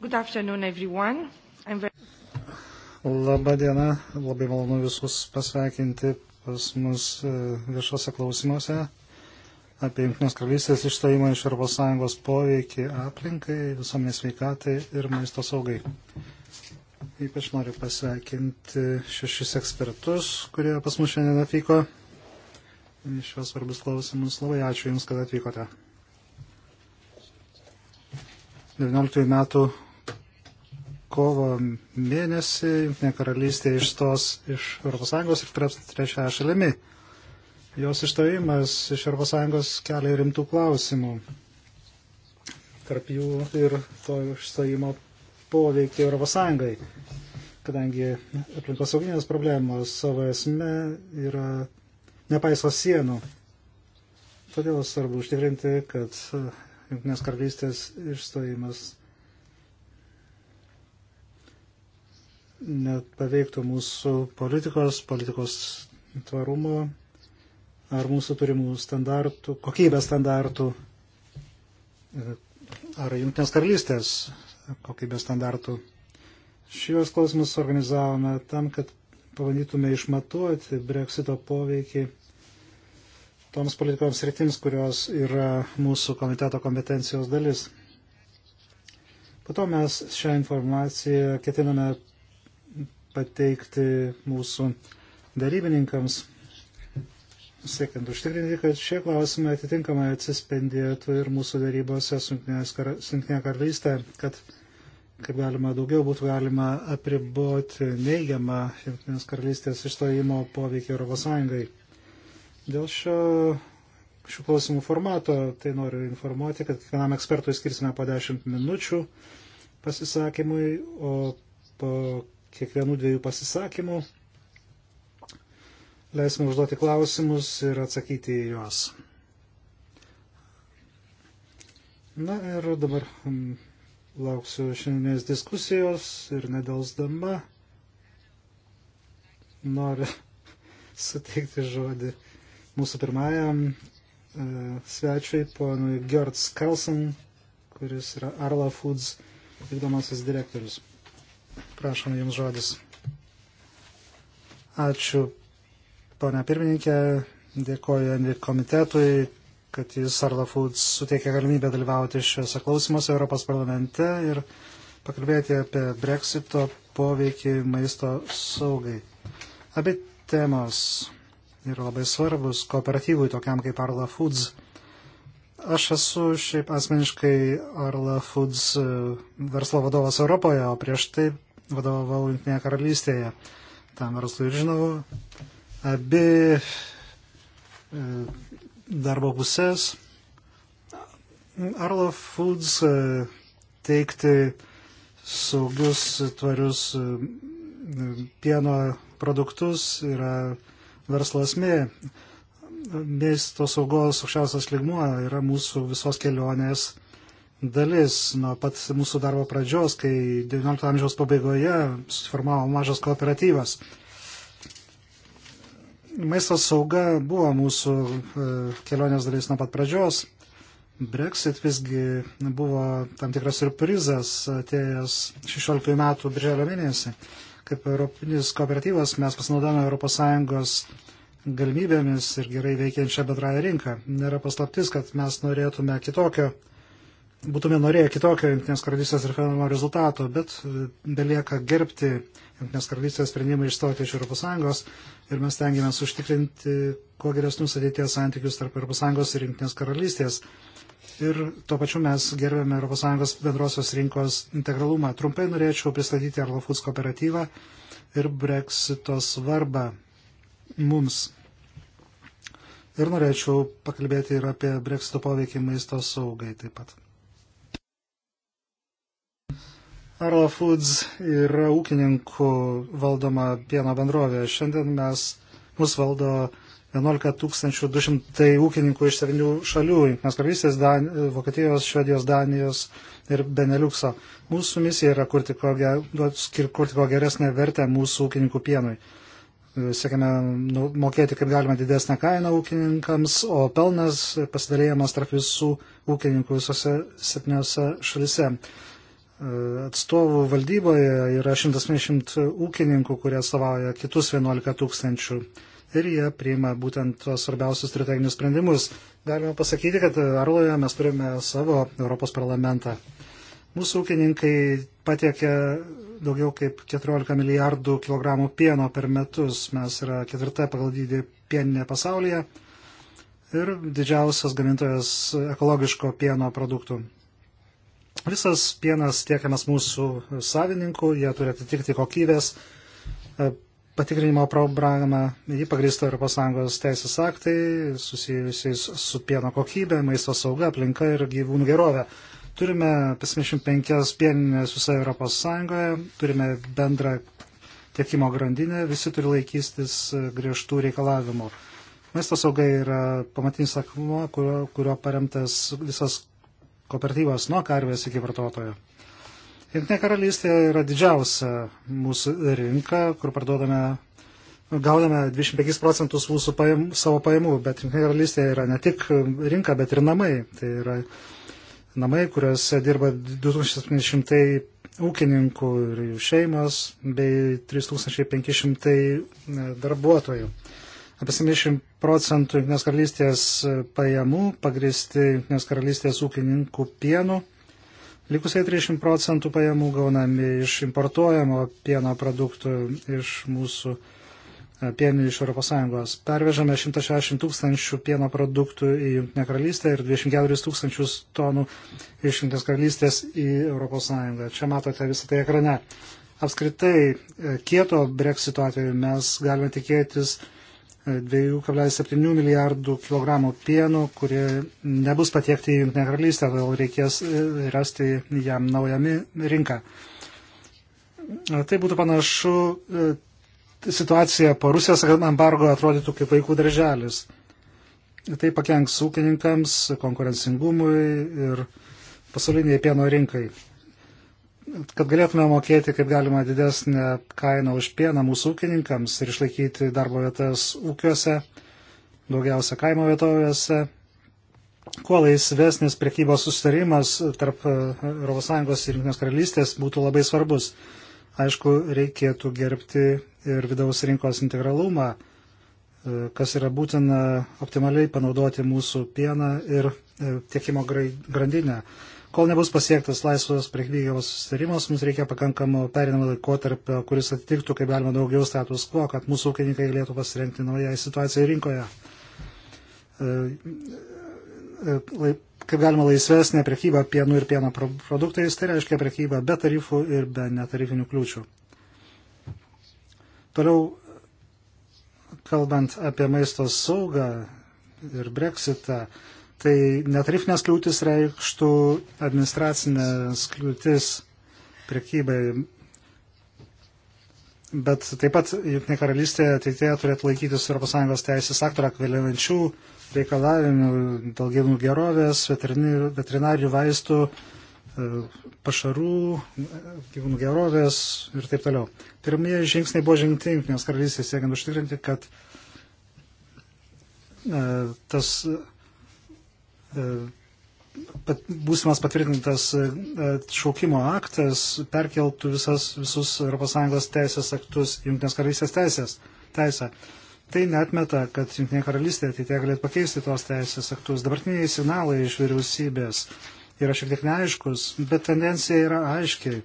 Good afternoon, everyone. I'm very... Labą dieną, labai malonu visus pasveikinti pas mus e, viešose klausimuose apie Junktinės karalystės išstojimą iš Europos Sąjungos poveikį aplinkai, visuomenės veikatai ir maisto saugai. Ypač noriu pasveikinti šešis ekspertus, kurie pas mus šiandien atvyko. Šios svarbus klausimus. Labai ačiū Jums, kad atvykote. 19 metų kovo mėnesį Junktinė karalystė išstos iš ES ir taps trečia šalimi. Jos išstojimas iš ES kelia rimtų klausimų. Tarp jų ir to išstojimo poveikį ES, kadangi aplinkosauginės problemos savo esme yra nepaiso sienų. Todėl svarbu užtikrinti, kad Junktinės karalystės išstojimas net paveiktų mūsų politikos, politikos tvarumo ar mūsų turimų standartų, kokybės standartų, ar Junktinės karalystės kokybės standartų. Šios klausimus organizavome tam, kad pabandytume išmatuoti breksito poveikį toms politikoms rytims, kurios yra mūsų komiteto kompetencijos dalis. Po to mes šią informaciją ketiname pateikti mūsų darybininkams, siekiant užtikrinti, kad šie klausimai atitinkamai atsispendėtų ir mūsų darybose su Junktinė karalystė, kad kaip galima daugiau būtų galima apriboti neigiamą Junktinės karalystės išstojimo poveikį Europos Sąjungai. Dėl šio, šių klausimų formato, tai noriu informuoti, kad kiekvienam ekspertui skirsime po 10 minučių pasisakymui, o po kiekvienų dviejų pasisakymų leisime užduoti klausimus ir atsakyti į juos. Na ir dabar hm, lauksiu šiandienės diskusijos ir nedelsdama noriu suteikti žodį mūsų pirmajam e, svečiui, ponui Gjords Kalsen, kuris yra Arla Foods vykdomasis direktorius. Prašom Jums žodis. Ačiū, ponia pirmininkė, dėkoju Envi komitetui, kad jis Arla Foods suteikė galimybę dalyvauti šiuose klausimuose Europos parlamente ir pakalbėti apie Brexito poveikį maisto saugai. Abi temos yra labai svarbus kooperatyvui tokiam kaip Arla Foods. Aš esu šiaip asmeniškai Arla Foods e, verslo vadovas Europoje, o prieš tai vadovavau Junktinėje karalystėje tam verslui ir žinau abi e, darbo pusės. Arlo Foods e, teikti saugius, tvarius pieno produktus yra verslo esmė. Miesto saugos aukščiausias ligmuo yra mūsų visos kelionės dalis. Nuo pat mūsų darbo pradžios, kai XIX amžiaus pabaigoje susiformavo mažas kooperatyvas. Maisto sauga buvo mūsų e, kelionės dalis nuo pat pradžios. Brexit visgi buvo tam tikras surprizas atėjęs 16 metų birželio mėnesį. Kaip Europinis kooperatyvas mes pasinaudojame ES galimybėmis ir gerai veikiančią bendrąją rinką. Nėra paslaptis, kad mes norėtume kitokio, būtume norėję kitokio Junktinės karalystės referendumo rezultato, bet belieka gerbti Junktinės karalystės sprendimai išstoti iš ES ir mes tengiamės užtikrinti kuo geresnius ateities santykius tarp ES ir Junktinės karalystės. Ir tuo pačiu mes gerbėme ES bendrosios rinkos integralumą. Trumpai norėčiau pristatyti Arlo Foods kooperatyvą ir Brexito svarbą mums. Ir norėčiau pakalbėti ir apie Brexito poveikį maisto saugai taip pat. Arla Foods yra ūkininkų valdoma pieno bendrovė. Šiandien mes, mus valdo 11 200 ūkininkų iš 7 šalių, Junktinės karalystės, Dan... Vokietijos, Švedijos, Danijos ir Beneliukso. Mūsų misija yra kurti ko, ger... kurti ko geresnę vertę mūsų ūkininkų pienui. E, Siekime nu, mokėti kaip galima didesnę kainą ūkininkams, o pelnas pasidalėjamas tarp visų ūkininkų visose septyniose šalise atstovų valdyboje yra 150 ūkininkų, kurie atstovauja kitus 11 tūkstančių ir jie priima būtent tuos svarbiausius strateginius sprendimus. Galime pasakyti, kad Arloje mes turime savo Europos parlamentą. Mūsų ūkininkai patiekia daugiau kaip 14 milijardų kilogramų pieno per metus. Mes yra ketvirta pagal dydį pieninė pasaulyje ir didžiausias gamintojas ekologiško pieno produktų. Visas pienas tiekiamas mūsų savininkų, jie turi atitikti kokybės e, patikrinimo programą, jį pagrįsta ES teisės aktai susijusiais su pieno kokybė, maisto sauga, aplinka ir gyvūnų gerovė. Turime 55 pieninės visoje ES, turime bendrą tiekimo grandinę, visi turi laikystis e, griežtų reikalavimų. Maisto sauga yra pamatinis akmuo, kurio, kurio paremtas visas kooperatyvas nuo karvės iki vartotojo. Jungtinė karalystė yra didžiausia mūsų rinka, kur parduodame, gauname 25 procentus mūsų pajamų, savo pajamų, bet Jungtinė karalystė yra ne tik rinka, bet ir namai. Tai yra namai, kuriuose dirba 2700 ūkininkų ir jų šeimos bei 3500 darbuotojų. Apie 70 procentų Junktinės karalystės e, pajamų pagristi Junktinės karalystės ūkininkų pienų. Likusiai 30 procentų pajamų gaunami iš importuojamo pieno produktų iš mūsų e, pienių iš ES. Pervežame 160 tūkstančių pieno produktų į Junktinę karalystę ir 24 tūkstančius tonų iš Junktinės karalystės į ES. Čia matote visą tai ekrane. Apskritai, e, kieto breksito atveju mes galime tikėtis 2,7 milijardų kilogramų pienų, kurie nebus patiekti į Junktinę karalystę, todėl reikės e, rasti jam naują rinką. Tai būtų panašu e, situacija po Rusijos embargo atrodytų kaip vaikų darželis. Tai pakenks ūkininkams, konkurencingumui ir pasauliniai pieno rinkai kad galėtume mokėti kaip galima didesnę kainą už pieną mūsų ūkininkams ir išlaikyti darbo vietas ūkiuose, daugiausia kaimo vietovėse. Kuo laisvesnis priekybos sustarimas tarp ES ir Junktinės karalystės būtų labai svarbus. Aišku, reikėtų gerbti ir vidaus rinkos integralumą, e, kas yra būtina optimaliai panaudoti mūsų pieną ir e, tiekimo grandinę. Kol nebus pasiektas laisvos priekvygėvos sustarimas, mums reikia pakankamo perinamo laikotarpio, kuris atitiktų kaip galima daugiau status quo, kad mūsų ūkininkai galėtų pasirengti naujai situacijai rinkoje. E, e, kaip galima laisvesnė prekyba pienų ir pieno produktais, tai reiškia prekyba be tarifų ir be netarifinių kliūčių. Toliau, kalbant apie maisto saugą ir breksitą, tai netarifinės kliūtis reikštų administracinės kliūtis prekybai. Bet taip pat Junktinė karalystė ateitėje turėtų laikytis ES teisės aktorą kvėlėvančių reikalavimų dėl gyvūnų gerovės, veterinarių vaistų, e, pašarų, gyvūnų gerovės ir taip toliau. Pirmieji žingsniai buvo žengti Junktinės karalystės siekiant užtikrinti, kad e, tas pat, būsimas patvirtintas e, šaukimo aktas perkeltų visas, visus ES teisės aktus Junktinės karalystės teisės teisę. Tai netmeta, kad Junktinė karalystė ateitie galėtų pakeisti tos teisės aktus. Dabartiniai signalai iš vyriausybės yra šiek tiek neaiškus, bet tendencija yra aiškiai,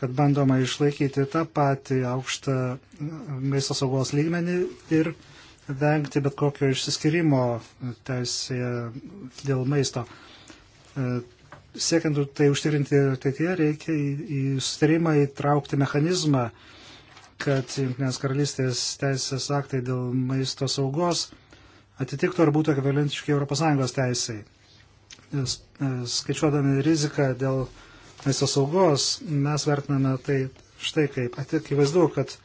kad bandoma išlaikyti tą patį aukštą maisto saugos lygmenį ir vengti bet kokio išsiskirimo teisėje dėl maisto. E, siekiant tai užtikrinti ateityje, reikia į, į sustarimą įtraukti mechanizmą, kad Junktinės karalystės teisės aktai dėl maisto saugos atitiktų ar būtų ekvivalentiški ES teisai. E, skaičiuodami riziką dėl maisto saugos, mes vertiname tai štai kaip. Akivaizdu, kad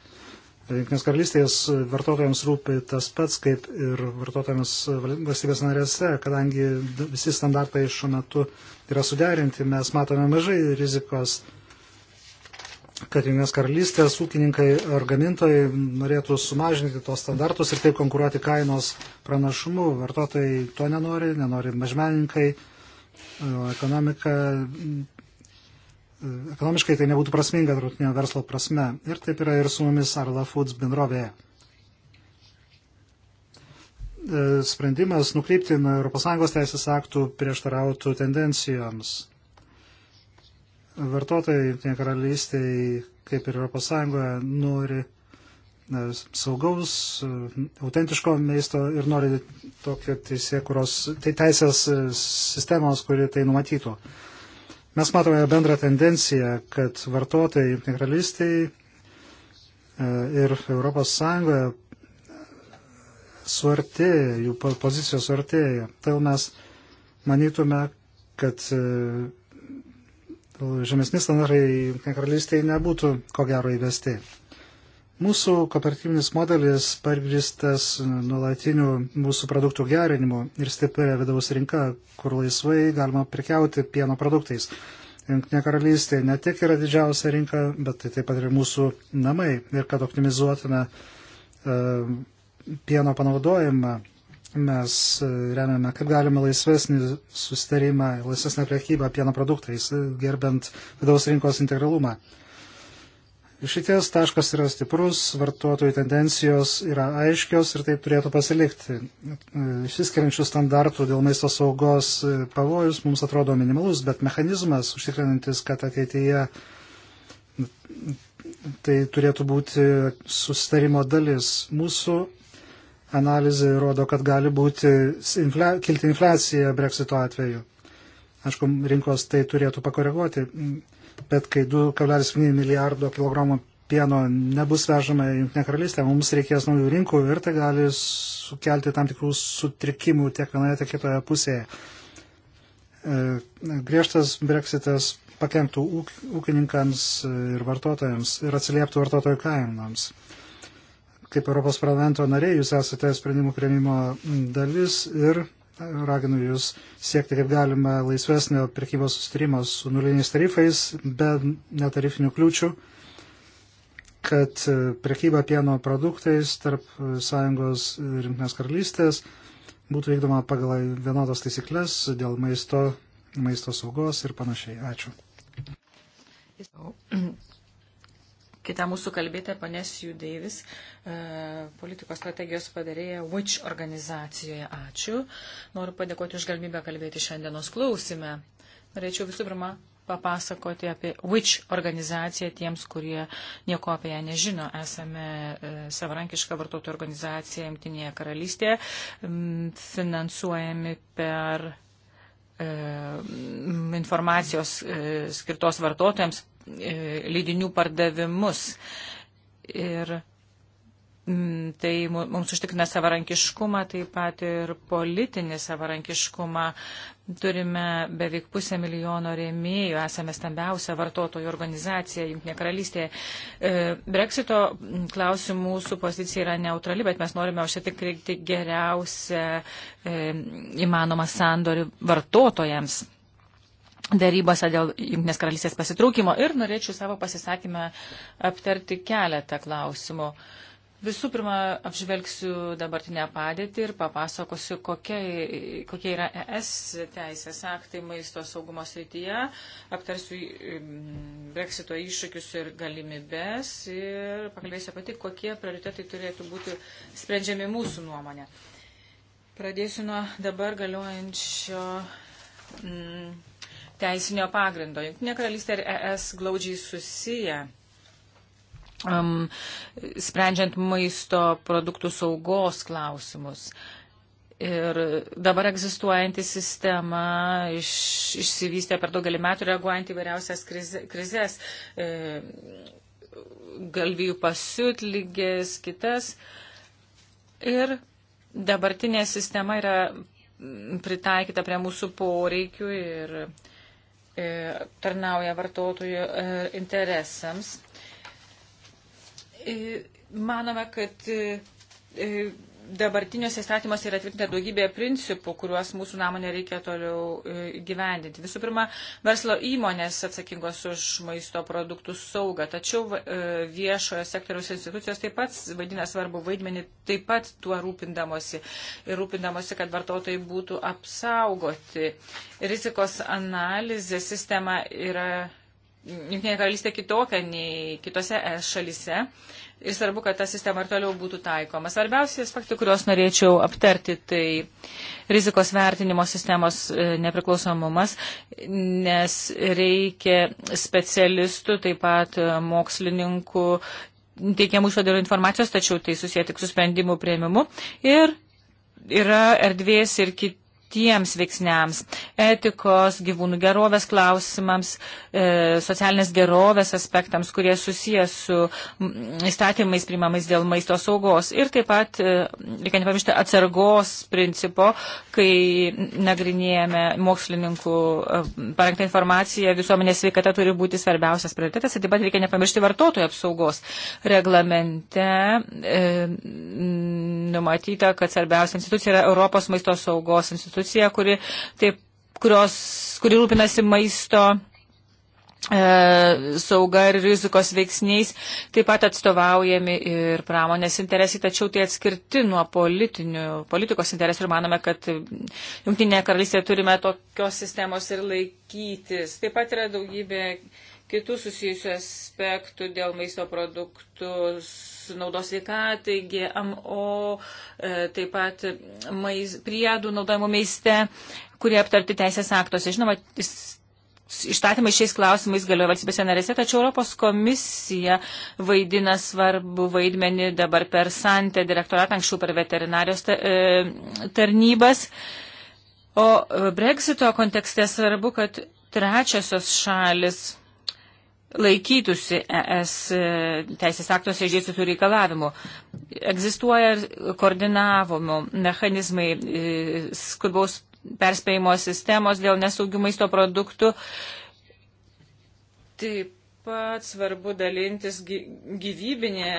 Junktinės karalystės vartotojams rūpi tas pats, kaip ir vartotojams valstybės narėse, kadangi visi standartai šiuo metu yra suderinti, mes matome mažai rizikos, kad Junktinės karalystės ūkininkai ar gamintojai norėtų sumažinti tos standartus ir taip konkuruoti kainos pranašumu. Vartotojai to nenori, nenori mažmeninkai, ekonomika E, ekonomiškai tai nebūtų prasminga tarptautinio verslo prasme. Ir taip yra ir su mumis Arla Foods bendrovėje. E, sprendimas nukreipti nuo ES teisės aktų prieštarautų tendencijoms. Vartotojai Junktinė karalystė, kaip ir ES, nori e, saugaus, autentiško maisto ir nori tokio teisė, kurios, tai teisės sistemos, kuri tai numatytų. Mes matome bendrą tendenciją, kad vartotojai karalystėje ir Europos Sąjungoje suartėja, jų pozicijos suartėja. Tai mes manytume, kad e, žemesni standartai karalystėje nebūtų ko gero įvesti. Mūsų kooperatyvinis modelis pagristas nuolatiniu mūsų produktų gerinimu ir stipria vidaus rinka, kur laisvai galima prekiauti pieno produktais. Junktinė karalystė ne tik yra didžiausia rinka, bet tai taip pat ir mūsų namai. Ir kad optimizuotume uh, pieno panaudojimą, mes e, remiame, kaip galima laisvesnį sustarimą, laisvesnę priekybą pieno produktais, e, gerbent vidaus rinkos integralumą. Uh, Išeities taškas yra stiprus, vartotojų tendencijos yra aiškios ir taip turėtų pasilikti. Išsiskiriančių standartų dėl maisto saugos pavojus mums atrodo minimalus, bet mechanizmas užtikrinantis, kad ateityje tai turėtų būti sustarimo dalis. Mūsų analizė rodo, kad gali būti inflia, kilti infliacija breksito atveju. Aišku, rinkos tai turėtų pakoreguoti bet kai 2,1 milijardo kilogramų pieno nebus vežama į Junktinę karalystę, mums reikės naujų rinkų ir tai gali sukelti tam tikrų sutrikimų tiek vienoje, tiek kitoje pusėje. E, griežtas breksitas pakenktų ūkininkams ir vartotojams ir atsilieptų vartotojų kainams. Kaip Europos parlamento nariai, jūs esate sprendimų prieimimo dalis ir raginu Jūs siekti kaip galima laisvesnio prekybos sustarimo su nuliniais tarifais, be netarifinių kliūčių, kad e, prekyba pieno produktais tarp Sąjungos ir Junktinės karalystės būtų vykdoma pagal vienodas taisyklės dėl maisto, maisto saugos ir panašiai. Ačiū. Kita mūsų kalbėtė, ponė Sue Davis, e, politikos strategijos padarėja Which organizacijoje. Ačiū. Noriu padėkoti už galimybę kalbėti šiandienos klausime. Norėčiau visų pirma papasakoti apie Which organizaciją tiems, kurie nieko apie ją nežino. Esame e, savarankiška vartotojų organizacija Jungtinėje karalystėje, finansuojami per e, informacijos skirtos vartotojams E, leidinių pardavimus. Ir mm, tai mums užtikrina savarankiškumą, taip pat ir politinį savarankiškumą. Turime beveik pusę milijono rėmėjų, esame stambiausia vartotojų organizacija Junktinė karalystėje. Brexito klausimų mūsų pozicija yra neutrali, bet mes norime užsitikrinti geriausią e, įmanomą sandorį vartotojams darybose dėl Junktinės karalystės pasitraukimo ir norėčiau savo pasisakymę aptarti keletą klausimų. Visų pirma, apžvelgsiu dabartinę padėtį ir papasakosiu, kokie, kokie yra ES teisės aktai maisto saugumo srityje, aptarsiu breksito iššūkius ir galimybės ir pakalbėsiu apie tai, kokie prioritetai turėtų būti sprendžiami mūsų nuomonė. Pradėsiu nuo dabar galiojančio. Mm, teisinio pagrindo. Junktinė karalystė ir ES glaudžiai susiję. Um, sprendžiant maisto produktų saugos klausimus. Ir dabar egzistuojanti sistema iš, išsivystė per daugelį metų reaguojant į vairiausias krize, krizės, e, galvijų pasiutlygės, kitas. Ir dabartinė sistema yra pritaikyta prie mūsų poreikių ir e, E, tarnauja vartotojų e, interesams. E, manome, kad dabartiniuose įstatymuose yra tvirtinta daugybė principų, kuriuos mūsų nuomonė reikia toliau e, gyvendinti. Visų pirma, verslo įmonės atsakingos už maisto produktų saugą, tačiau e, viešojo sektoriaus institucijos taip pat vaidina svarbu vaidmenį, taip pat tuo rūpindamosi ir rūpindamosi, kad vartotojai būtų apsaugoti. Rizikos analizė sistema yra Junktinė karalystė kitokia nei kitose e, šalise ir svarbu, kad ta sistema ir toliau būtų taikoma. Svarbiausi aspektai, kuriuos norėčiau aptarti, tai rizikos vertinimo sistemos e, nepriklausomumas, nes reikia specialistų, taip pat e, mokslininkų teikiamų išvadėlių informacijos, tačiau tai susiję tik su sprendimų prieimimu. Ir yra erdvės ir kit, apibrieštiems veiksniams - etikos, gyvūnų gerovės klausimams, e, socialinės gerovės aspektams, kurie susijęs su įstatymais primamais dėl maisto saugos. Ir taip pat, e, reikia nepamiršti, atsargos principo, kai nagrinėjame mokslininkų e, parengtą informaciją, visuomenės sveikata turi būti svarbiausias prioritetas ir taip pat reikia nepamiršti vartotojų apsaugos. Reglamente e, numatyta, kad svarbiausia institucija yra Europos maisto saugos institucija institucija, kuri, taip, kurios, kuri rūpinasi maisto e, sauga ir rizikos veiksniais, taip pat atstovaujami ir pramonės interesai, tačiau tai atskirti nuo politikos interesų ir manome, kad Junktinėje karalystėje turime tokios sistemos ir laikytis. Taip pat yra daugybė kitų susijusių aspektų dėl maisto produktų naudos sveikatai, GMO, e, taip pat maiz, priedų naudojimo maiste, kurie aptarti teisės aktuose. Žinoma, Ištatymai šiais klausimais galioja valstybėse narėse, tačiau Europos komisija vaidina svarbu vaidmenį dabar per Santę direktoratą, anksčiau per veterinarijos e, tarnybas. O e, Brexito kontekste svarbu, kad trečiosios šalis laikytųsi ES teisės aktuose išdėstytų reikalavimų. Egzistuoja koordinavimo mechanizmai e, skubaus perspėjimo sistemos dėl nesaugių maisto produktų. Taip pat svarbu dalintis gyvybinė,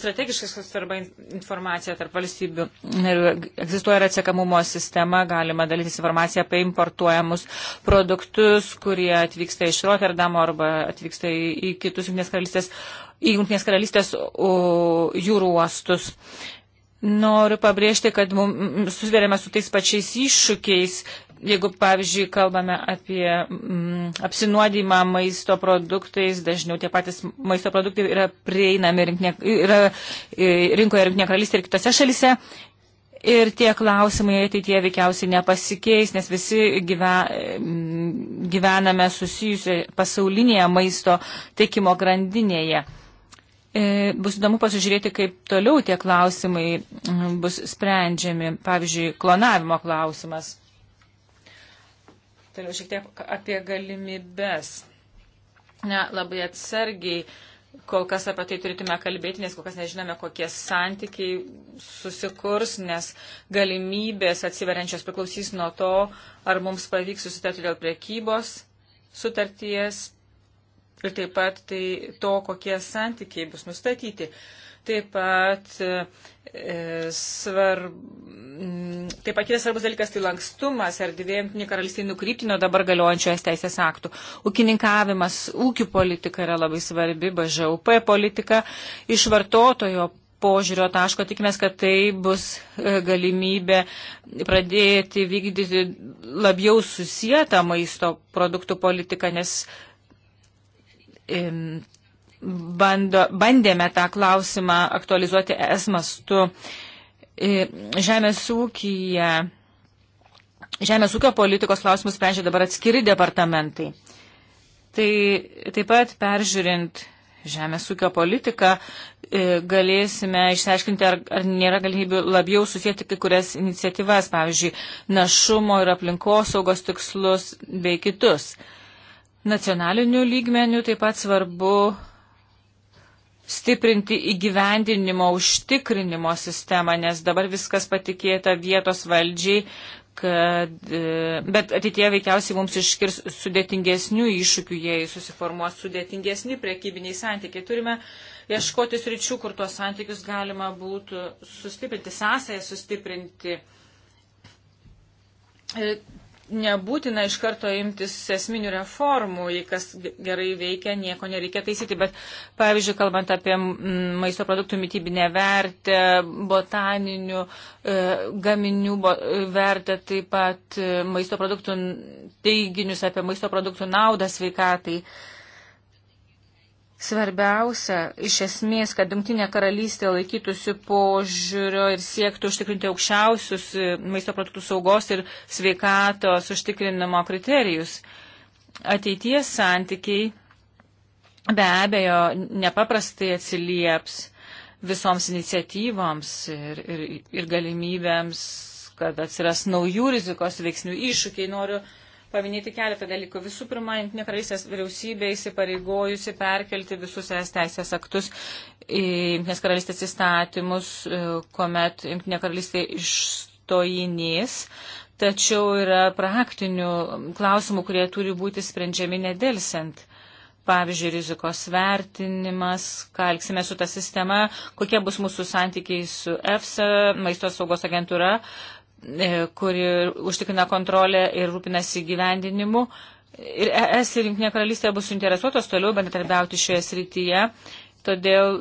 strategiškai svarba informacija tarp valstybių. Ir egzistuoja ir atsiekamumo sistema, galima dalytis informaciją apie importuojamus produktus, kurie atvyksta iš Rotterdamo arba atvyksta į kitus Junktinės karalystės, į Junktinės karalystės jūrų uostus. Noriu pabrėžti, kad susidurėme su tais pačiais iššūkiais jeigu, pavyzdžiui, kalbame apie mm, apsinuodimą maisto produktais, dažniau tie patys maisto produktai yra prieinami rinkne, yra, e, rinkoje Rinktinė karalystė ir kitose šalise. Ir tie klausimai ateitie veikiausiai nepasikeis, nes visi mm, gyvename susijusioje pasaulinėje maisto tiekimo grandinėje. E, bus įdomu pasižiūrėti, kaip toliau tie klausimai mm, bus sprendžiami, pavyzdžiui, klonavimo klausimas. Toliau šiek tiek apie galimybės. Ne, labai atsargiai kol kas apie tai turėtume kalbėti, nes kol kas nežinome, kokie santykiai susikurs, nes galimybės atsiveriančios priklausys nuo to, ar mums pavyks susitarti dėl priekybos sutarties ir taip pat tai to, kokie santykiai bus nustatyti. Taip pat e, svarb... Taip pat kitas svarbus dalykas tai lankstumas, ar didėjant Junktinė karalystė nukrypti nuo dabar galiojančios teisės aktų. Ūkininkavimas, ūkių politika yra labai svarbi, BŽUP politika. Iš vartotojo požiūrio taško tikimės, kad tai bus e, galimybė pradėti vykdyti labiau susijęta maisto produktų politiką, nes bando, bandėme tą klausimą aktualizuoti es mastu. E, žemės ūkija, žemės ūkio politikos klausimus sprendžia dabar atskiri departamentai. Tai taip pat peržiūrint žemės ūkio politiką e, galėsime išsiaiškinti, ar, ar nėra galimybių labiau susijęti kai kurias iniciatyvas, pavyzdžiui, našumo ir aplinkosaugos tikslus bei kitus. Nacionaliniu lygmeniu taip pat svarbu stiprinti įgyvendinimo užtikrinimo sistemą, nes dabar viskas patikėta vietos valdžiai, kad, e, bet ateitie veikiausiai mums iškirs sudėtingesnių iššūkių, jei susiformuos sudėtingesni priekybiniai santykiai. Turime ieškoti sričių, kur tuos santykius galima būtų sustiprinti, sąsąją sustiprinti. E, nebūtina iš karto imtis esminių reformų, jei kas gerai veikia, nieko nereikia taisyti. Bet, pavyzdžiui, kalbant apie maisto produktų mytybinę vertę, botaninių e, gaminių bo, vertę, taip pat e, maisto produktų teiginius apie maisto produktų naudą sveikatai. E, Svarbiausia iš esmės, kad Dumtinė karalystė laikytųsi požiūrio ir siektų užtikrinti aukščiausius e, maisto produktų saugos ir sveikatos užtikrinimo kriterijus. Ateities santykiai be abejo nepaprastai atsilieps visoms iniciatyvoms ir, ir, ir galimybėms, kad atsiras naujų rizikos veiksnių iššūkiai. Noriu paminėti keletą dalykų. Visų pirma, Junktinė karalystės vyriausybė įsipareigojusi perkelti visus es teisės aktus į Junktinės karalystės įstatymus, e, kuomet Junktinė karalystė išstojinys. Tačiau yra praktinių klausimų, kurie turi būti sprendžiami nedelsiant pavyzdžiui, rizikos vertinimas, ką elgsime su ta sistema, kokie bus mūsų santykiai su EFSA, maisto saugos agentūra, E, kuri užtikrina kontrolę ir rūpinasi gyvendinimu. Ir ES ir Junktinė karalystė bus suinteresuotos toliau bendradarbiauti šioje srityje. Todėl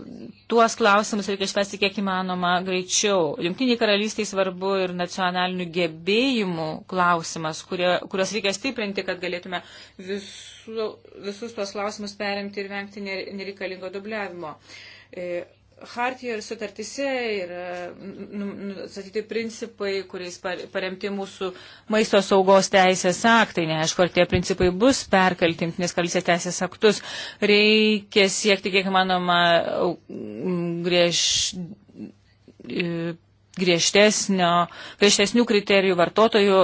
tuos klausimus reikia išvesti kiek įmanoma greičiau. Junktiniai karalystiai svarbu ir nacionalinių gebėjimų klausimas, kurie, kurios reikia stiprinti, kad galėtume visu, visus tuos klausimus perimti ir vengti nereikalingo dubliavimo. E, Hartijoje ir sutartise yra e, nu, nu, nustatyti principai, kuriais paremti mūsų maisto saugos teisės aktai. Neaišku, ar tie principai bus perkelti jungtinės karalystės teisės aktus. Reikia siekti, kiek manoma, griež, griežtesnių kriterijų vartotojų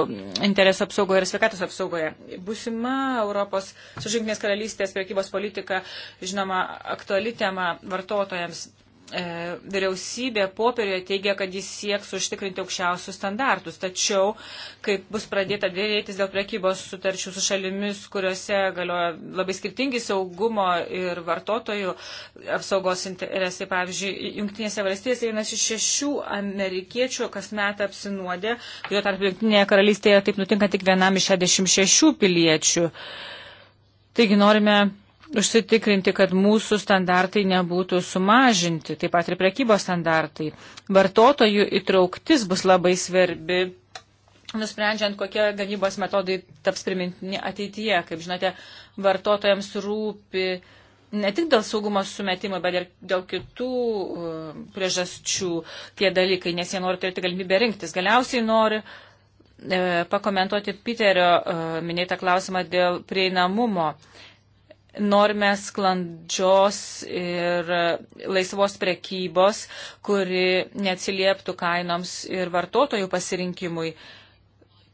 interesų apsaugoje ir sveikatos apsaugoje. Busima Europos sužinknės karalystės priekybos politika, žinoma, aktuali tema vartotojams. E, vyriausybė popierioje teigia, kad jis sieks užtikrinti aukščiausius standartus. Tačiau, kaip bus pradėta dėrėtis dėl prekybos sutarčių su šalimis, kuriuose galioja labai skirtingi saugumo ir vartotojų apsaugos interesai, pavyzdžiui, Junktinėse valstijose vienas iš šešių amerikiečių kasmet apsinuodė, jo tarp Junktinėje karalystėje taip nutinka tik vienam iš 66 piliečių. Taigi norime užsitikrinti, kad mūsų standartai nebūtų sumažinti, taip pat ir prekybos standartai. Vartotojų įtrauktis bus labai svarbi, nusprendžiant, kokie gamybos metodai taps primintini ateityje. Kaip žinote, vartotojams rūpi ne tik dėl saugumo sumetimo, bet ir dėl kitų um, priežasčių tie dalykai, nes jie nori turėti galimybę rinktis. Galiausiai nori e, pakomentuoti Piterio e, minėtą klausimą dėl prieinamumo. E, norime sklandžios ir laisvos prekybos, kuri neatsilieptų kainoms ir vartotojų pasirinkimui,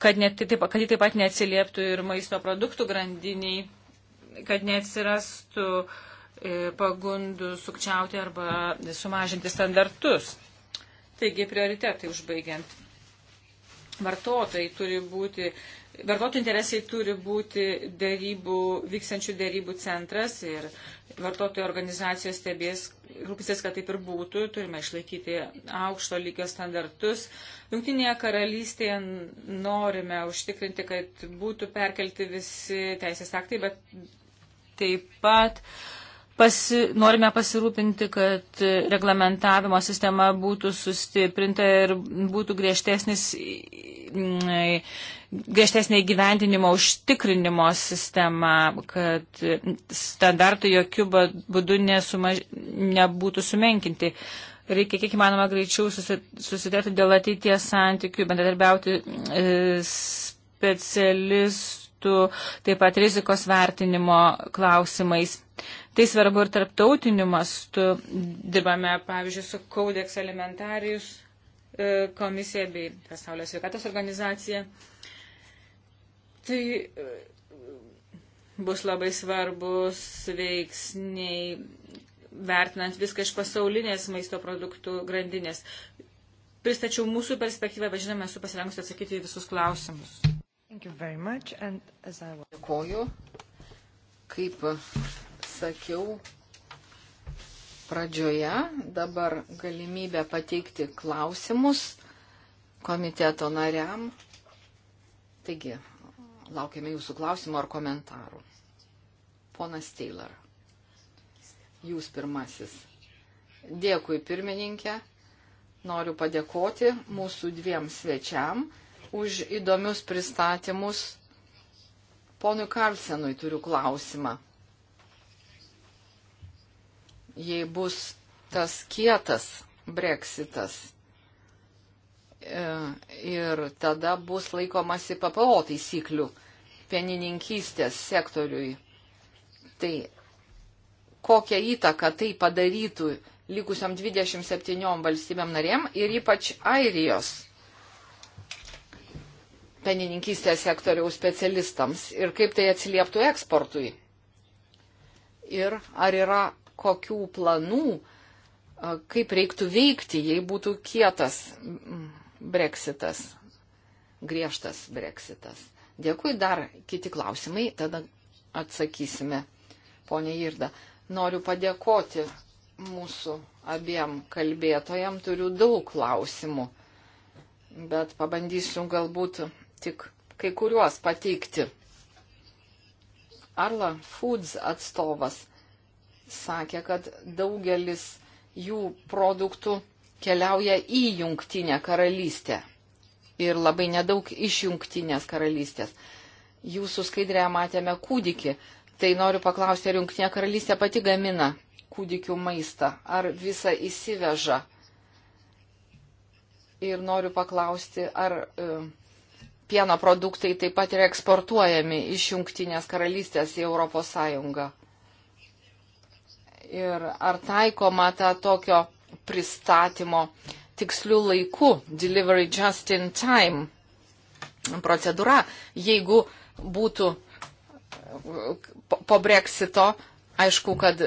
kad, net, taip, kad ji taip pat neatsilieptų ir maisto produktų grandiniai, kad neatsirastų e, pagundų sukčiauti arba sumažinti standartus. Taigi prioritetai užbaigiant. Vartotojai turi būti Vartotojų interesai turi būti dėrybų, vykstančių dėrybų centras ir vartotojų organizacijos stebės, rūpistės, kad taip ir būtų, turime išlaikyti aukšto lygio standartus. Junktinėje karalystėje norime užtikrinti, kad būtų perkelti visi teisės aktai, bet taip pat pasi, norime pasirūpinti, kad reglamentavimo sistema būtų sustiprinta ir būtų griežtesnis mm, griežtesnė įgyvendinimo užtikrinimo sistema, kad standartų jokių būdų nesumaž... nebūtų sumenkinti. Reikia kiek įmanoma greičiau susitarti dėl ateities santykių, bendradarbiauti e, specialistų, taip pat rizikos vertinimo klausimais. Tai svarbu ir tarptautiniu mastu. Dirbame, pavyzdžiui, su Codex Elementarius e, komisija bei Pasaulio sveikatos organizacija. Tai e, bus labai svarbus veiksniai, vertinant viską iš pasaulinės maisto produktų grandinės. Pristačiau mūsų perspektyvą, bet žinoma, esu pasirengusi atsakyti į visus klausimus. Dėkoju. Kaip sakiau pradžioje, dabar galimybė pateikti klausimus komiteto nariam. Taigi, Laukiame jūsų klausimų ar komentarų. Ponas Taylor, jūs pirmasis. Dėkui pirmininkė. Noriu padėkoti mūsų dviem svečiam už įdomius pristatymus. Ponui Karlsenui turiu klausimą. Jei bus tas kietas breksitas, E, ir tada bus laikomasi PPO taisyklių pienininkystės sektoriui. Tai kokią įtaką tai padarytų likusiam 27 valstybėm narėm ir ypač Airijos pienininkystės sektoriaus specialistams ir kaip tai atsilieptų eksportui. Ir ar yra kokių planų, e, kaip reiktų veikti, jei būtų kietas breksitas, griežtas breksitas. Dėkui, dar kiti klausimai, tada atsakysime, ponė Irda. Noriu padėkoti mūsų abiem kalbėtojam, turiu daug klausimų, bet pabandysiu galbūt tik kai kuriuos pateikti. Arla Foods atstovas sakė, kad daugelis jų produktų keliauja į jungtinę karalystę ir labai nedaug iš jungtinės karalystės. Jūsų skaidrėje matėme kūdikį, tai noriu paklausti, ar jungtinė karalystė pati gamina kūdikių maistą, ar visą įsiveža. Ir noriu paklausti, ar e, pieno produktai taip pat yra eksportuojami iš jungtinės karalystės į Europos Sąjungą. Ir ar taikoma ta tokio pristatymo tikslių laikų, delivery just in time procedūra, jeigu būtų po breksito, aišku, kad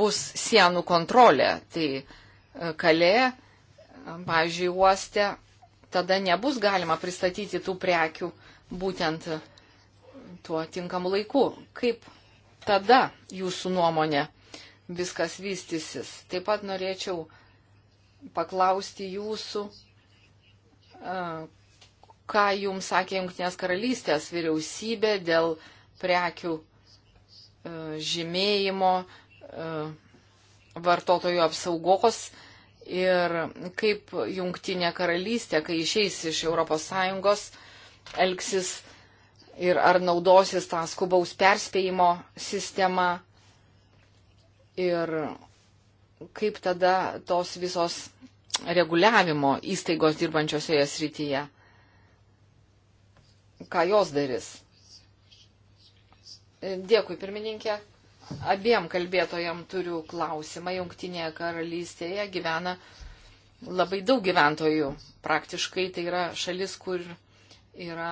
bus sienų kontrolė, tai e, kalė, pavyzdžiui, uoste, tada nebus galima pristatyti tų prekių būtent tuo tinkamu laiku. Kaip tada jūsų nuomonė? viskas vystysis. Taip pat norėčiau paklausti jūsų, ką jums sakė Junktinės karalystės vyriausybė dėl prekių žymėjimo, vartotojų apsaugos ir kaip Junktinė karalystė, kai išeis iš ES, elgsis ir ar naudosis tą skubaus perspėjimo sistemą Ir kaip tada tos visos reguliavimo įstaigos dirbančiosioje srityje, ką jos darys. Dėkui, pirmininkė. Abiem kalbėtojam turiu klausimą. Jungtinėje karalystėje gyvena labai daug gyventojų. Praktiškai tai yra šalis, kur yra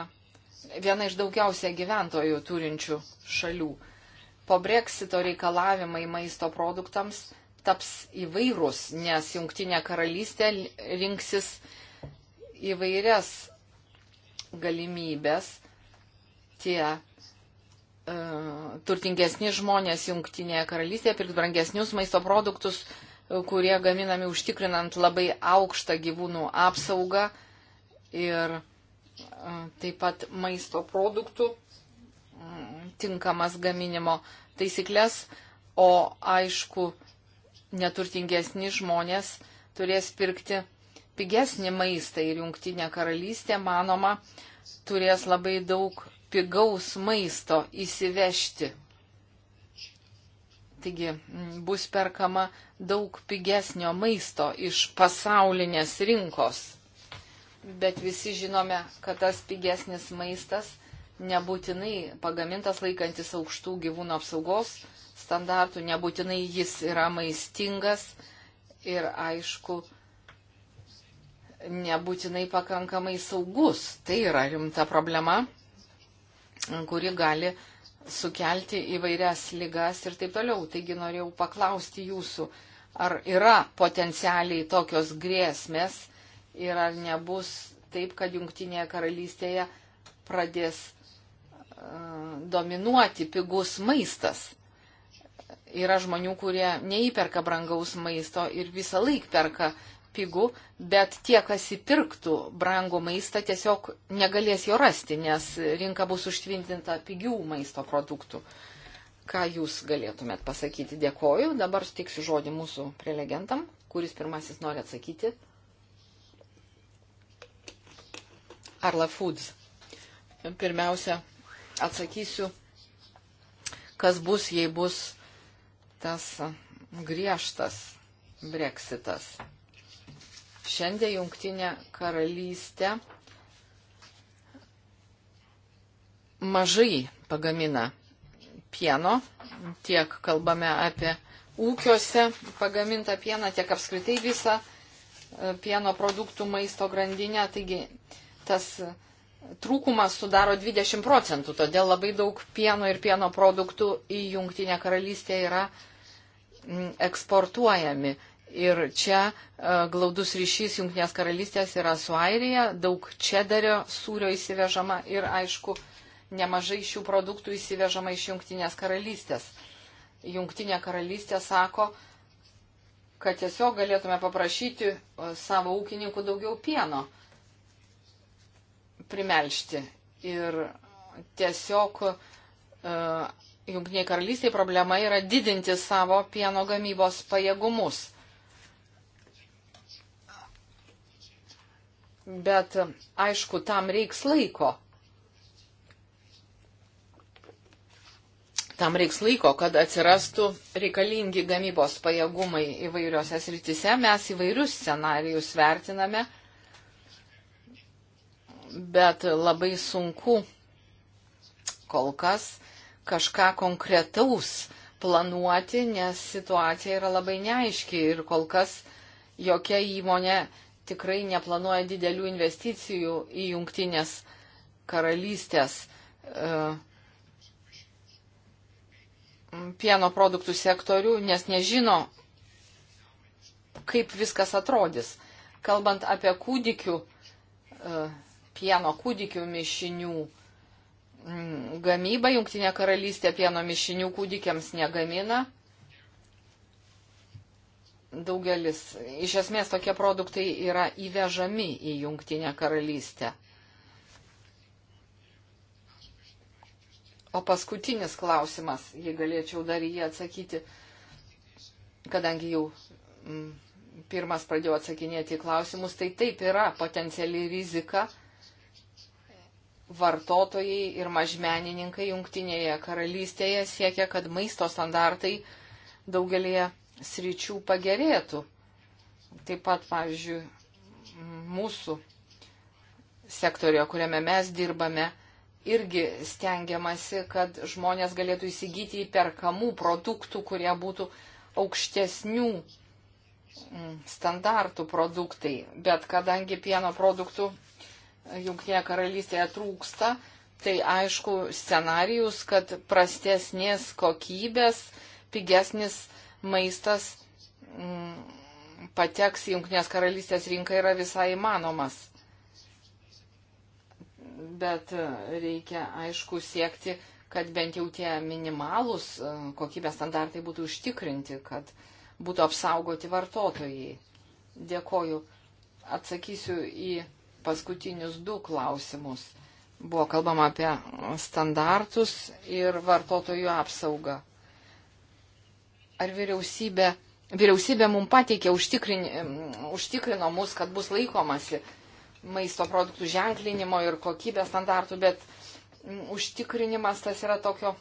viena iš daugiausia gyventojų turinčių šalių po breksito reikalavimai maisto produktams taps įvairūs, nes Junktinė karalystė rinksis įvairias galimybės. Tie e, turtingesni žmonės Junktinėje karalystėje pirks brangesnius maisto produktus, e, kurie gaminami užtikrinant labai aukštą gyvūnų apsaugą ir e, taip pat maisto produktų tinkamas gaminimo taisyklės, o aišku, neturtingesni žmonės turės pirkti pigesnį maistą ir jungtinė karalystė, manoma, turės labai daug pigaus maisto įsivežti. Taigi bus perkama daug pigesnio maisto iš pasaulinės rinkos. Bet visi žinome, kad tas pigesnis maistas nebūtinai pagamintas laikantis aukštų gyvūnų apsaugos standartų, nebūtinai jis yra maistingas ir aišku, nebūtinai pakankamai saugus. Tai yra rimta problema, kuri gali sukelti įvairias lygas ir taip toliau. Taigi norėjau paklausti jūsų, ar yra potencialiai tokios grėsmės ir ar nebus taip, kad Junktinėje karalystėje pradės dominuoti pigus maistas. Yra žmonių, kurie neįperka brangaus maisto ir visą laiką perka pigų, bet tie, kas įpirktų brangų maistą, tiesiog negalės jo rasti, nes rinka bus užtvindinta pigių maisto produktų. Ką jūs galėtumėt pasakyti? Dėkoju. Dabar sutiksiu žodį mūsų prelegentam, kuris pirmasis nori atsakyti. Arla Foods. Pirmiausia, atsakysiu, kas bus, jei bus tas griežtas breksitas. Šiandien jungtinė karalystė mažai pagamina pieno, tiek kalbame apie ūkiuose pagamintą pieną, tiek apskritai visą e, pieno produktų maisto grandinę. Taigi tas trūkumas sudaro 20 procentų, todėl labai daug pieno ir pieno produktų į Jungtinę karalystę yra mm, eksportuojami. Ir čia e, glaudus ryšys Junktinės karalystės yra su Airija, daug čederio sūrio įsivežama ir, aišku, nemažai šių produktų įsivežama iš Junktinės karalystės. Junktinė karalystė sako, kad tiesiog galėtume paprašyti e, savo ūkininkų daugiau pieno primelšti. Ir tiesiog uh, e, Junktiniai karalystiai problema yra didinti savo pieno gamybos pajėgumus. Bet aišku, tam reiks laiko. Tam reiks laiko, kad atsirastų reikalingi gamybos pajėgumai įvairiose srityse. Mes įvairius scenarijus vertiname. Uh, bet labai sunku kol kas kažką konkretaus planuoti, nes situacija yra labai neaiški ir kol kas jokia įmonė tikrai neplanuoja didelių investicijų į jungtinės karalystės e, pieno produktų sektorių, nes nežino, kaip viskas atrodys. Kalbant apie kūdikių e, pieno kūdikių mišinių mm, gamybą. Junktinė karalystė pieno mišinių kūdikiams negamina. Daugelis, iš esmės tokie produktai yra įvežami į Junktinę karalystę. O paskutinis klausimas, jei galėčiau dar jį atsakyti, kadangi jau mm, pirmas pradėjau atsakinėti į klausimus, tai taip yra potenciali rizika, vartotojai ir mažmenininkai Junktinėje karalystėje siekia, kad maisto standartai daugelėje sričių pagerėtų. Taip pat, pavyzdžiui, mūsų sektorio, kuriame mes dirbame, irgi stengiamasi, kad žmonės galėtų įsigyti įperkamų produktų, kurie būtų aukštesnių mm, standartų produktai. Bet kadangi pieno produktų Junktinėje karalystėje trūksta, tai aišku scenarijus, kad prastesnės kokybės, pigesnis maistas m, mm, pateks į Junktinės karalystės rinką yra visai įmanomas. Bet e, reikia, aišku, siekti, kad bent jau tie minimalūs e, kokybės standartai būtų užtikrinti, kad būtų apsaugoti vartotojai. Dėkoju. Atsakysiu į paskutinius du klausimus. Buvo kalbama apie standartus ir vartotojų apsaugą. Ar vyriausybė, vyriausybė mums pateikė, užtikrino mus, kad bus laikomasi maisto produktų ženklinimo ir kokybės standartų, bet mm, užtikrinimas tas yra tokio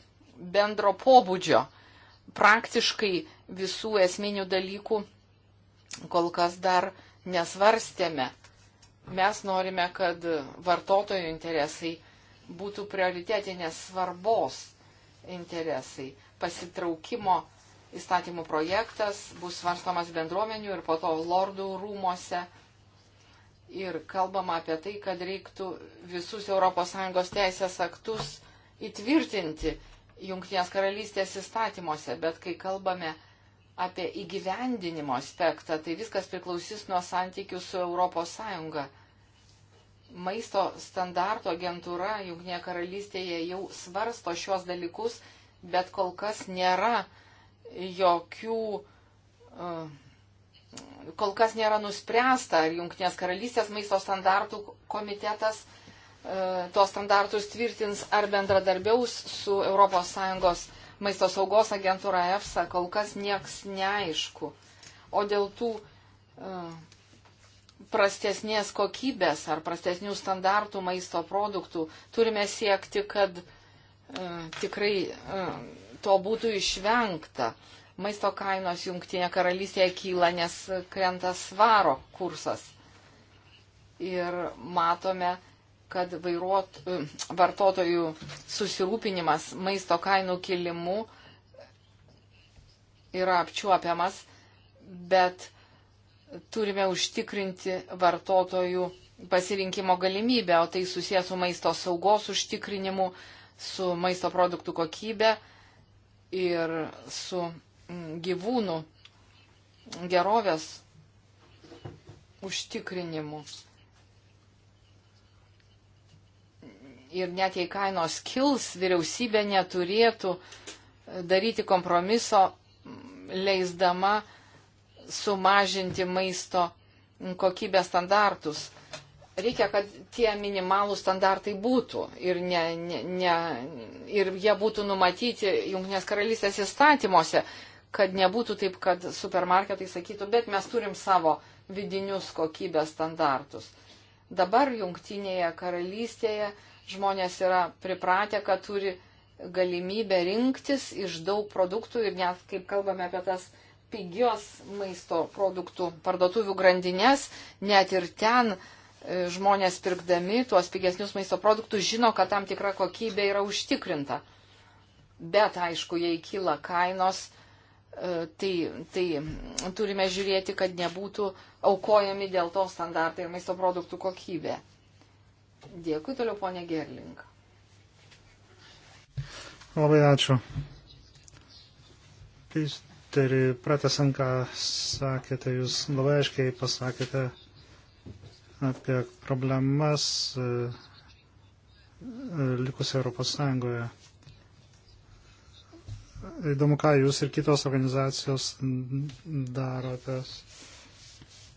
bendro pobūdžio. Praktiškai visų esminių dalykų kol kas dar nesvarstėme. Mes norime, kad vartotojų interesai būtų prioritetinės svarbos interesai. Pasitraukimo įstatymų projektas bus svarstomas bendruomenių ir po to lordų rūmose. Ir kalbama apie tai, kad reiktų visus ES teisės aktus įtvirtinti Junktinės karalystės įstatymuose. Bet kai kalbame apie įgyvendinimo aspektą, tai viskas priklausys nuo santykių su ES. Maisto standarto agentūra Junknėje karalystėje jau svarsto šios dalykus, bet kol kas nėra jokių, e, kol kas nėra nuspręsta, ar Junknės karalystės maisto standartų komitetas e, tuos standartus tvirtins ar bendradarbiaus su ES maisto saugos agentūra EFSA, kol kas nieks neaišku. O dėl tų e, prastesnės kokybės ar prastesnių standartų maisto produktų. Turime siekti, kad e, tikrai e, to būtų išvengta. Maisto kainos jungtinė karalystėje kyla, nes krenta svaro kursas. Ir matome, kad vairuot, e, vartotojų susirūpinimas maisto kainų kilimu yra apčiuopiamas, bet turime užtikrinti vartotojų pasirinkimo galimybę, o tai susijęs su maisto saugos užtikrinimu, su maisto produktų kokybė ir su mm, gyvūnų gerovės užtikrinimu. Ir net jei kainos kils, vyriausybė neturėtų daryti kompromiso, leisdama uh, sumažinti maisto kokybės standartus. Reikia, kad tie minimalų standartai būtų ir, ne, ne, ne, ir jie būtų numatyti Junktinės karalystės įstatymuose, kad nebūtų taip, kad supermarketai sakytų, bet mes turim savo vidinius kokybės standartus. Dabar Junktinėje karalystėje žmonės yra pripratę, kad turi galimybę rinktis iš daug produktų ir net, kaip kalbame apie tas pigios maisto produktų parduotuvių grandinės, net ir ten e, žmonės pirkdami tuos pigesnius maisto produktus žino, kad tam tikra kokybė yra užtikrinta. Bet aišku, jei kyla kainos, e, tai, tai turime žiūrėti, kad nebūtų aukojami dėl to standartai ir maisto produktų kokybė. Dėkui toliau, ponė Gerling. Labai ačiū. Keist, Walterį, pratesant, ką sakėte, jūs labai aiškiai pasakėte apie problemas e, likusią Europos Sąjungoje. Įdomu, ką jūs ir kitos organizacijos darote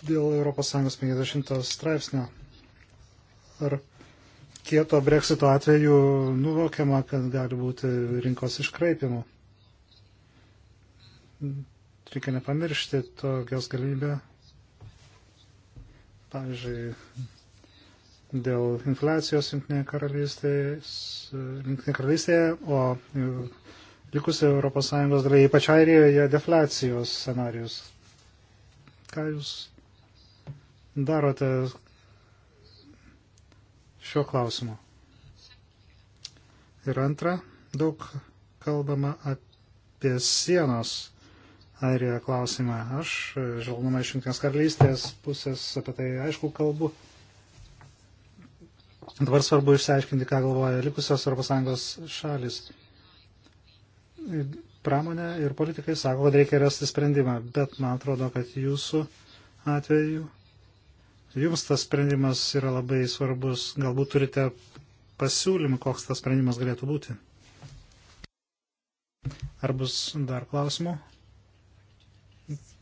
dėl Europos Sąjungos 50 straipsnio. Ar kieto breksito atveju nuvokiama, kad gali būti rinkos iškraipimų? reikia nepamiršti tokios galimybę. Pavyzdžiui, dėl infliacijos Junktinėje karalystėje, karalystėje, o e, likusioje ES dalyje, ypač Airijoje, deflacijos scenarius. Ką jūs darote šiuo klausimu? Ir antra, daug kalbama apie sienos Airijoje klausimą. Aš, žalnumą iš Junktinės karalystės pusės, apie tai aišku kalbu. Dabar svarbu išsiaiškinti, ką galvoja likusios ES šalis. Pramonė ir politikai sako, kad reikia rasti sprendimą, bet man atrodo, kad jūsų atveju, jums tas sprendimas yra labai svarbus. Galbūt turite pasiūlymų, koks tas sprendimas galėtų būti. Ar bus dar klausimų?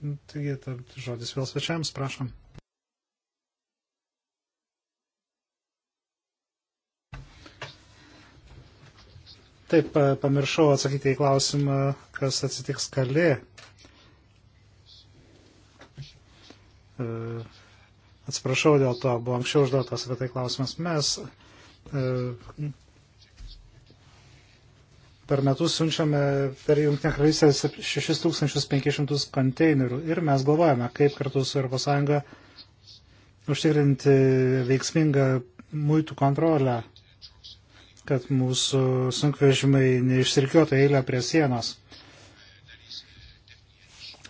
Taigi, ta, žodis vėl svečiams, prašom. Taip, pamiršau atsakyti į klausimą, kas atsitiks kalė. E, atsiprašau dėl to, buvo anksčiau užduotas apie tai klausimas. Mes e, per metus siunčiame per Junktinę karalystę 6500 konteinerių ir mes galvojame, kaip kartu su ES užtikrinti veiksmingą muitų kontrolę, kad mūsų sunkvežimai neišsirkiuotų eilę prie sienos.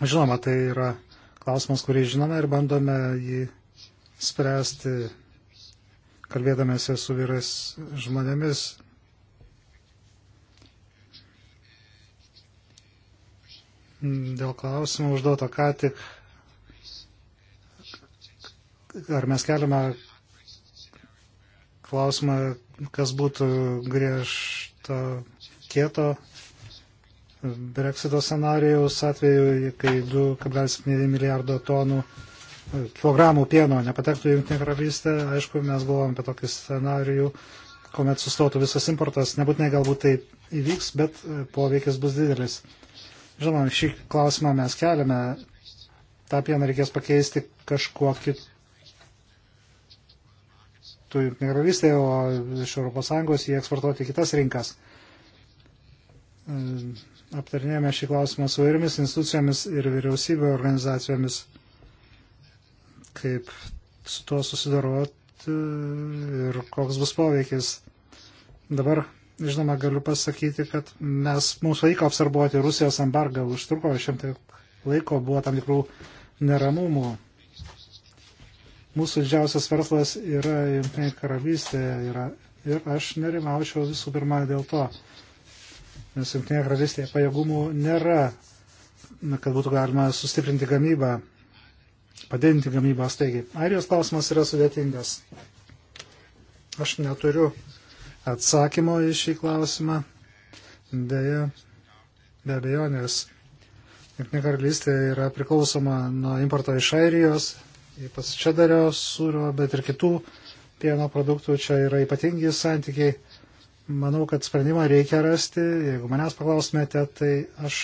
Žinoma, tai yra klausimas, kurį žinome ir bandome jį spręsti, kalbėdamėsi su vyrais žmonėmis dėl klausimų užduoto ką tik, ar mes keliame klausimą, kas būtų griežto kieto Brexito scenarijaus atveju, kai 2,7 milijardo tonų kilogramų pieno nepatektų į Junktinę karalystę. Aišku, mes galvom apie tokį scenarijų, kuomet sustotų visas importas. Nebūtinai galbūt tai įvyks, bet poveikis bus didelis. Žinoma, šį klausimą mes keliame. Ta pieną reikės pakeisti kažkuo kitų jungtinė karalystė, o iš ES jį eksportuoti į kitas rinkas. E, aptarinėjame šį klausimą su vairiomis institucijomis ir vyriausybių organizacijomis, kaip su tuo susidoroti ir koks bus poveikis. Dabar žinoma, galiu pasakyti, kad mes, mums pavyko apsarbuoti Rusijos embargą, užtruko šimtai laiko, buvo tam tikrų neramumų. Mūsų didžiausias verslas yra Junktinė karalystė yra, ir aš nerimaučiau visų pirma dėl to, nes Junktinė karalystė pajėgumų nėra, kad būtų galima sustiprinti gamybą, padidinti gamybą staigiai. Airijos klausimas yra sudėtingas. Aš neturiu atsakymo į šį klausimą. Deja, be abejonės, Junktinė karalystė yra priklausoma nuo importo iš Airijos, ypač čia dario sūrio, bet ir kitų pieno produktų. Čia yra ypatingi santykiai. Manau, kad sprendimą reikia rasti. Jeigu manęs paklausmėte, tai aš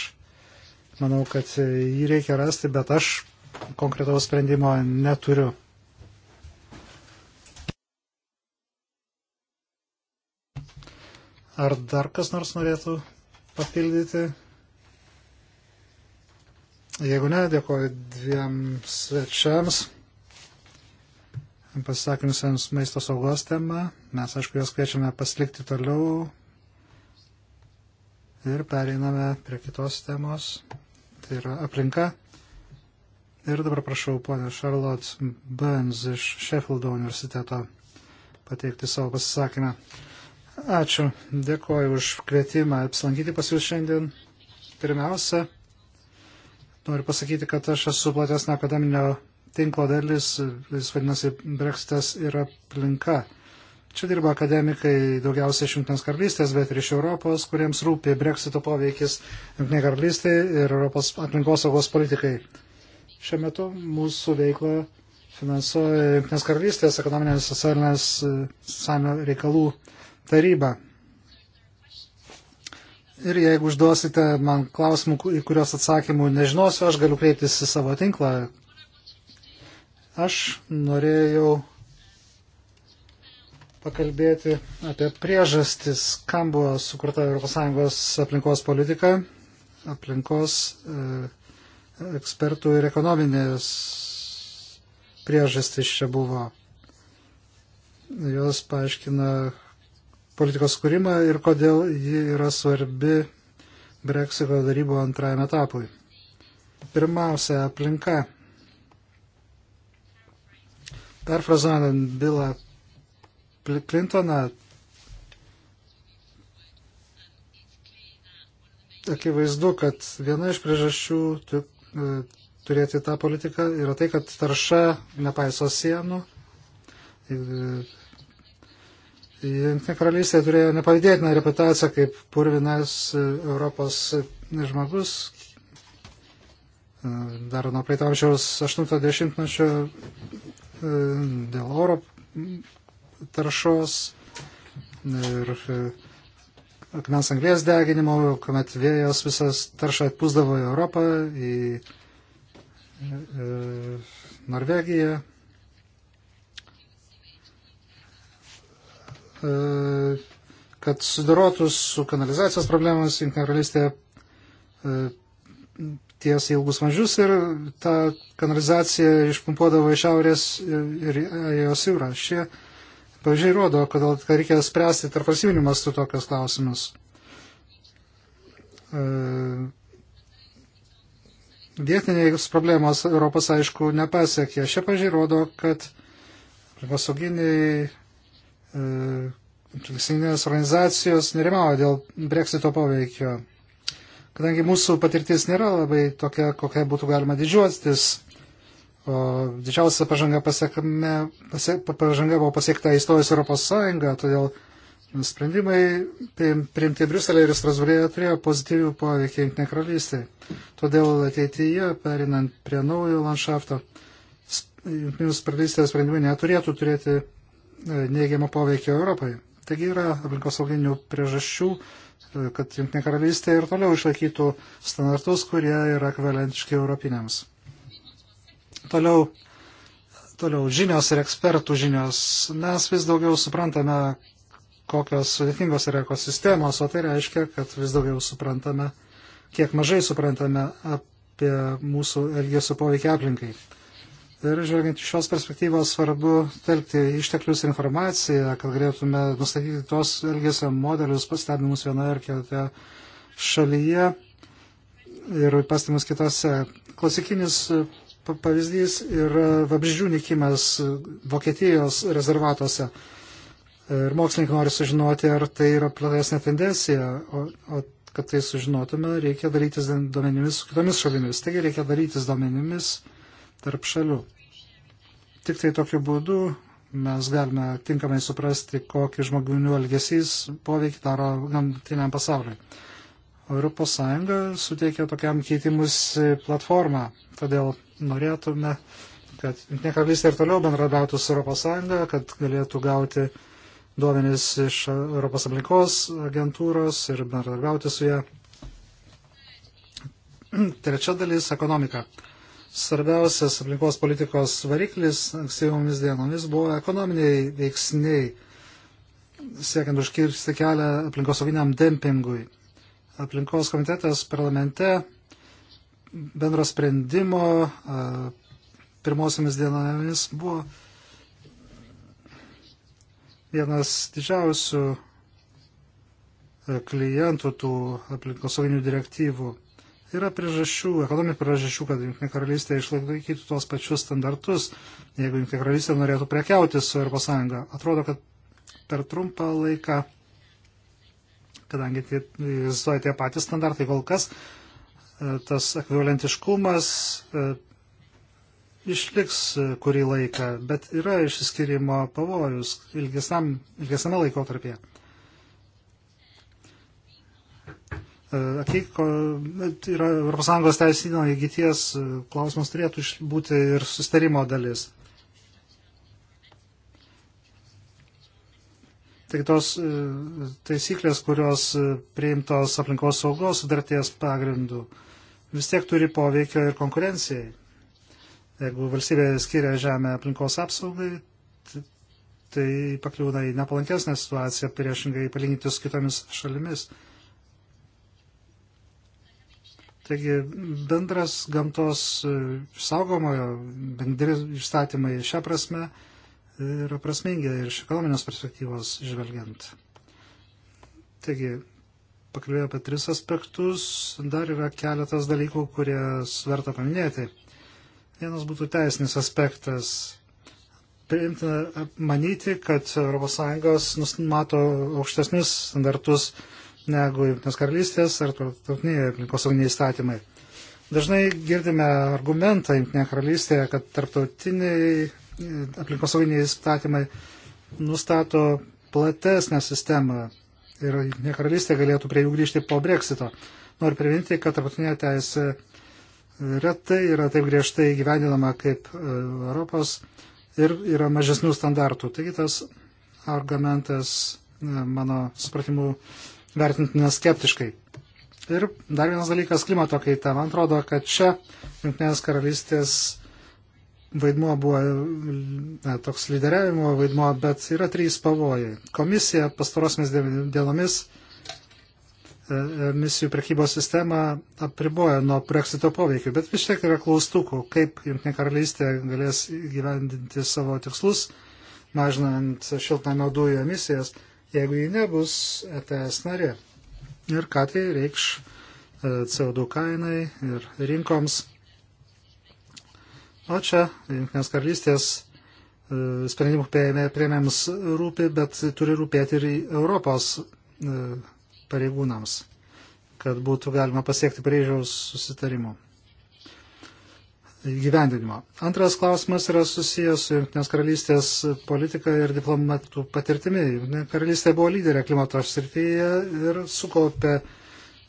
manau, kad jį reikia rasti, bet aš konkretaus sprendimo neturiu. Ar dar kas nors norėtų papildyti? Jeigu ne, dėkoju dviem svečiams pasisakiusiems maisto saugos temą. Mes, aišku, juos kviečiame pasilikti toliau ir pereiname prie kitos temos. Tai yra aplinka. Ir dabar prašau ponę Charlotte Burns iš Sheffieldo universiteto pateikti savo pasisakymą. Ačiū. Dėkuoju už kvietimą apsilankyti pas Jūs šiandien. Pirmiausia, noriu pasakyti, kad aš esu platesnio akademinio tinklo dalis, jis vadinasi Brexitas ir aplinka. Čia dirba akademikai daugiausiai iš Junktinės karalystės, bet ir iš Europos, kuriems rūpi breksito poveikis Junktinė karalystė ir Europos aplinkosaugos politikai. Šiuo metu mūsų veiklą finansuoja Junktinės karalystės ekonominės socialinės, socialinės reikalų taryba. Ir jeigu užduosite man klausimų, į kurios atsakymų nežinosiu, aš galiu kreiptis į savo tinklą. Aš norėjau pakalbėti apie priežastis, kam buvo sukurta ES aplinkos politika, aplinkos e, ekspertų ir ekonominės priežastis čia buvo. Jos paaiškina politikos skūrimą ir kodėl ji yra svarbi Brexito darybo antrajam etapui. Pirmiausia, aplinka. Perfrazanant Bilą Clintoną, akivaizdu, kad viena iš priežasčių e, turėti tą politiką yra tai, kad tarša nepaiso sienų, Jungtinė karalystė turėjo nepavydėtiną reputaciją kaip purvinas e, Europos žmogus. E, Dar nuo praeito amžiaus 80-mečio e, dėl oro taršos ir akmens anglės deginimo, kuomet vėjas visas taršą atpūsdavo į Europą, į Norvegiją. E, kad sudarotų su kanalizacijos problemas, Junktinė karalystė e, ties ilgus mažius ir tą kanalizaciją išpumpuodavo iš šiaurės ir jos jūrą. Šie pavyzdžiai rodo, kodėl reikia spręsti tarp valstybinių mastų tokios klausimus. E, vietinės problemos Europos aišku nepasiekė. Šie pavyzdžiai rodo, kad aplinkosauginiai Teisinės organizacijos nerimavo dėl breksito poveikio. Kadangi mūsų patirtis nėra labai tokia, kokia būtų galima didžiuotis, o didžiausia pažanga, pasiekme, pasie, pažanga buvo pasiekta įstojus Europos Sąjungą, todėl sprendimai priimti Briuselėje ir Strasbūrėje turėjo pozityvių poveikį Junktinė karalystė. Todėl ateityje, perinant prie naujo landšafto, Junktinės karalystės sprendimai neturėtų turėti E, neigiamo poveikio Europai. Taigi yra aplinkosauginių priežasčių, e, kad Junktinė karalystė ir toliau išlaikytų standartus, kurie yra kvalentiški europinėms. Toliau, toliau žinios ir ekspertų žinios. Mes vis daugiau suprantame, kokios sudėtingos yra ekosistemos, o tai reiškia, kad vis daugiau suprantame, kiek mažai suprantame apie mūsų elgesio poveikį aplinkai. Ir žvelgiant iš šios perspektyvos svarbu telkti išteklius informaciją, kad galėtume nustatyti tos elgesio modelius pastebimus vienoje ar kitoje šalyje ir pastebimus kitose. Klasikinis pavyzdys yra vabzdžių nikimas Vokietijos rezervatuose. Ir mokslininkai nori sužinoti, ar tai yra platesnė tendencija, o, o kad tai sužinotume, reikia darytis duomenimis su kitomis šalimis. Taigi reikia darytis duomenimis tarp šalių. Tik tai tokiu būdu mes galime tinkamai suprasti, kokį žmoginių elgesys poveikį daro gamtiniam pasauliui. ES suteikia tokiam keitimus platformą, todėl norėtume, kad Junktinė karalystė ir toliau bendradautų su ES, kad galėtų gauti duomenys iš ES aplinkos agentūros ir bendradarbiauti su ją. Trečia dalis - ekonomika. Svarbiausias aplinkos politikos variklis ankstyvomis dienomis buvo ekonominiai veiksniai, siekiant užkirsti kelią aplinkosauginiam dempingui. Aplinkos komitetas parlamente bendro sprendimo pirmosiamis dienomis buvo vienas didžiausių klientų tų aplinkosauginių direktyvų. Yra priežasčių, ekonominių priežasčių, kad Junktinė karalystė išlaikytų tuos pačius standartus, jeigu Junktinė karalystė norėtų prekiauti su ES. Atrodo, kad per trumpą laiką, kadangi egzistuoja tie patys standartai kol kas, e, tas ekvivalentiškumas e, išliks e, kurį laiką, bet yra išsiskirimo pavojus ilgesname laikotarpėje. Akeiko, tai yra ES teisino įgyties e, klausimas turėtų būti ir sustarimo dalis. Tik tos e, taisyklės, kurios e, priimtos aplinkos saugos sudarties pagrindų, vis tiek turi poveikio ir konkurencijai. Jeigu valstybė skiria žemę aplinkos apsaugai, tai pakliūna į nepalankesnę situaciją priešingai palyginti su kitomis šalimis. Taigi bendras gamtos e, saugomojo, bendri išstatymai šią prasme yra prasmingi ir iš ekonominės perspektyvos žvelgiant. Taigi, pakalbėjau apie tris aspektus, dar yra keletas dalykų, kurie sverta paminėti. Vienas būtų teisinis aspektas. Priimtina manyti, kad ES numato aukštesnius standartus negu Junktinės karalystės ar tarptautiniai aplinkosauginiai įstatymai. Dažnai girdime argumentą Junktinėje karalystėje, kad tarptautiniai e, aplinkosauginiai įstatymai nustato platesnę sistemą ir Junktinė karalystė galėtų prie jų grįžti po breksito. Noriu priminti, kad tarptautinė teisė retai yra taip griežtai gyvendinama kaip e, Europos ir yra mažesnių standartų. Taigi tas argumentas e, mano supratimu vertinti neskeptiškai. Ir dar vienas dalykas - klimato kaita. Man atrodo, kad čia Junktinės karalystės vaidmuo buvo ne, toks lyderiavimo vaidmuo, bet yra trys pavojai. Komisija pastarosiamis dienomis e, e, misijų prekybos sistemą apriboja nuo Brexito poveikio, bet vis tiek yra klaustukų, kaip Junktinė karalystė galės gyvendinti savo tikslus, mažinant šiltnamio dujų emisijas jeigu ji nebus ETS narė. Ir ką tai reikš e, CO2 kainai ir rinkoms. O čia Junktinės karalystės e, sprendimų prieimėms rūpi, bet turi rūpėti ir Europos e, pareigūnams, kad būtų galima pasiekti priežiaus susitarimų gyvendinimo. Antras klausimas yra susijęs su Junktinės karalystės politika ir diplomatų patirtimi. Junktinė karalystė buvo lyderė klimato srityje ir sukaupė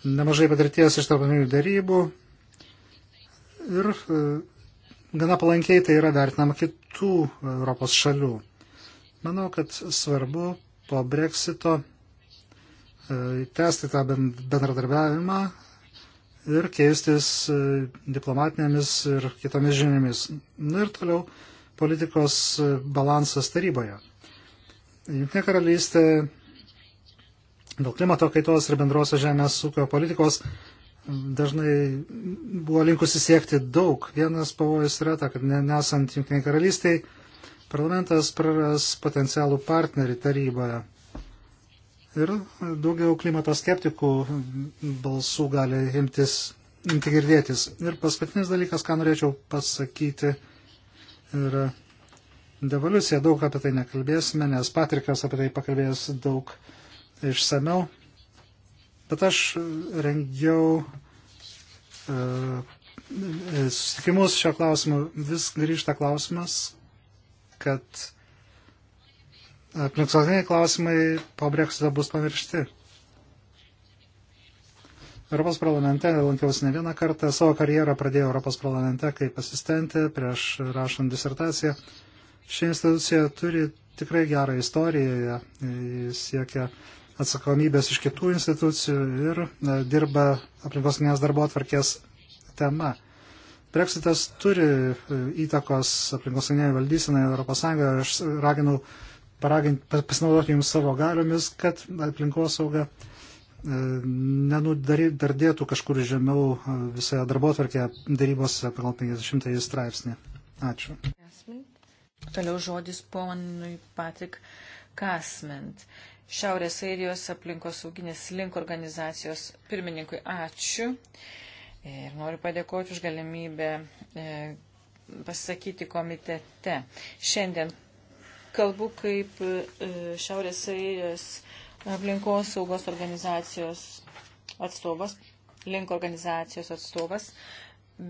nemažai patirties iš tarptautinių darybų ir e, gana palankiai tai yra vertinama kitų Europos šalių. Manau, kad svarbu po Brexito e, tęsti tą bendradarbiavimą ir keistis e, diplomatinėmis ir kitomis žiniomis. Na ir toliau politikos e, balansas taryboje. Junktinė karalystė dėl klimato kaitos ir bendrosios žemės ūkio politikos dažnai buvo linkusi siekti daug. Vienas pavojus yra ta, kad nesant Junktiniai karalystiai, parlamentas praras potencialų partnerį taryboje ir daugiau klimato skeptikų balsų gali imtis, imti girdėtis. Ir paskutinis dalykas, ką norėčiau pasakyti, yra devoliucija. Daug apie tai nekalbėsime, nes Patrikas apie tai pakalbėjęs daug išsameu. Bet aš rengiau e, susitikimus šio klausimu. Vis grįžta klausimas, kad aplinksosiniai klausimai po breksito bus pamiršti. Europos parlamente lankiausi ne vieną kartą, savo karjerą pradėjau Europos parlamente kaip asistentė prieš rašant disertaciją. Ši institucija turi tikrai gerą istoriją, jis siekia atsakomybės iš kitų institucijų ir e, dirba aplinkosinės darbo atvarkės tema. Brexitas turi e, įtakos aplinkosinėje valdysenai Europos Sąjungoje. Aš raginau pasinaudoti jums savo galiomis, kad aplinkosauga e, nenudardėtų kažkur žemiau e, visoje darbo tvarkėje darybose pagal 50 straipsnį. Ačiū. Toliau žodis ponui Patrik Kasment. Šiaurės Airijos aplinkosauginės link organizacijos pirmininkui ačiū. Ir noriu padėkoti už galimybę e, pasisakyti komitete. Šiandien kalbu kaip e, Šiaurės Airijos aplinkos saugos organizacijos atstovas, link organizacijos atstovas,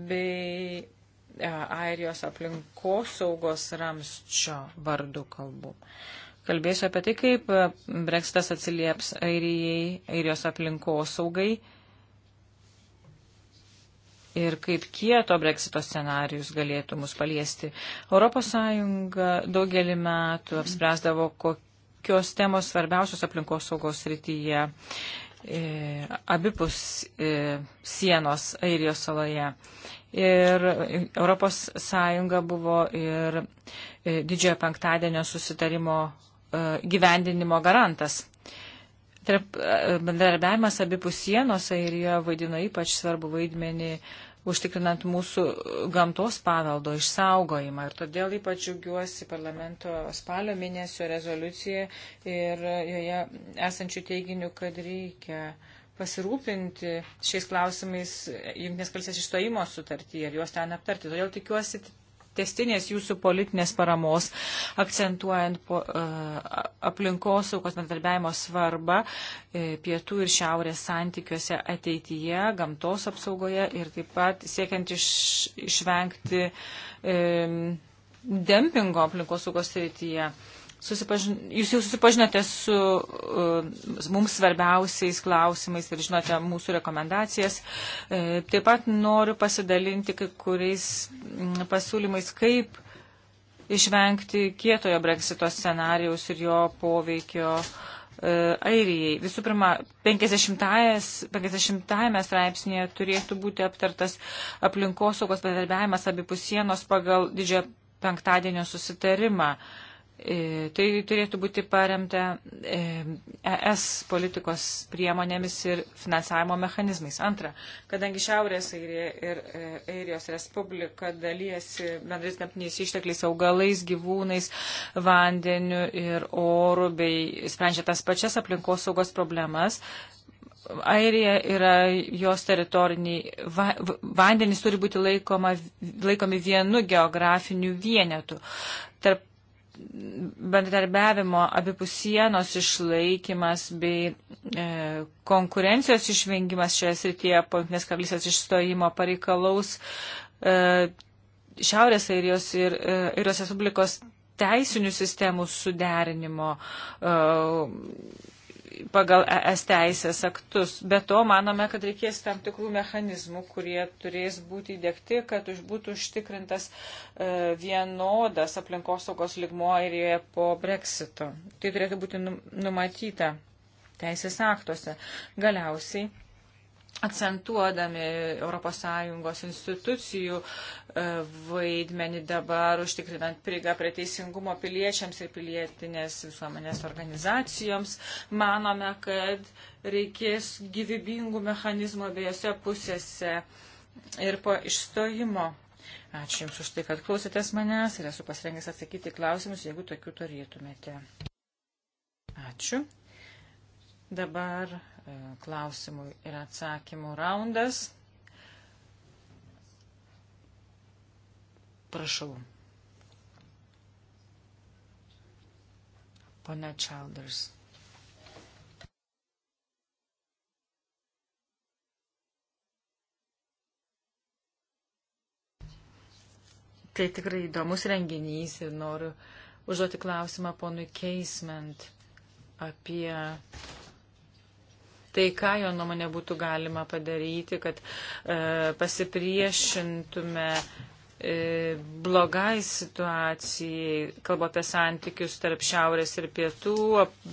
bei e, Airijos aplinkos saugos ramsčio vardu kalbu. Kalbėsiu apie tai, kaip e, Brexitas atsilieps Airijai, Airijos aplinkos saugai ir kaip kieto breksito scenarius galėtų mus paliesti. ES daugelį metų apspręsdavo, kokios temos svarbiausios aplinkos saugos rytyje e, abipus e, sienos Airijos saloje. Ir ES buvo ir e, didžiojo penktadienio susitarimo e, gyvendinimo garantas. Tarp e, bendradarbiavimas abipus sienos Airijoje vaidina ypač svarbu vaidmenį užtikrinant mūsų gamtos paveldo išsaugojimą. Ir todėl ypač džiugiuosi parlamento spalio mėnesio rezoliuciją ir joje esančių teiginių, kad reikia pasirūpinti šiais klausimais Junktinės kalsės išstojimo sutartį ir juos ten aptarti. Todėl tikiuosi testinės jūsų politinės paramos, akcentuojant po, uh, aplinkosaugos bendradarbiavimo svarbą uh, pietų ir šiaurės santykiuose ateityje, gamtos apsaugoje ir taip pat siekiant iš, išvengti um, dempingo aplinkosaugos srityje. Uh, Susipažin... Jūs jau susipažinote su uh, mums svarbiausiais klausimais ir žinote mūsų rekomendacijas. E, taip pat noriu pasidalinti kai kuriais mm, pasiūlymais, kaip išvengti kietojo breksito scenarijaus ir jo poveikio uh, Airijai. Visų pirma, 50-ame 50 straipsnėje turėtų būti aptartas aplinkosaugos bendarbiavimas abipusienos pagal didžiojo penktadienio susitarimą. Uh, E, tai turėtų būti paremta ES e politikos priemonėmis ir finansavimo mechanizmais. Antra, kadangi Šiaurės Airija ir e, Airijos Respublika dalyjasi bendrais gamtiniais ištekliais augalais, gyvūnais, vandeniu ir oru, bei sprendžia tas pačias aplinkos saugos problemas, Airija yra jos teritoriniai, va, vandenys turi būti laikoma, laikomi vienu geografiniu vienetu. Tarp bendradarbiavimo abipusienos išlaikimas bei e, konkurencijos išvengimas šioje srityje po Junktinės karalystės išstojimo pareikalaus e, Šiaurės Airijos ir e, Airijos Respublikos teisinių sistemų suderinimo. E, pagal ES teisės aktus. Be to, manome, kad reikės tam tikrų mechanizmų, kurie turės būti įdėkti, kad būtų užtikrintas e, vienodas aplinkosaugos ligmo airijoje po breksito. Tai turėtų būti numatyta teisės aktuose. Galiausiai akcentuodami ES institucijų e, vaidmenį dabar, užtikrinant prigą prie teisingumo piliečiams ir pilietinės visuomenės organizacijoms, manome, kad reikės gyvybingų mechanizmų abiejose pusėse ir po išstojimo. Ačiū Jums už tai, kad klausėtės manęs ir esu pasirengęs atsakyti klausimus, jeigu tokių turėtumėte. Ačiū. Dabar E, klausimų ir atsakymų raundas. Prašau. Pone Childers. Tai tikrai įdomus renginys ir noriu užduoti klausimą ponui Keisment apie Tai ką jo nuomonė būtų galima padaryti, kad e, pasipriešintume e, blogai situacijai, kalbu apie santykius tarp šiaurės ir pietų,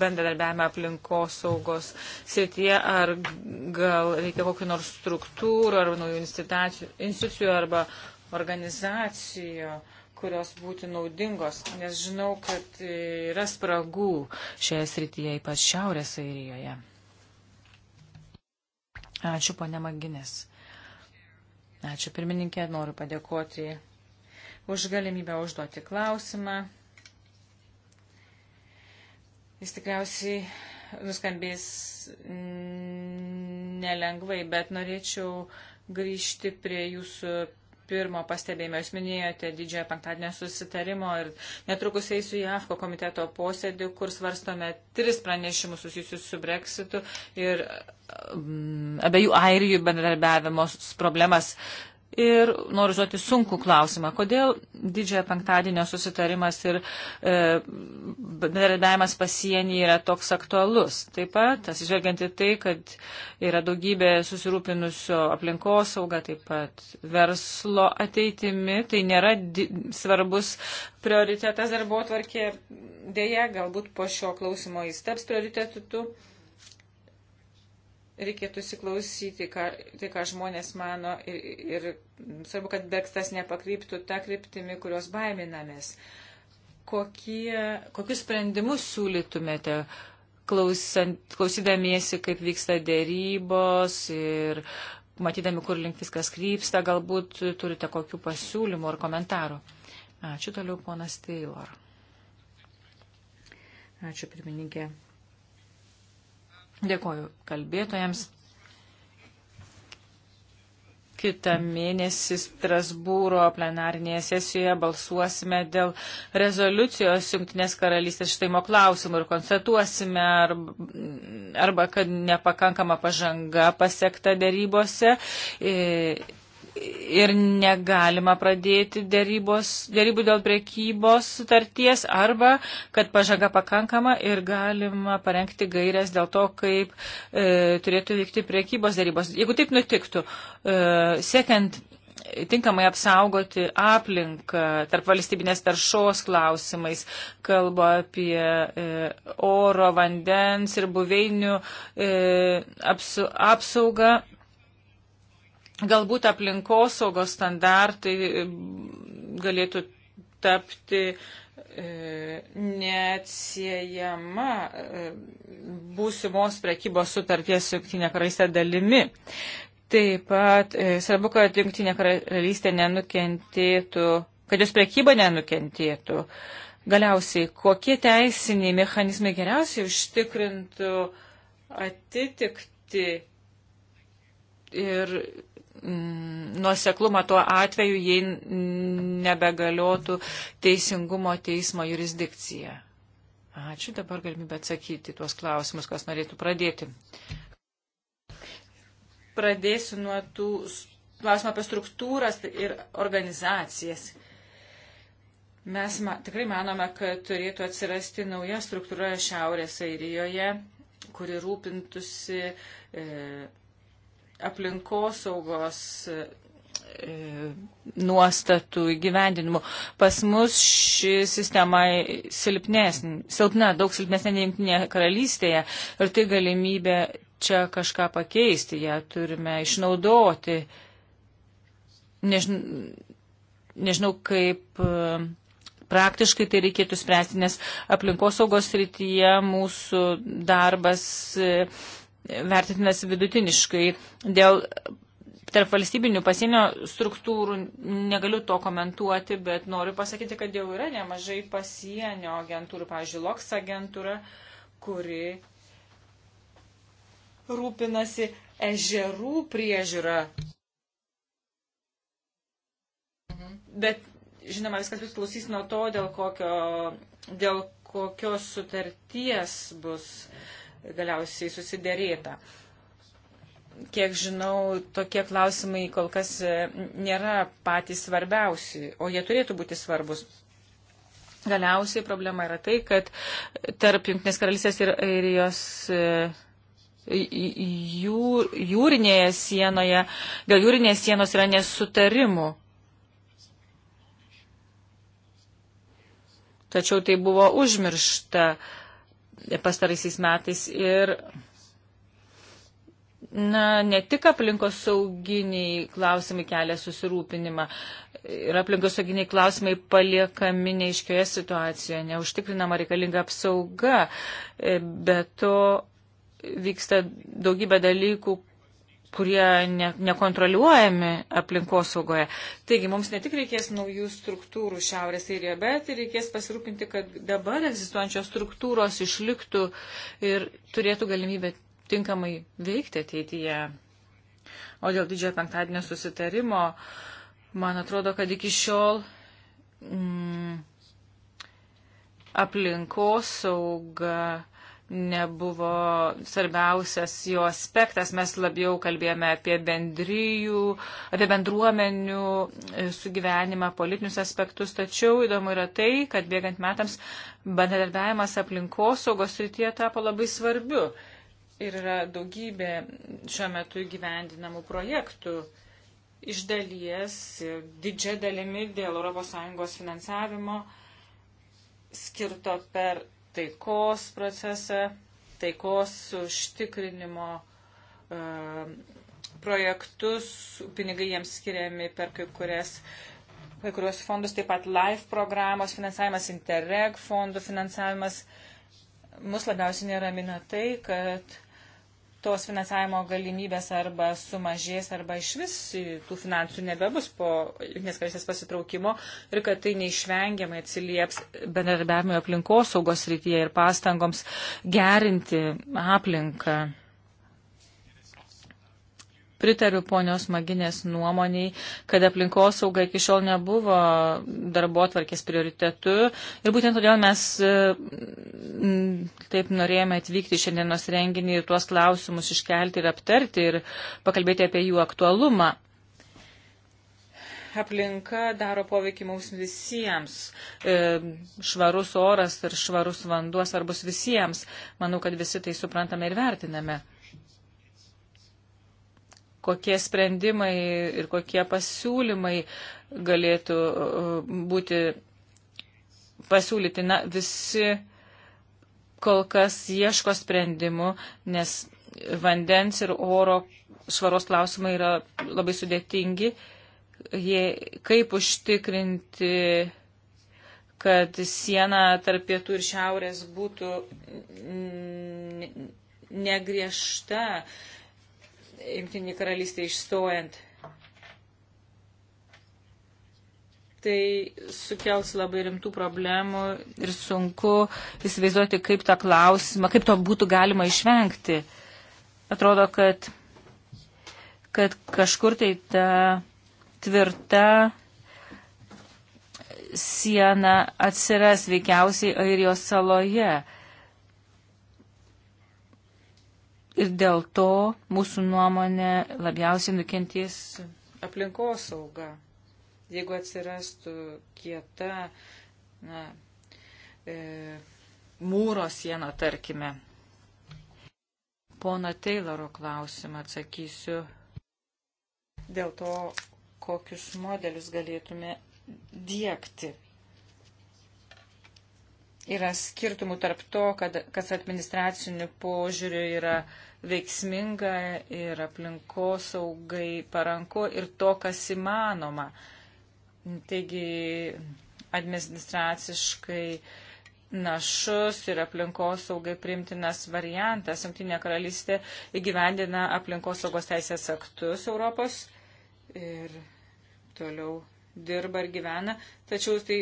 bendradarbiavimą aplinkos saugos srityje, ar gal reikia kokiu nors struktūrų, ar naujų institucijų, arba organizacijų kurios būtų naudingos, nes žinau, kad yra spragų šioje srityje, ypač Šiaurės Airijoje. Ačiū, ponė Maginės. Ačiū, pirmininkė. Noriu padėkoti už galimybę užduoti klausimą. Jis tikriausiai nuskambės nelengvai, bet norėčiau grįžti prie jūsų pirmo pastebėjimo. Jūs minėjote didžiojo penktadienio susitarimo ir netrukus eisiu į AFKO komiteto posėdį, kur svarstome tris pranešimus susijusius su breksitu ir um, abiejų airijų bendradarbiavimo problemas. Uh, Ir noriu žodžiu sunku klausimą. Kodėl didžiojo penktadienio susitarimas ir e, bendradarbiavimas pasienyje yra toks aktualus? Taip pat, atsižvelgiant į tai, kad yra daugybė susirūpinusio aplinkosauga, taip pat verslo ateitimi, tai nėra svarbus prioritetas darbo atvarkė. Deja, galbūt po šio klausimo jis taps prioritetu. Tu reikėtų įsiklausyti, ką, tai, ką žmonės mano ir, ir svarbu, kad Brexitas nepakryptų tą kryptimį, kurios baiminamės. Kokie, kokius sprendimus siūlytumėte, klausant, klausydamiesi, kaip vyksta dėrybos ir matydami, kur link viskas krypsta, galbūt turite kokių pasiūlymų ar komentarų. Ačiū toliau, ponas Taylor. Ačiū, pirmininkė. Dėkoju kalbėtojams. Kita mėnesį Strasbūro plenarinėje sesijoje balsuosime dėl rezoliucijos Junktinės karalystės štaimo klausimų ir konstatuosime, arba, arba kad nepakankama pažanga pasiekta dėrybose. E, ir negalima pradėti dėrybos, dėrybų dėl prekybos sutarties arba kad pažanga pakankama ir galima parengti gairias dėl to, kaip e, turėtų vykti prekybos dėrybos. Jeigu taip nutiktų, e, siekiant tinkamai apsaugoti aplinką tarp valstybinės taršos klausimais, kalba apie e, oro, vandens ir buveinių e, apsu, apsaugą, Galbūt aplinkosaugos standartai e, galėtų tapti e, neatsiejama e, būsimos prekybos sutarties su Junktinė karalystė dalimi. Taip pat svarbu, kad Junktinė karalystė nenukentėtų, kad jos prekyba nenukentėtų. Galiausiai, kokie teisiniai mechanizmai geriausiai užtikrintų atitikti ir Mm, nuoseklumą tuo atveju, jei nebegaliotų teisingumo teismo jurisdikcija? Ačiū, dabar galimybę atsakyti tuos klausimus, kas norėtų pradėti. Pradėsiu nuo tų klausimų apie struktūras ir organizacijas. Mes ma, tikrai manome, kad turėtų atsirasti nauja struktūra Šiaurės Airijoje, kuri rūpintusi. E, aplinkosaugos e, nuostatų įgyvendinimu. Pas mus ši sistema silpnesnė, silpna, daug silpnesnė nei Junktinėje karalystėje ir tai galimybė čia kažką pakeisti, ją turime išnaudoti. Nežinau, nežinau kaip e, praktiškai tai reikėtų spręsti, nes aplinkosaugos rytyje mūsų darbas e, vertitinas vidutiniškai. Dėl tarp valstybinių pasienio struktūrų negaliu to komentuoti, bet noriu pasakyti, kad jau yra nemažai pasienio agentūrų, pavyzdžiui, LOKS agentūra, kuri rūpinasi ežerų priežiūra. Bet, žinoma, viskas priklausys nuo to, dėl, kokio, dėl kokios sutarties bus galiausiai susidėrėta. Kiek žinau, tokie klausimai kol kas e, nėra patys svarbiausi, o jie turėtų būti svarbus. Galiausiai problema yra tai, kad tarp Junktinės karalystės ir Airijos e, jų, jūrinėje sienoje, dėl jūrinės sienos yra nesutarimų. Tačiau tai buvo užmiršta. Uh, pastaraisiais metais ir Na, ne tik aplinkos sauginiai klausimai kelia susirūpinimą. Ir aplinkos sauginiai klausimai paliekami neiškioje situacijoje, neužtikrinama reikalinga apsauga. E, be to vyksta daugybė dalykų, kurie ne, nekontroliuojami aplinkosaugoje. Taigi mums ne tik reikės naujų struktūrų Šiaurės Airijoje, bet ir reikės pasirūpinti, kad dabar egzistuojančios struktūros išliktų ir turėtų galimybę tinkamai veikti ateityje. O dėl didžiojo penktadienio susitarimo, man atrodo, kad iki šiol mm, aplinkosauga nebuvo svarbiausias jo aspektas. Mes labiau kalbėjome apie bendryjų, apie bendruomenių e, sugyvenimą, politinius aspektus. Tačiau įdomu yra tai, kad bėgant metams bendradarbiavimas aplinkosaugos rytyje tapo labai svarbiu. Ir yra daugybė šiuo metu gyvendinamų projektų. Iš dalies, didžia dalimi dėl ES finansavimo skirto per taikos procesą, taikos užtikrinimo uh, projektus, pinigai jiems skiriami per kai kurias kai kuriuos fondus, taip pat LIFE programos finansavimas, Interreg fondų finansavimas. Mus labiausiai neramina tai, kad tos finansavimo galimybės arba sumažės, arba iš vis tų finansų nebebus po Junktinės karalystės pasitraukimo ir kad tai neišvengiamai atsilieps bendradarbiavimo aplinkosaugos rytyje ir pastangoms gerinti aplinką pritariu ponios Maginės nuomoniai, kad aplinkosauga iki šiol nebuvo darbo atvarkės prioritetu. Ir būtent todėl mes e, taip norėjome atvykti šiandienos renginį ir tuos klausimus iškelti ir aptarti ir pakalbėti apie jų aktualumą. Aplinka daro poveikį mums visiems. E, švarus oras ir švarus vanduo svarbus visiems. Manau, kad visi tai suprantame ir vertiname kokie sprendimai ir kokie pasiūlymai galėtų uh, būti pasiūlyti. Na, visi kol kas ieško sprendimų, nes vandens ir oro švaros klausimai yra labai sudėtingi. Jie, kaip užtikrinti, kad siena tarp pietų ir šiaurės būtų negriežta jungtinį karalystę išstojant. Tai sukels labai rimtų problemų ir sunku įsivaizduoti, kaip tą klausimą, kaip to būtų galima išvengti. Atrodo, kad, kad kažkur tai ta tvirta siena atsiras veikiausiai Airijos saloje. Ir dėl to mūsų nuomonė labiausiai nukentys aplinkos sauga. Jeigu atsirastų kieta na, e, mūro siena, tarkime. Pono Tayloro klausimą atsakysiu dėl to, kokius modelius galėtume diegti yra skirtumų tarp to, kad, kas administraciniu požiūriu yra veiksminga ir aplinkosaugai paranku ir to, kas įmanoma. Taigi administraciškai našus ir aplinkosaugai primtinas variantas. Samtinė karalystė įgyvendina aplinkosaugos teisės aktus Europos ir toliau dirba ir gyvena, tačiau tai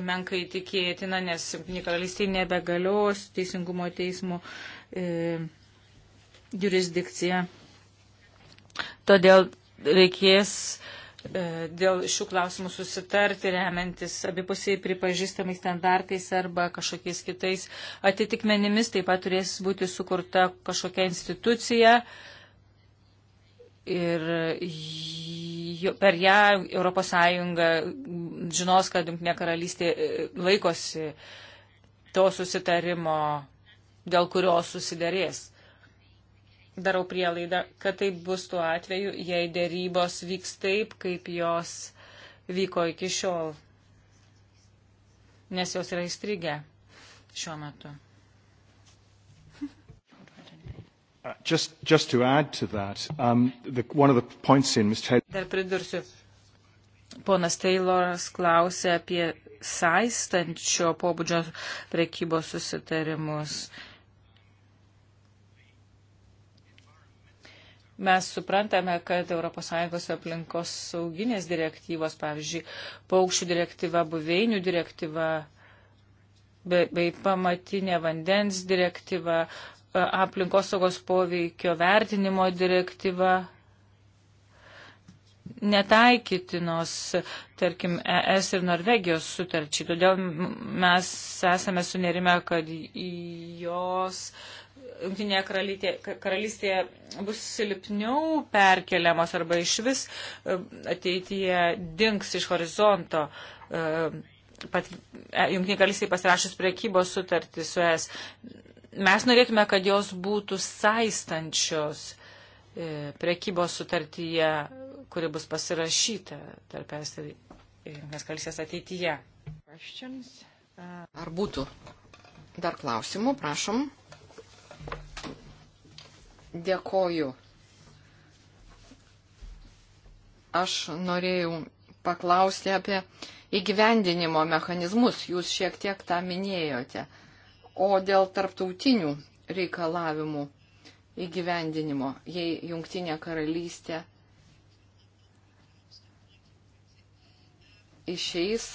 menkai tikėtina, nes Junktinė karalystė nebegalios teisingumo teismo e, jurisdikcija. Todėl reikės e, dėl šių klausimų susitarti, remiantis abipusiai pripažįstamais standartais arba kažkokiais kitais atitikmenimis. Taip pat turės būti sukurta kažkokia institucija. E, ir per ją ES žinos, kad Junktinė karalystė e, laikosi to susitarimo, dėl kurio susidarės. Darau prielaidą, kad tai bus tuo atveju, jei dėrybos vyks taip, kaip jos vyko iki šiol, nes jos yra įstrigę šiuo metu. Uh, just, just to add to that, um, the, one of the points in Mr. Taylor. Dar pridursiu. Ponas Tayloras klausė apie saistančio pobūdžio prekybos susitarimus. Mes suprantame, kad ES aplinkos sauginės direktyvos, pavyzdžiui, paukščių direktyva, buveinių direktyva, bei, bei pamatinė vandens direktyva, aplinkosaugos poveikio vertinimo direktyva netaikytinos, tarkim, ES ir Norvegijos sutarčiai. Todėl mes esame sunerime, kad jos Junktinėje karalystėje bus silpniau perkeliamos arba iš vis e, ateityje dinks iš horizonto. E, pat e, Junktinė karalystė pasirašus priekybos sutartį su ES. Mes norėtume, kad jos būtų saistančios e, prekybos sutartyje, kuri bus pasirašyta tarp es ir Junktinės karalystės ateityje. Uh, Ar būtų dar klausimų, prašom. Dėkoju. Aš norėjau paklausti apie įgyvendinimo mechanizmus. Jūs šiek tiek tą minėjote. O dėl tarptautinių reikalavimų įgyvendinimo, jei jungtinė karalystė išeis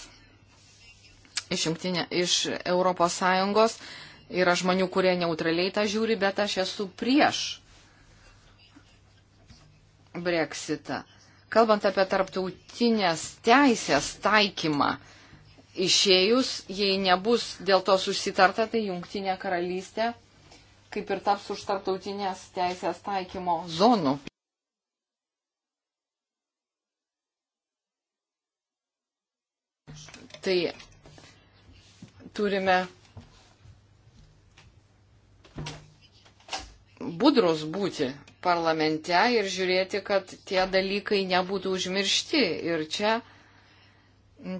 iš, jungtinė, iš Europos Sąjungos, yra žmonių, kurie neutraliai tą žiūri, bet aš esu prieš breksitą. Kalbant apie tarptautinės teisės taikymą, išėjus, jei nebus dėl to susitarta, tai jungtinė karalystė kaip ir taps už tarptautinės teisės taikymo zonų. Tai turime budrus būti parlamente ir žiūrėti, kad tie dalykai nebūtų užmiršti. Ir čia uh,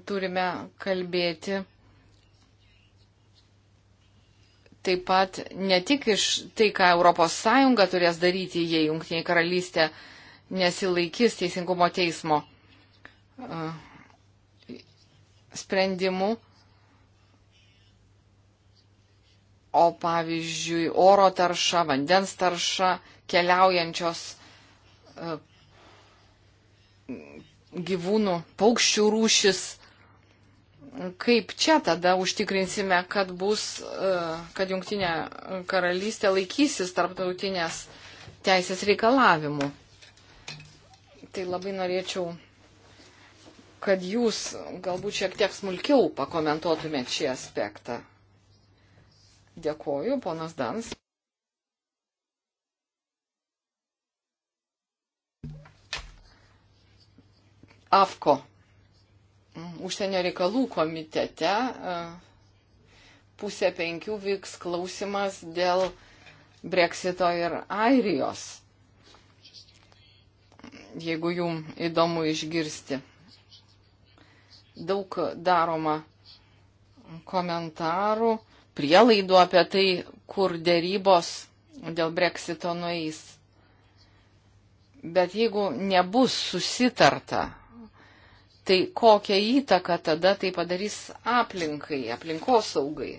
turime kalbėti taip pat ne tik iš tai, ką ES turės daryti, jei Junktinė karalystė nesilaikys teisingumo teismo uh, sprendimų, o pavyzdžiui, oro tarša, vandens tarša, keliaujančios uh, gyvūnų, paukščių rūšis. Kaip čia tada užtikrinsime, kad bus, e, kad jungtinė karalystė laikysis tarptautinės teisės reikalavimų? Tai labai norėčiau, kad jūs galbūt šiek tiek smulkiau pakomentuotumėt šį aspektą. Dėkoju, ponas Dans. AFKO mm, užsienio reikalų komitete e, pusę penkių vyks klausimas dėl Brexito ir Airijos. Jeigu jum įdomu išgirsti. Daug daroma komentarų, prielaidų apie tai, kur dėrybos dėl Brexito nueis. Bet jeigu nebus susitarta tai kokią įtaką tada tai padarys aplinkai, aplinkosaugai.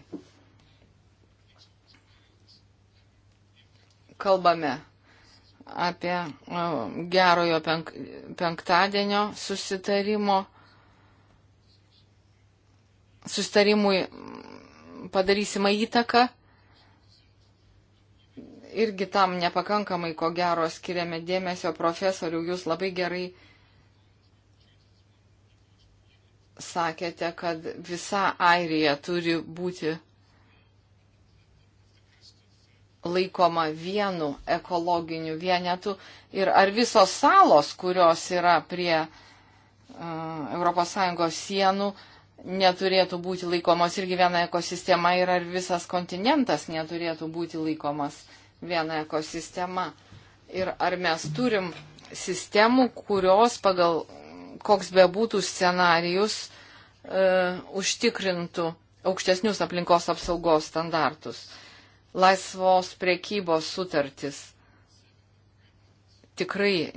Kalbame apie gerojo penk penktadienio susitarimo. Susitarimui padarysime įtaką. Irgi tam nepakankamai, ko gero, skiriame dėmesio profesorių, jūs labai gerai sakėte, kad visa Airija turi būti laikoma vienu ekologiniu vienetu ir ar visos salos, kurios yra prie uh, ES sienų, neturėtų būti laikomos irgi viena ekosistema ir ar visas kontinentas neturėtų būti laikomas viena ekosistema. Ir ar mes turim sistemų, kurios pagal koks bebūtų scenarius, e, užtikrintų aukštesnius aplinkos apsaugos standartus. Laisvos priekybos sutartis tikrai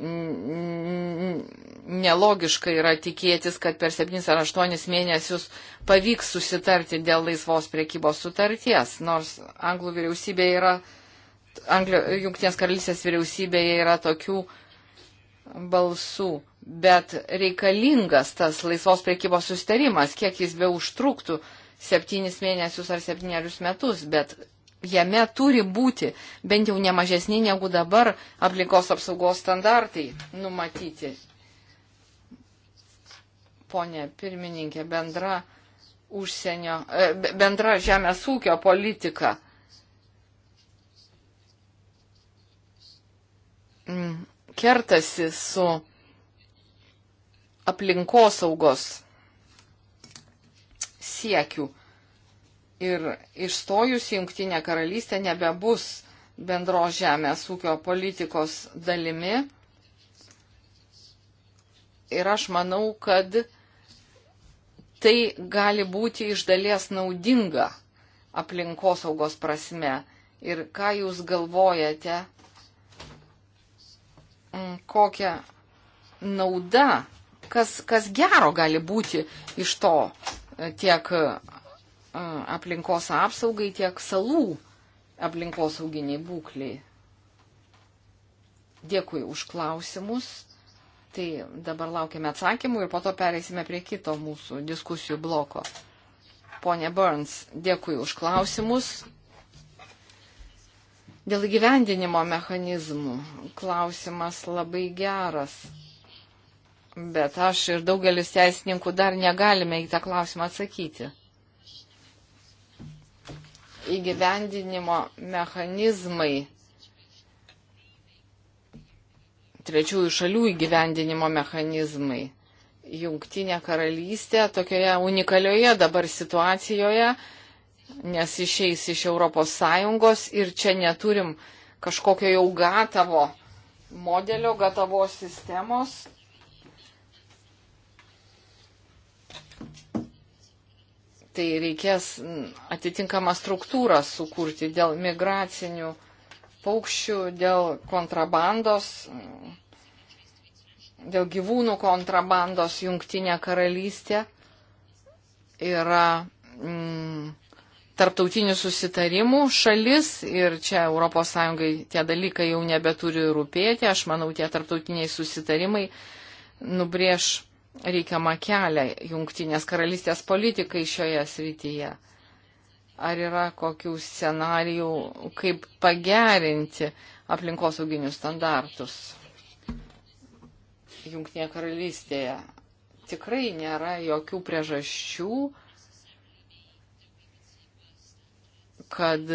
nelogiška yra tikėtis, kad per 7 ar 8 mėnesius pavyks susitarti dėl laisvos priekybos sutarties, nors Anglų vyriausybė yra, Anglio, Junktinės karalystės vyriausybėje yra tokių uh, balsų, bet reikalingas tas laisvos priekybos sustarimas, kiek jis be užtruktų, septynis mėnesius ar septynerius metus, bet jame turi būti bent jau nemažesni negu dabar aplinkos apsaugos standartai numatyti. Pone pirmininkė, bendra, užsienio, e, bendra žemės ūkio politika. Mm kertasi su aplinkosaugos siekiu. Ir išstojus jungtinė karalystė nebebus bendro žemės ūkio politikos dalimi. Ir aš manau, kad tai gali būti iš dalies naudinga aplinkosaugos prasme. Ir ką jūs galvojate Mm, kokia nauda, kas, kas gero gali būti iš to e, tiek e, aplinkos apsaugai, tiek salų aplinkos auginiai būkliai. Dėkui už klausimus. Tai dabar laukiame atsakymų ir po to pereisime prie kito mūsų diskusijų bloko. Pone Burns, dėkui už klausimus. Dėl gyvendinimo mechanizmų klausimas labai geras. Bet aš ir daugelis teisininkų dar negalime į tą klausimą atsakyti. Įgyvendinimo mechanizmai, trečiųjų šalių įgyvendinimo mechanizmai, jungtinė karalystė tokioje unikalioje dabar situacijoje nes išeis iš Europos Sąjungos ir čia neturim kažkokio jau gatavo modelio, gatavos sistemos. Tai reikės mm, atitinkamą struktūrą sukurti dėl migracinių paukščių, dėl kontrabandos, mm, dėl gyvūnų kontrabandos jungtinė karalystė yra. Mm, tarptautinių susitarimų šalis ir čia ES tie dalykai jau nebeturi rūpėti. Aš manau, tie tarptautiniai susitarimai nubrėž reikiamą kelią jungtinės karalystės politikai šioje srityje. Ar yra kokių scenarijų, kaip pagerinti aplinkosauginius standartus jungtinėje karalystėje? Tikrai nėra jokių priežasčių kad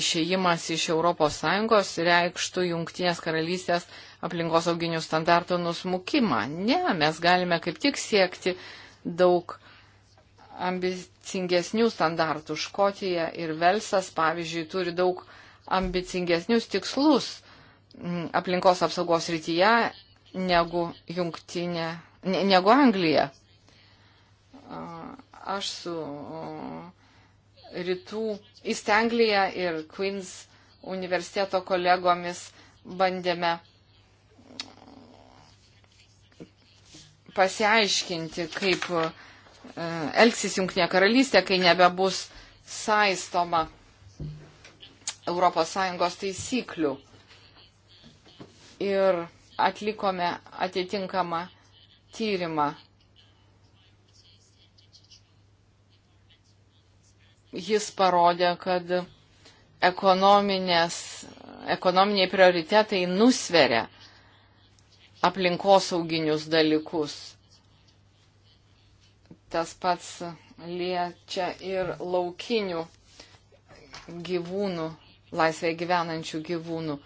išėjimas iš ES reikštų jungtinės karalystės aplinkosauginių standartų nusmukimą. Ne, mes galime kaip tik siekti daug ambicingesnių standartų. Škotija ir Velsas, pavyzdžiui, turi daug ambicingesnius tikslus mm, aplinkos apsaugos rytyje negu, jungtinė, negu Anglija. Aš su rytų įstenglėje ir Queens universiteto kolegomis bandėme pasiaiškinti, kaip e, elgsis Junktinė karalystė, kai nebebus saistoma ES taisyklių. Ir atlikome atitinkamą tyrimą jis parodė, kad ekonominiai prioritetai nusveria aplinkosauginius dalykus. Tas pats liečia ir laukinių gyvūnų, laisvėje gyvenančių gyvūnų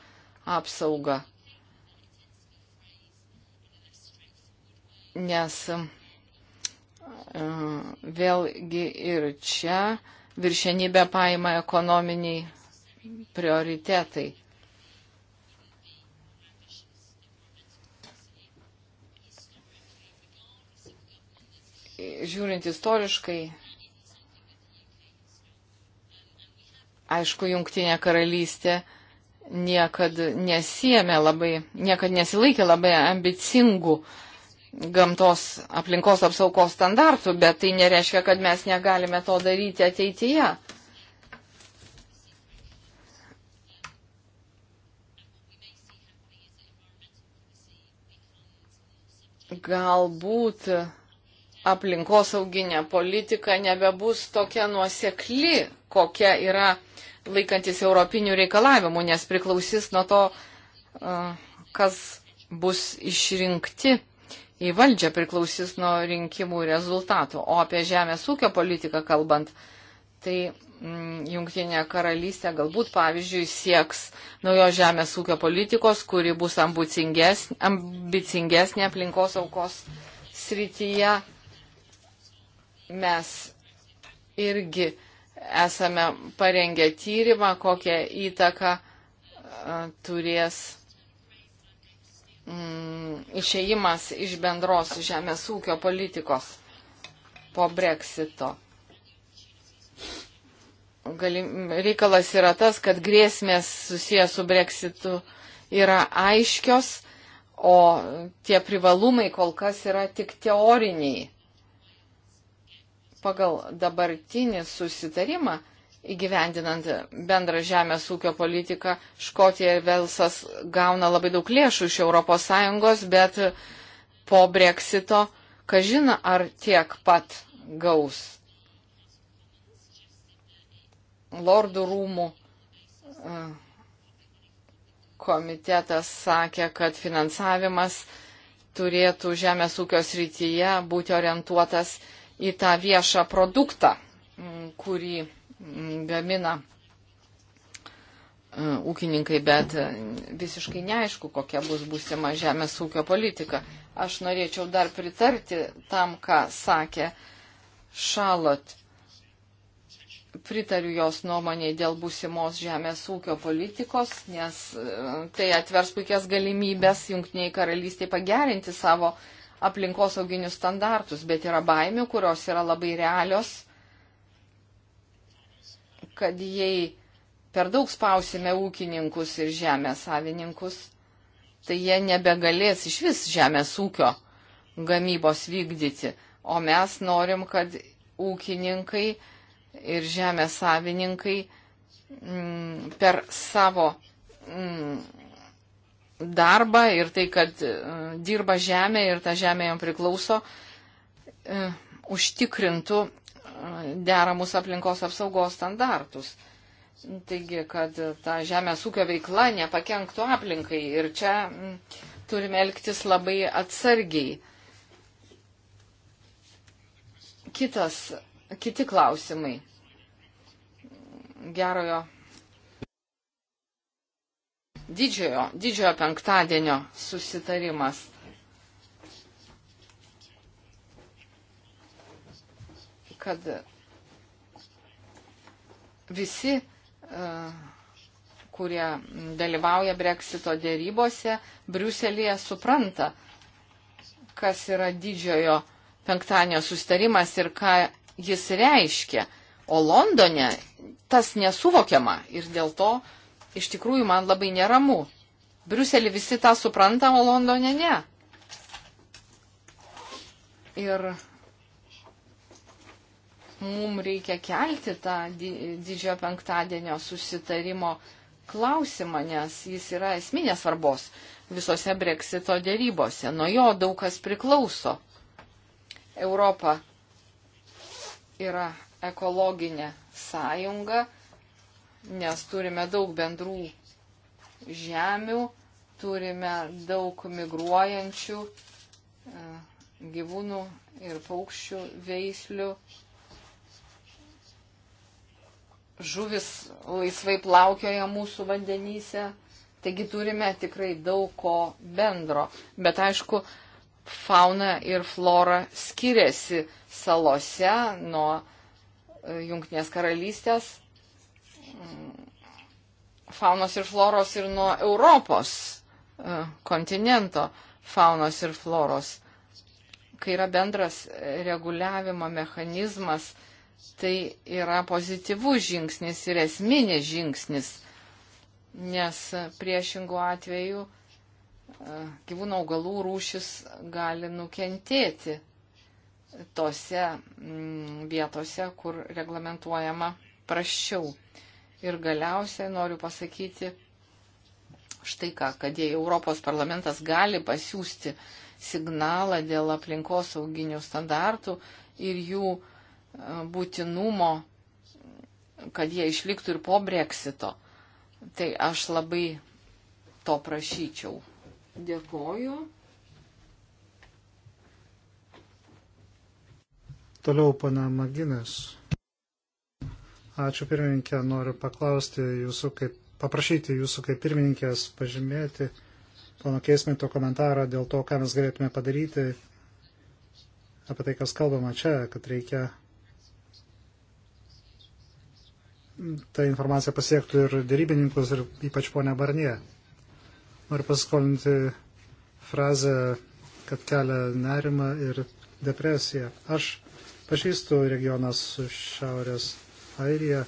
apsaugą. Nes e, vėlgi ir čia uh, viršenybę paima ekonominiai prioritetai. Žiūrint istoriškai, aišku, jungtinė karalystė niekad nesijėmė labai, niekad nesilaikė labai ambicingų uh, gamtos aplinkos apsaugos standartų, bet tai nereiškia, kad mes negalime to daryti ateityje. Galbūt aplinkosauginė politika nebebus tokia nuosekli, kokia yra laikantis europinių reikalavimų, nes priklausys nuo to, kas bus išrinkti į valdžią priklausys nuo rinkimų rezultatų. O apie žemės ūkio politiką kalbant, tai mm, Junktinė karalystė galbūt, pavyzdžiui, sieks naujo žemės ūkio politikos, kuri bus ambicingesnė, ambicingesnė aplinkos aukos srityje. Mes irgi esame parengę tyrimą, kokią įtaką a, turės mm, išeimas iš bendros žemės ūkio politikos po breksito. Galim, reikalas yra tas, kad grėsmės susijęs su breksitu yra aiškios, o tie privalumai kol kas yra tik teoriniai. Pagal dabartinį susitarimą įgyvendinant bendrą žemės ūkio politiką, Škotija ir Velsas gauna labai daug lėšų iš ES, bet po breksito, kažina, ar tiek pat gaus. Lordų rūmų e, komitetas sakė, kad finansavimas turėtų žemės ūkio srityje būti orientuotas į tą viešą produktą, kurį gamina e, ūkininkai, bet visiškai neaišku, kokia bus būsima žemės ūkio politika. Aš norėčiau dar pritarti tam, ką sakė Šalot. Pritariu jos nuomonėje dėl būsimos žemės ūkio politikos, nes e, tai atvers puikias galimybės jungtiniai karalystiai pagerinti savo aplinkosauginius standartus, bet yra baimių, kurios yra labai realios kad jei per daug spausime ūkininkus ir žemės savininkus, tai jie nebegalės iš vis žemės ūkio gamybos vykdyti. O mes norim, kad ūkininkai ir žemės savininkai m, mm, per savo m, mm, darbą ir tai, kad m, mm, dirba žemė ir ta žemė jam priklauso, m, užtikrintų deramus aplinkos apsaugos standartus. Taigi, kad ta žemės ūkio veikla nepakenktų aplinkai ir čia mm, turime elgtis labai atsargiai. Kitas, kiti klausimai. Gerojo didžiojo, didžiojo penktadienio susitarimas. kad visi, e, kurie dalyvauja breksito dėrybose, Briuselėje supranta, kas yra didžiojo penktadienio sustarimas ir ką jis reiškia. O Londone tas nesuvokiama ir dėl to iš tikrųjų man labai neramu. Briuselį visi tą supranta, o Londone ne. Ir mums reikia kelti tą didžiojo penktadienio susitarimo klausimą, nes jis yra esminės svarbos visose breksito dėrybose. Nuo jo daug kas priklauso. Europa yra ekologinė sąjunga, nes turime daug bendrų žemių, turime daug migruojančių e, gyvūnų ir paukščių veislių žuvis laisvai plaukioja mūsų vandenyse, taigi turime tikrai daug ko bendro. Bet aišku, fauna ir flora skiriasi salose nuo e, Junktinės karalystės mm, faunos ir floros ir nuo Europos e, kontinento faunos ir floros. Kai yra bendras reguliavimo mechanizmas, tai yra pozityvus žingsnis ir esminis žingsnis, nes priešingų atveju e, gyvūnų augalų rūšis gali nukentėti tose mm, vietose, kur reglamentuojama prašiau. Ir galiausiai noriu pasakyti štai ką, kad jei Europos parlamentas gali pasiūsti signalą dėl aplinkosauginių standartų ir jų uh, būtinumo, kad jie išliktų ir po breksito. Tai aš labai to prašyčiau. Dėkoju. Toliau pana Maginas. Ačiū pirmininkė, noriu paklausti jūsų, kaip, paprašyti jūsų kaip pirmininkės pažymėti pono Keismito komentarą dėl to, ką mes galėtume padaryti, apie tai, kas kalbama čia, kad reikia ta informacija pasiektų ir dėrybininkus, ir ypač ponę Barnie. Noriu paskolinti frazę, kad kelia nerima ir depresija. Aš pažįstu regioną su Šiaurės Airija.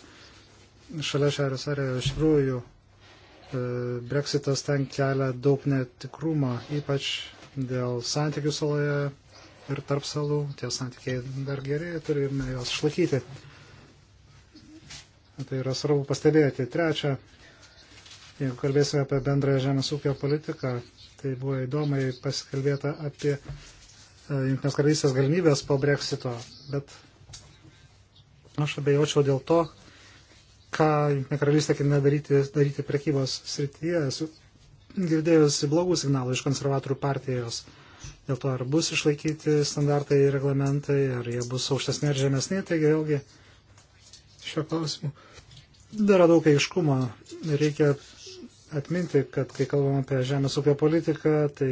Šalia Šiaurės Airijos iš tikrųjų e, Brexitas ten kelia daug netikrumo, ypač dėl santykių saloje ir tarp salų. Tie santykiai dar geriai turime juos išlaikyti. Tai yra svarbu pastebėti. Trečia, jeigu kalbėsime apie bendrąją žemės ūkio politiką, tai buvo įdomai pasikalbėta apie e, Junktinės karalystės galimybės po breksito, bet aš abejočiau dėl to, ką Junktinė karalystė ketina daryti, daryti prekybos srityje. Esu girdėjusi blogų signalų iš konservatorių partijos. Dėl to, ar bus išlaikyti standartai ir reglamentai, ar jie bus aukštesni ar žemesni, taigi vėlgi šio klausimu Dar daug aiškumo. Reikia atminti, kad kai kalbam apie žemės ūkio politiką, tai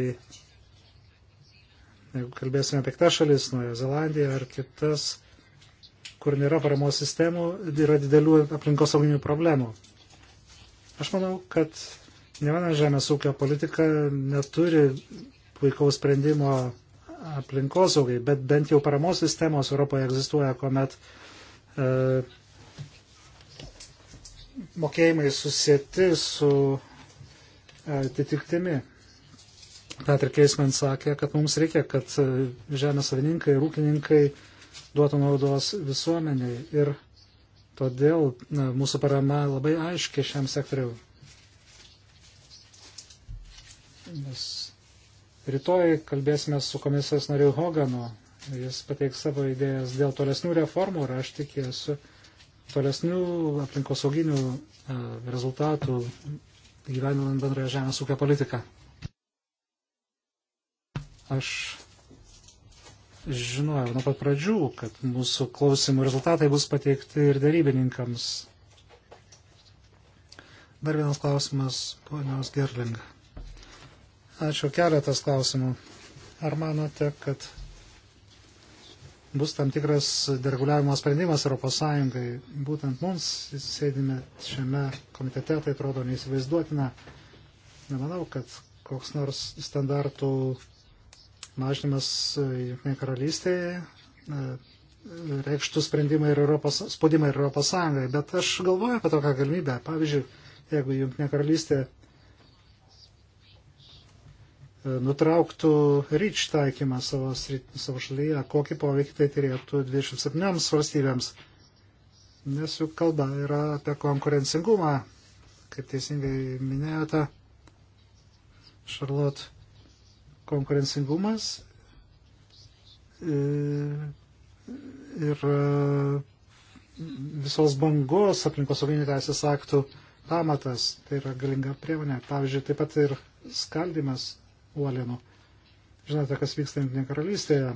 jeigu kalbėsime apie kitas šalis, Nuoja Zelandija ar kitas, kur nėra paramos sistemų, yra didelių aplinkosauginių problemų. Aš manau, kad ne viena žemės ūkio politika neturi puikaus sprendimo aplinkosaugai, bet bent jau paramos sistemos Europoje egzistuoja, kuomet e, mokėjimai susėti su e, atitiktimi. Petr Keisman sakė, kad mums reikia, kad e, žemės savininkai ir ūkininkai duotų naudos visuomeniai. Ir todėl na, e, mūsų parama labai aiški šiam sektoriu. Nes rytoj kalbėsime su komisijos nariu Hoganu. Jis pateiks savo idėjas dėl tolesnių reformų ir aš tikėsiu, tolesnių aplinkosauginių e, rezultatų gyveninant bendrąją žemės ūkio politiką. Aš žinojau nuo pat pradžių, kad mūsų klausimų rezultatai bus pateikti ir darybininkams. Dar vienas klausimas, ponios Gerling. Ačiū, keletas klausimų. Ar manote, kad bus tam tikras dereguliavimo sprendimas ES. Būtent mums sėdime šiame komitete, tai atrodo neįsivaizduotina. Nemanau, kad koks nors standartų mažinimas Junktinėje karalystėje e, reikštų sprendimai ir Europos, spaudimai ir Europos Sąjungai. Bet aš galvoju apie tokią galimybę. Pavyzdžiui, jeigu Junktinė karalystė E, nutrauktų ryč taikymą savo, savo šalyje, kokį poveikį tai turėtų 27 valstybėms. Nes jų kalba yra apie konkurencingumą, kaip teisingai minėjote, Šarlot, konkurencingumas e, ir e, visos bangos aplinkosauginių teisės aktų pamatas, tai yra galinga priemonė. Pavyzdžiui, taip pat ir skaldimas uolienų. Žinote, kas vyksta Junktinėje karalystėje.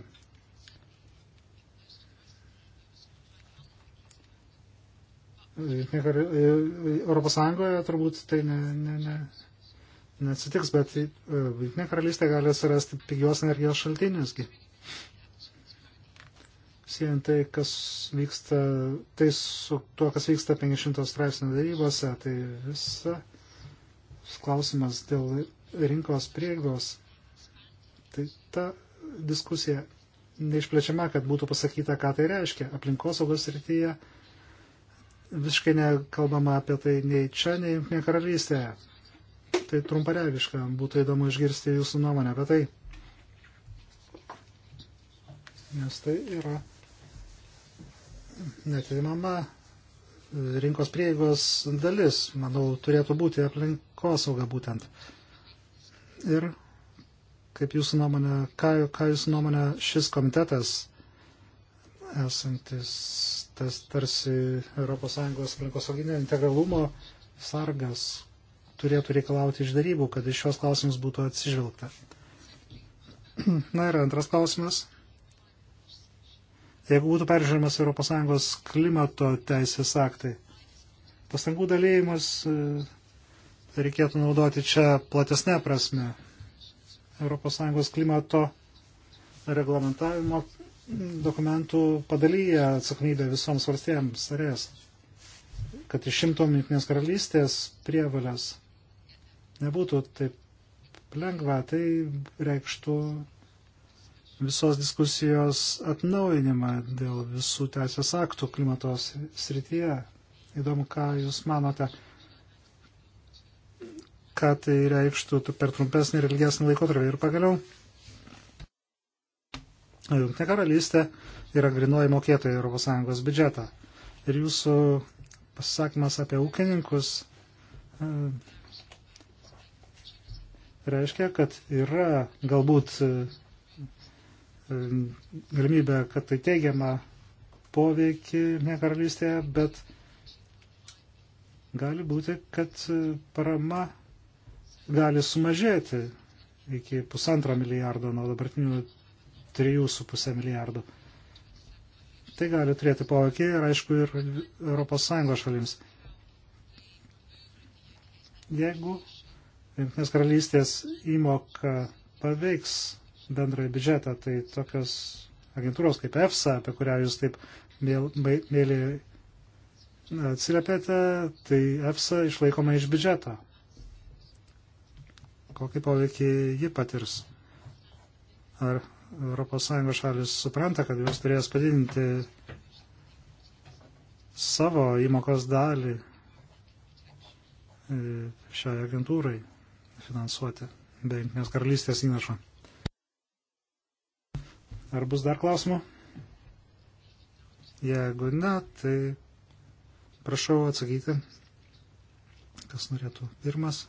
E, Europos Sąjungoje turbūt tai ne, ne, ne, neatsitiks, bet e, Junktinė karalystė gali surasti pigios energijos šaltiniusgi. Siejant tai, kas vyksta, tai su tuo, kas vyksta 500 straipsnių darybose, tai visa klausimas dėl rinkos prieglaus, tai ta diskusija neišplečiama, kad būtų pasakyta, ką tai reiškia. Aplinkosaugos srityje visiškai nekalbama apie tai nei čia, nei Junktinė karalystėje. Tai trumparegiška, būtų įdomu išgirsti jūsų nuomonę apie tai. Nes tai yra netimama rinkos prieigos dalis, manau, turėtų būti aplinkosauga būtent. Ir kaip jūsų nuomonė, ką, ką jūsų nuomonė šis komitetas, esantis tas tarsi ES aplinkosauginio integralumo sargas, turėtų reikalauti iš darybų, kad iš šios klausimus būtų atsižvelgta. Na ir antras klausimas. Jeigu būtų peržiūrimas ES klimato teisės aktai, pastangų dalėjimas reikėtų naudoti čia platesnę prasme. ES klimato reglamentavimo dokumentų padalyje atsakomybę visoms valstybėms narės, kad išimtom Junktinės karalystės prievalės nebūtų taip lengva, tai reikštų visos diskusijos atnaujinimą dėl visų teisės aktų klimatos srityje. Įdomu, ką Jūs manote ką tai reikštų per trumpesnį ir ilgesnį laikotarpį. Ir pagaliau, Junktinė karalystė yra grinoji mokėtoja ES biudžetą. Ir jūsų pasisakymas apie ūkininkus e, reiškia, kad yra galbūt e, e, galimybė, kad tai teigiama poveikį ne karalystėje, bet gali būti, kad parama gali sumažėti iki pusantro milijardo nuo dabartinių 3,5 milijardo. Tai gali turėti poveikį ir aišku ir ES šalims. Jeigu Junktinės karalystės įmoka paveiks bendrąjį biudžetą, tai tokios agentūros kaip EFSA, apie kurią jūs taip mėly atsiliepėte, tai EFSA išlaikoma iš biudžeto kokį poveikį ji patirs. Ar ES šalis supranta, kad jos turės padidinti savo įmokos dalį e, šiai agentūrai finansuoti be Junktinės karalystės įnašo. Ar bus dar klausimų? Jeigu ne, tai prašau atsakyti, kas norėtų pirmas.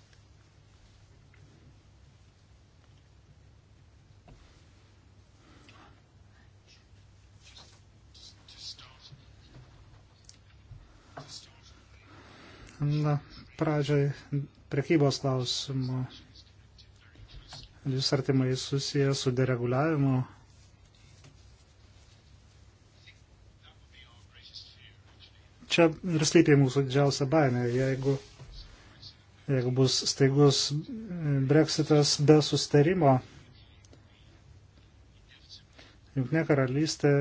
Na, pradžiai prekybos klausimų. Jis artimai susijęs su dereguliavimu. Čia ir slypia mūsų didžiausia baimė, jeigu, jeigu bus staigus breksitas be sustarimo. Junkne karalystė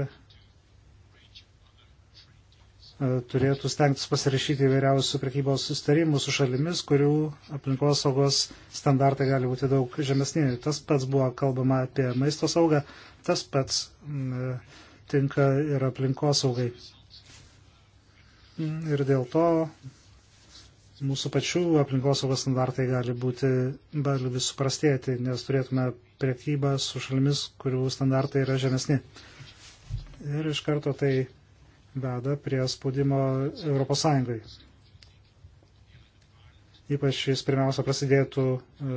E, turėtų stengtis pasirašyti įvairiausių prekybos sustarimų su šalimis, kurių aplinkos saugos standartai gali būti daug žemesni. Tas pats buvo kalbama apie maisto saugą, tas pats e, tinka ir aplinkos saugai. Ir dėl to mūsų pačių aplinkosaugos standartai gali būti, gali vis suprastėti, nes turėtume priekybą su šalimis, kurių standartai yra žemesni. Ir iš karto tai veda prie spaudimo ES. Ypač jis pirmiausia prasidėtų e,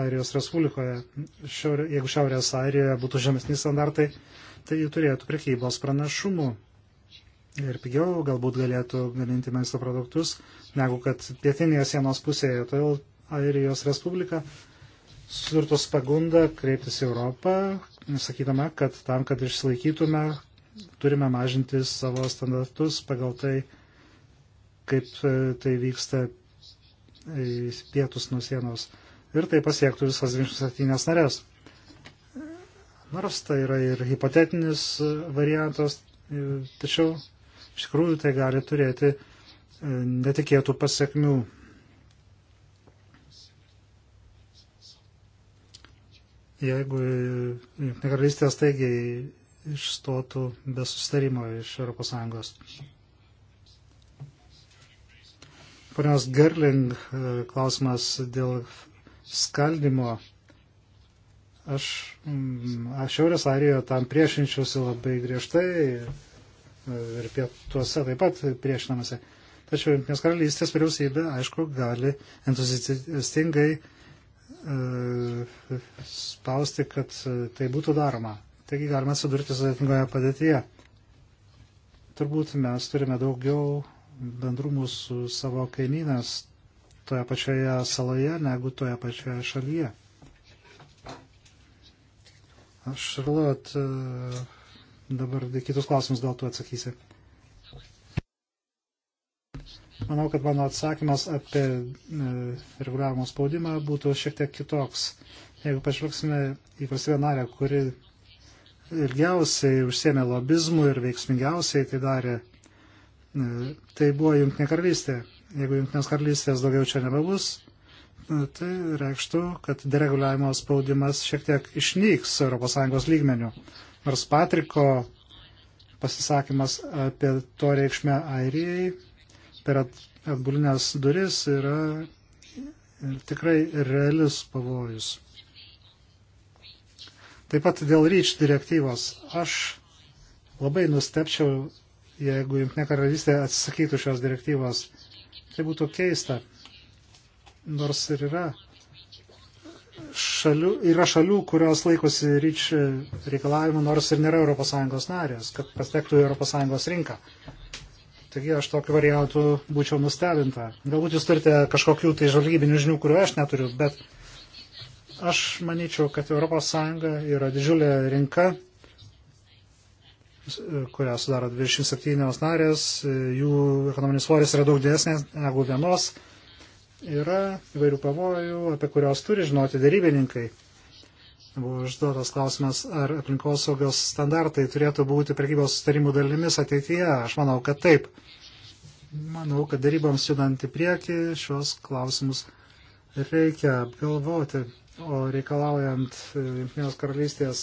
Airijos Respublikoje. Šiaurė, jeigu Šiaurės Airijoje būtų žemesni standartai, tai jų turėtų prekybos pranašumų. Ir pigiau galbūt galėtų gaminti maisto produktus, negu kad pietinėje sienos pusėje. Todėl Airijos Respublika susidurtų spagundą kreiptis į Europą, sakydama, kad tam, kad išsilaikytume, turime mažinti savo standartus pagal tai, kaip e, tai vyksta pietus nuo sienos ir tai pasiektų visas 27 narės. Nors tai yra ir hipotetinis variantas, e, tačiau iš tikrųjų tai gali turėti e, netikėtų pasiekmių. Jeigu nekaralystės taigiai išstotų be sustarimo iš ES. Ponios Gerling e, klausimas dėl skaldimo. Aš, mm, aš Šiaurės Airijoje tam priešinčiausi labai griežtai ir pietuose taip pat priešinamasi. Tačiau Junktinės karalystės vyriausybė, aišku, gali entuziastingai e, spausti, kad e, tai būtų daroma. Taigi galime sudurti sudėtingoje padėtyje. Turbūt mes turime daugiau bendrumų su savo kaimynės toje pačioje saloje negu toje pačioje šalyje. Aš, Šarlot, e, dabar kitus klausimus gal tu atsakysi. Manau, kad mano atsakymas apie e, reguliavimo spaudimą būtų šiek tiek kitoks. Jeigu pažvelgsime į valstybę narę, kuri ilgiausiai užsiemė lobizmų ir veiksmingiausiai tai darė. E, tai buvo Junktinė karalystė. Jeigu Junktinės karalystės daugiau čia nebebus, e, tai reikštų, kad dereguliavimo spaudimas šiek tiek išnyks ES lygmenių. Nors Patriko pasisakymas apie to reikšmę Airijai per atbulinės duris yra tikrai realis pavojus. Taip pat dėl ryč direktyvos. Aš labai nustepčiau, jeigu Junktinė karalystė atsisakytų šios direktyvos. Tai būtų keista. Nors ir yra šalių, yra šalių, kurios laikosi ryč reikalavimų, nors ir nėra ES narės, kad pastektų ES rinką. Taigi aš tokiu variantu būčiau nustebinta. Galbūt jūs turite kažkokių tai žvalgybinių žinių, kurių aš neturiu, bet Aš manyčiau, kad ES yra didžiulė rinka, kurią sudaro 27 narės, jų ekonominis svoris yra daug didesnės negu vienos. Yra įvairių pavojų, apie kurios turi žinoti dėrybininkai. Buvo užduotas klausimas, ar aplinkosaugos standartai turėtų būti prekybos sustarimų dalimis ateityje. Aš manau, kad taip. Manau, kad daryboms judant į priekį šios klausimus reikia apgalvoti o reikalaujant e, Junktinės karalystės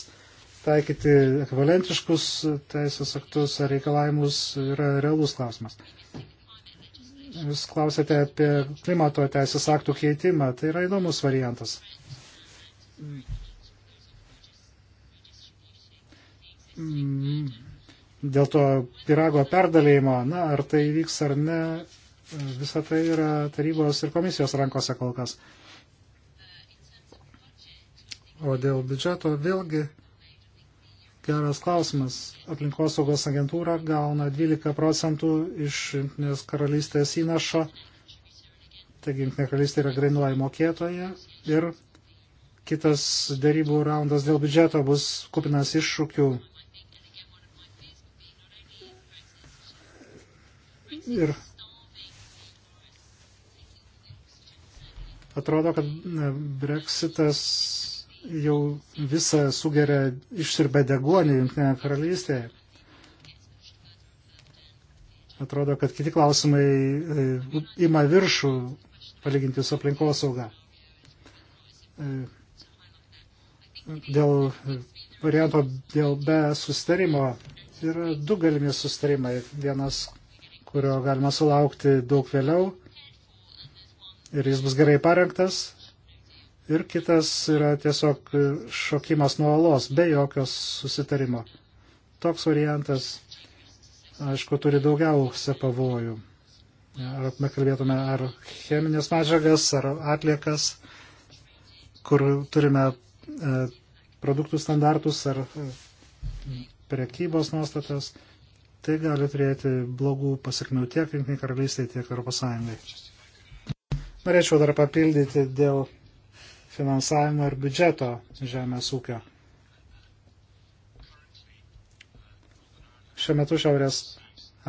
taikyti ekvivalentiškus teisės aktus ar reikalavimus yra realus klausimas. Jūs klausėte apie klimato teisės aktų keitimą. Tai yra įdomus variantas. Mm. Dėl to pirago perdalėjimo, na, ar tai vyks ar ne, visa tai yra tarybos ir komisijos rankose kol kas. O dėl biudžeto vėlgi geras klausimas. Aplinkosaugos agentūra gauna 12 procentų iš Junktinės karalystės įnašo. Taigi Junktinė karalystė yra grainuoji mokėtoja ir kitas darybų raundas dėl biudžeto bus kupinas iššūkių. Ir atrodo, kad Brexitas jau visą sugeria išsirbę deguonį Junktinėje karalystėje. Atrodo, kad kiti klausimai e, ima viršų palyginti su aplinkosauga. E, dėl varianto dėl be sustarimo yra du galimi sustarimai. Vienas, kurio galima sulaukti daug vėliau ir jis bus gerai parengtas, ir kitas yra tiesiog šokimas nuo olos, be jokios susitarimo. Toks variantas, aišku, turi daugiausia pavojų. Ar mes kalbėtume ar cheminės medžiagas, ar atliekas, kur turime e, produktų standartus ar e, prekybos nuostatas, tai gali turėti blogų pasiekmių tiek Junktiniai karalystiai, tiek Europos Sąjungai. Norėčiau dar papildyti dėl finansavimo ir biudžeto žemės ūkio. Šiuo metu Šiaurės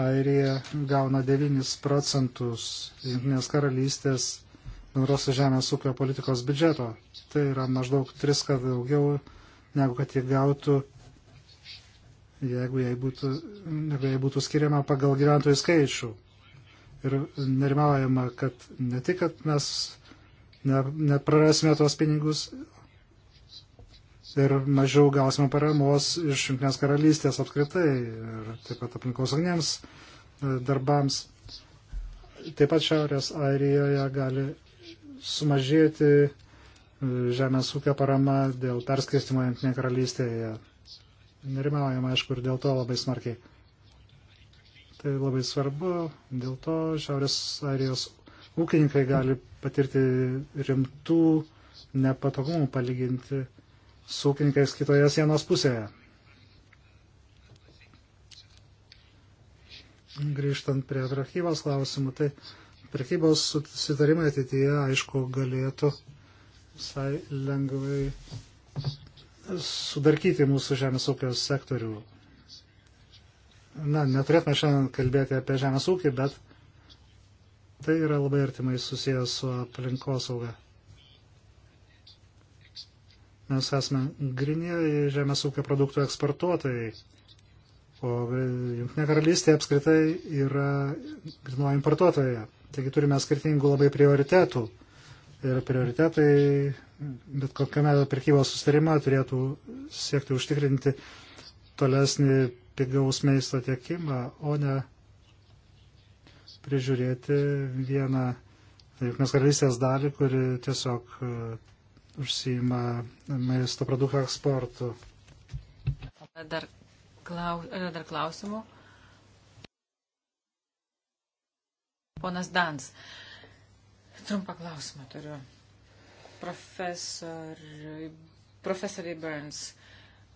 Airija gauna 9 procentus Junktinės karalystės bendrosios žemės ūkio politikos biudžeto. Tai yra maždaug tris kart daugiau negu kad jie gautų, jeigu jai būtų, jeigu jai būtų skiriama pagal gyventojų skaičių. Ir nerimaujama, kad ne tik, kad mes neprarasime tos pinigus ir mažiau gausime paramos iš Junktinės karalystės apskritai ir taip pat aplinkosauginėms e, darbams. Taip pat Šiaurės Airijoje gali sumažėti e, žemės ūkio parama dėl perskirstimo Junktinėje karalystėje. Nerimaujama, aišku, ir dėl to labai smarkiai. Tai labai svarbu, dėl to Šiaurės Airijos ūkininkai gali patirti rimtų nepatogumų palyginti su ūkininkais kitoje sienos pusėje. Grįžtant prie prekybos klausimų, tai prekybos susitarimai ateityje, aišku, galėtų visai lengvai sudarkyti mūsų žemės ūkio sektorių. Na, neturėtume šiandien kalbėti apie žemės ūkį, bet Tai yra labai artimai susijęs su aplinkosauga. Mes esame grinieji žemės ūkio produktų eksportuotojai, o Junktinė karalystė apskritai yra grinuoja importuotoja. Taigi turime skirtingų labai prioritetų. Ir prioritetai bet kokiame prekybos sustarime turėtų siekti užtikrinti tolesnį pigaus maisto tiekimą, o ne prižiūrėti vieną Junktinės karalystės dalį, kuri tiesiog e, užsijima maisto produktų eksportu. Dar, klaus, e, dar klausimų? Ponas Dans, trumpą klausimą turiu. Profesoriai Burns,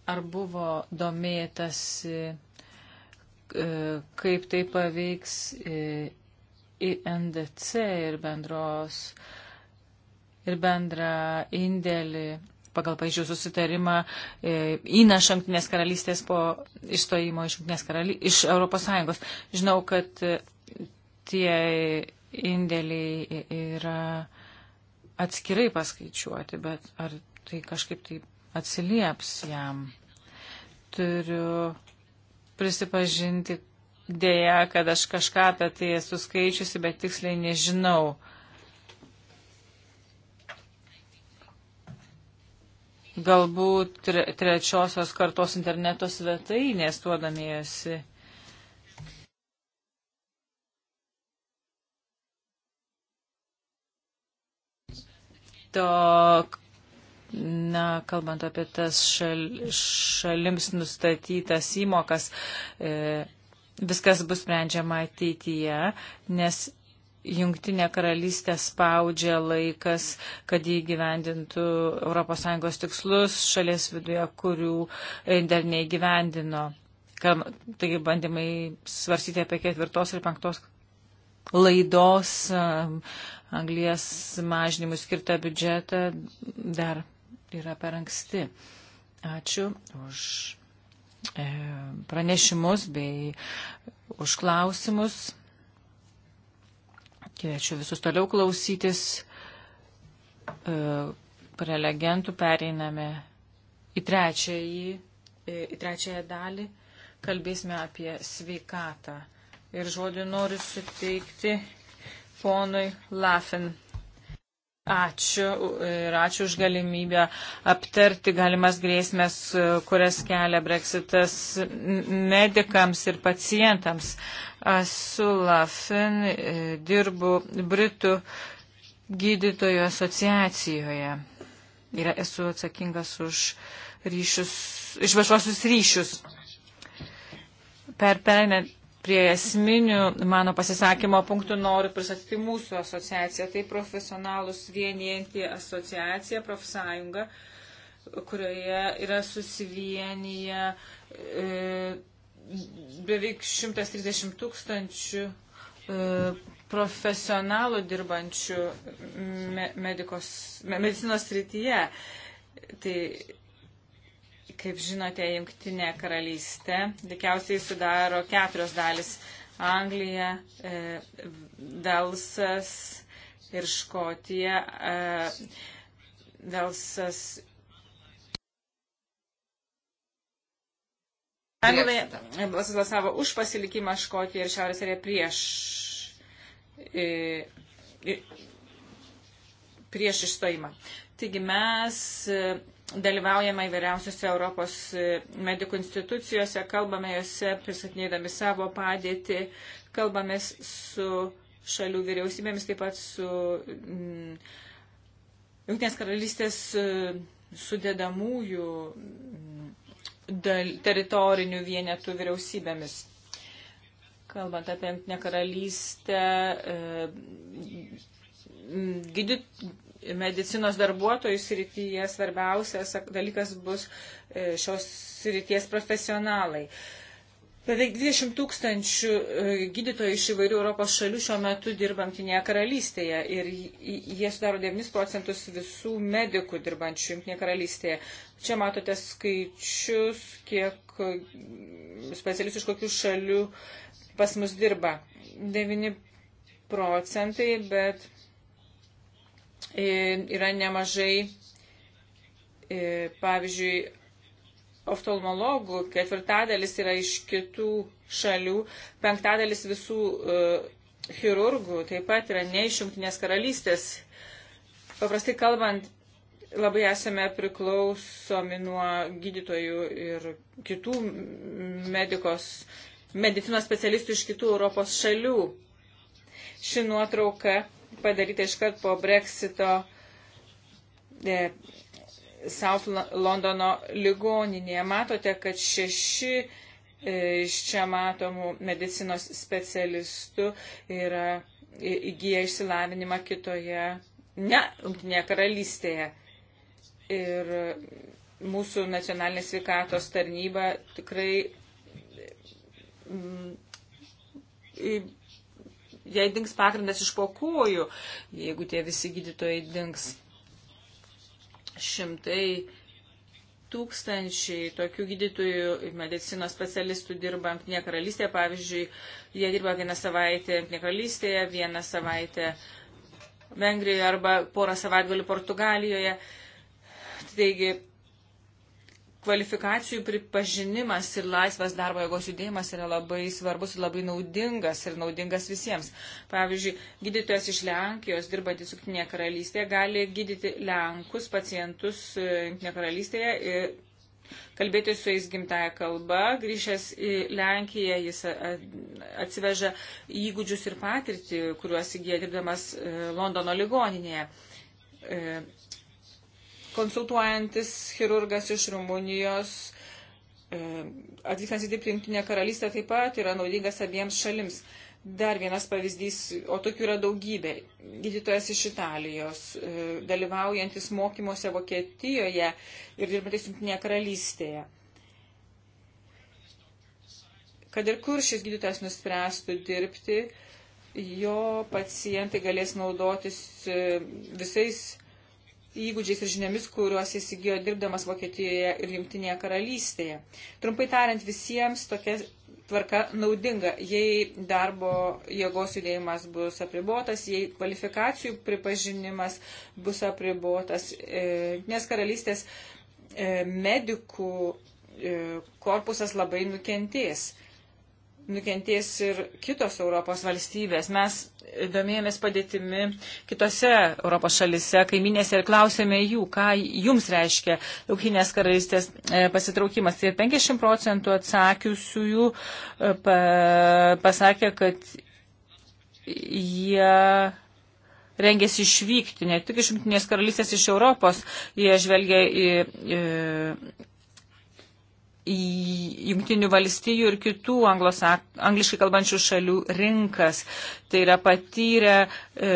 ar buvo domėtasi E, kaip tai paveiks e, INDC ir bendros ir bendrą indėlį pagal paaižių susitarimą e, įnašą Junktinės karalystės po išstojimo iš, karaly... iš Europos Sąjungos. Žinau, kad tie indėliai yra atskirai paskaičiuoti, bet ar tai kažkaip tai atsilieps jam. Turiu prisipažinti dėja, kad aš kažką apie tai esu skaičiusi, bet tiksliai nežinau. Galbūt tre, trečiosios kartos interneto svetainės tuo domėjosi. to Na, kalbant apie tas šal, šalims nustatytas įmokas, e, viskas bus sprendžiama ateityje, nes Jungtinė karalystė spaudžia laikas, kad jį gyvendintų ES tikslus šalies viduje, kurių e, dar neįgyvendino. Taigi bandymai svarstyti apie ketvirtos ir penktos laidos e, anglijas mažinimui skirtą biudžetą dar yra per anksti. Ačiū už e, pranešimus bei už klausimus. Kviečiu visus toliau klausytis. E, prelegentų pereiname į trečiąjį, e, į trečiąją dalį. Kalbėsime apie sveikatą. Ir žodį noriu suteikti ponui Lafin. Ačiū ir ačiū už galimybę aptarti galimas grėsmės, kurias kelia breksitas medikams ir pacientams. Esu Lafin, dirbu Britų gydytojų asociacijoje ir esu atsakingas už ryšius, iš viešuosius ryšius. Per perinę prie esminių mano pasisakymo punktų noriu pristatyti mūsų asociaciją. Tai profesionalus vienijanti asociacija, profsąjunga, kurioje yra susivienyje e, beveik 130 tūkstančių e, profesionalų dirbančių me, medikos, me, medicinos srityje. Tai Kaip žinote, Junktinė karalystė tikriausiai sudaro keturios dalis - Anglija, e, Velsas ir Škotija. E, Velsas. Anglija e, balsavo už pasilikimą Škotiją ir Šiaurės arė prieš. E, e, prieš išstojimą. Taigi mes e, dalyvaujame įvairiausiose Europos e, medikų institucijose, kalbame juose, pristatinėdami savo padėtį, kalbame su šalių vyriausybėmis, taip pat su mm, Junktinės karalystės e, sudėdamųjų mm, dal, teritorinių vienetų vyriausybėmis. Kalbant apie Junktinę karalystę, e, gydyt, medicinos darbuotojų srityje svarbiausias dalykas bus e, šios srities profesionalai. Beveik 20 tūkstančių e, gydytojų iš įvairių Europos šalių šiuo metu dirbantinėje karalystėje ir jie sudaro 9 procentus visų medikų dirbančių Junktinėje karalystėje. Čia matote skaičius, kiek e, specialistų iš kokių šalių pas mus dirba. 9 procentai, bet E, yra nemažai, e, pavyzdžiui, oftalmologų, ketvirtadalis yra iš kitų šalių, penktadalis visų e, chirurgų taip pat yra ne iš Junktinės karalystės. Paprastai kalbant, labai esame priklausomi nuo gydytojų ir kitų medikos, medicinos specialistų iš kitų Europos šalių. Ši nuotrauka padaryta iškart po Brexito e, South Londono ligoninėje. Matote, kad šeši e, iš e, čia matomų medicinos specialistų yra įgyja išsilavinimą kitoje, ne, ne karalystėje. Ir mūsų nacionalinė sveikatos tarnyba tikrai mm, jei dings pagrindas iš pokojų, jeigu tie visi gydytojai dings šimtai tūkstančiai tokių gydytojų, medicinos specialistų dirba Amptinė karalystė, pavyzdžiui, jie dirba vieną savaitę Amptinė karalystėje, vieną savaitę Vengrijoje arba porą savaitgalių Portugalijoje. Taigi, kvalifikacijų pripažinimas ir laisvas darbo jėgos judėjimas yra labai svarbus ir labai naudingas ir naudingas visiems. Pavyzdžiui, gydytojas iš Lenkijos, dirbantis Junktinėje karalystėje, gali gydyti Lenkus pacientus e, Junktinėje karalystėje. Ir Kalbėti su jais gimtaja kalba, grįžęs į Lenkiją jis e, atsiveža įgūdžius ir patirtį, kuriuos įgyja dirbdamas e, Londono ligoninėje konsultuojantis chirurgas iš Rumunijos, e, atvykstantis dirbti Junktinė karalystė taip pat yra naudingas abiems šalims. Dar vienas pavyzdys, o tokių yra daugybė. Gydytojas iš Italijos, e, dalyvaujantis mokymuose Vokietijoje ir dirbantis Junktinėje karalystėje. Kad ir kur šis gydytojas nuspręstų dirbti, jo pacientai galės naudotis e, visais įgūdžiais ir žiniomis, kuriuos jis įgyjo dirbdamas Vokietijoje ir Junktinėje karalystėje. Trumpai tariant, visiems tokia tvarka naudinga, jei darbo jėgos judėjimas bus apribotas, jei kvalifikacijų pripažinimas bus apribotas. Junktinės e, karalystės e, medikų e, korpusas labai nukentės nukentės ir kitos Europos valstybės. Mes domėjomės padėtimi kitose Europos šalise, kaiminėse ir klausėme jų, ką jums reiškia Jaukinės karalystės e, pasitraukimas. Ir 50 procentų atsakiusiųjų e, pasakė, kad jie rengėsi išvykti ne tik iš Junktinės karalystės, iš Europos. Jie žvelgia į, į Junktinių valstijų ir kitų angliškai kalbančių šalių rinkas. Tai yra patyrę e,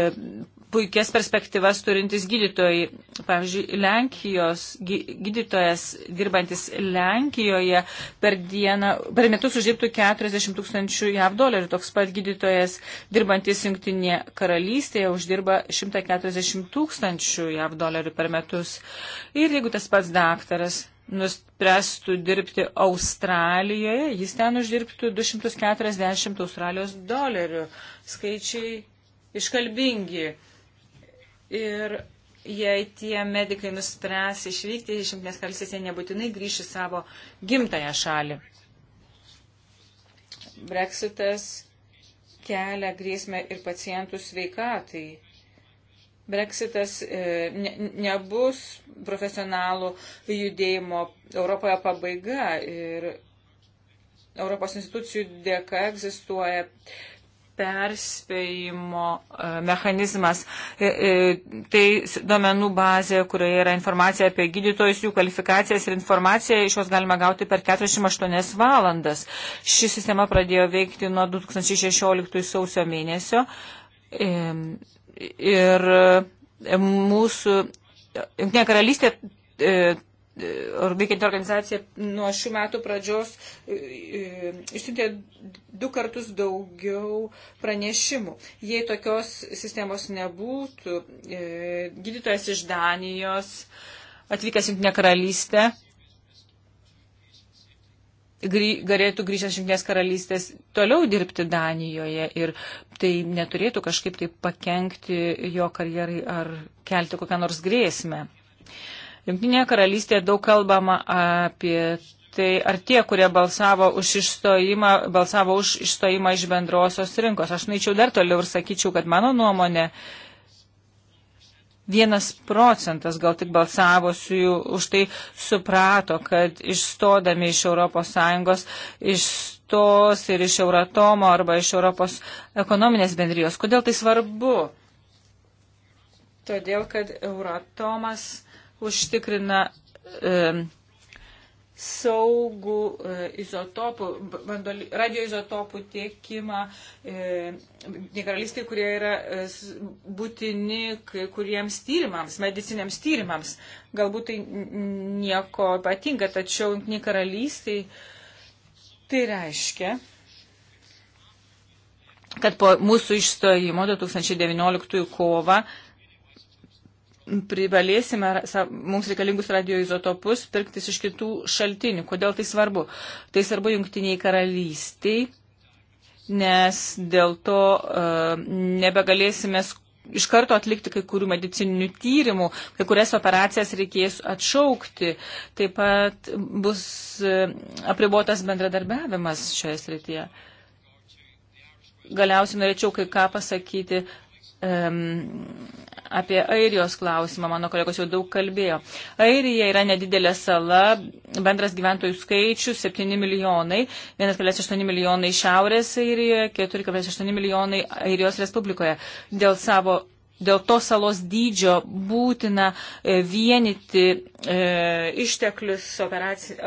puikias perspektyvas turintys gydytojai. Pavyzdžiui, Lenkijos gydytojas dirbantis Lenkijoje per, dieną, per metus uždirbtų 40 tūkstančių JAV dolerių. Toks pat gydytojas dirbantis Junktinėje karalystėje uždirba 140 tūkstančių JAV dolerių per metus. Ir jeigu tas pats daktaras nuspręstų dirbti Australijoje, jis ten uždirbtų 240 Australijos dolerių. Skaičiai iškalbingi. Ir jei tie medikai nuspręs išvykti iš Junktinės karalystės, jie nebūtinai grįš į savo gimtają šalį. Brexitas kelia grėsmę ir pacientų sveikatai Brexitas e, ne, nebus profesionalų judėjimo Europoje pabaiga ir Europos institucijų dėka egzistuoja perspėjimo e, mechanizmas. E, tai domenų bazė, kurioje yra informacija apie gydytojus, jų kvalifikacijas ir informaciją iš jos galima gauti per 48 valandas. Ši sistema pradėjo veikti nuo 2016 sausio mėnesio. Ir e, mūsų, Junktinė karalystė e, veikianti organizacija nuo šių metų pradžios e, e, išsiuntė du kartus daugiau pranešimų. Jei tokios sistemos nebūtų, gydytojas iš Danijos, atvykęs Junktinė karalystė, galėtų grįžęs Junktinės karalystės toliau dirbti Danijoje ir tai neturėtų kažkaip tai pakengti jo karjerai ar kelti kokią nors grėsmę. Junktinėje karalystėje daug kalbama apie tai, ar tie, kurie balsavo už išstojimą, balsavo už išstojimą iš bendrosios rinkos. Aš naičiau dar toliau ir sakyčiau, kad mano nuomonė vienas procentas gal tik balsavusiųjų už tai suprato, kad išstodami iš ES išstos ir iš Euratomo arba iš Europos ekonominės bendrijos. Kodėl tai svarbu? Todėl, kad Euratomas užtikrina e, saugų e, izotopų, radioizotopų tiekimą, e, nekaralystai, kurie yra e, būtini kai kuriems tyrimams, mediciniams tyrimams. Galbūt tai nieko ypatinga, tačiau nekaralystai tai reiškia, kad po mūsų išstojimo 2019 kovą privalėsime mums reikalingus radioizotopus pirktis iš kitų šaltinių. Kodėl tai svarbu? Tai svarbu jungtiniai karalystiai, nes dėl to uh, nebegalėsime iš karto atlikti kai kurių medicininių tyrimų, kai kurias operacijas reikės atšaukti. Taip pat bus uh, apribotas bendradarbiavimas šioje srityje. Galiausiai norėčiau kai ką pasakyti apie Airijos klausimą, mano kolegos jau daug kalbėjo. Airija yra nedidelė sala, bendras gyventojų skaičius 7 milijonai, 1,8 milijonai Šiaurės Airijoje, 4,8 milijonai Airijos Respublikoje. Dėl, savo, dėl to salos dydžio būtina e, vienyti e, išteklius operaci...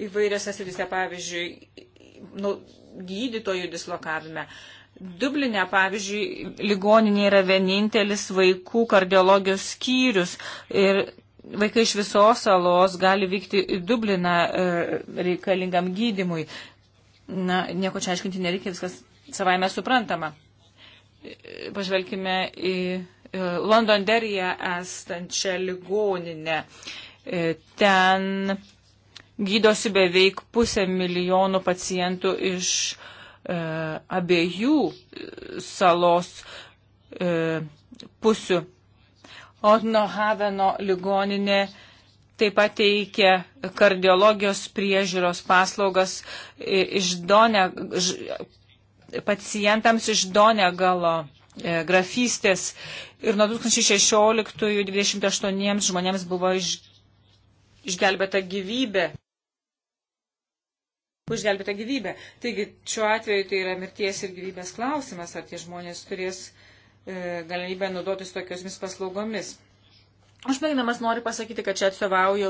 įvairiose srityse, pavyzdžiui, nu, gydytojų dislokavime. E, Dublinė, pavyzdžiui, ligoninė yra vienintelis vaikų kardiologijos skyrius ir vaikai iš visos salos gali vykti į Dubliną e, reikalingam gydimui. Na, nieko čia aiškinti nereikia, viskas savaime suprantama. E, pažvelkime į e, Londonderyje esančią ligoninę. Ten gydosi beveik pusę milijonų pacientų iš uh, E, abiejų salos e, pusių. Otno Haveno ligoninė taip pat teikia kardiologijos priežiūros paslaugas iš Donė, pacientams iš Donegalo e, grafystės ir nuo 2016-2028 žmonėms buvo iš, išgelbėta gyvybė užgelbėta gyvybė. Taigi šiuo atveju tai yra mirties ir gyvybės klausimas, ar tie žmonės turės e, galimybę naudotis tokiosmis paslaugomis. Aš baigdamas noriu pasakyti, kad čia atstovauju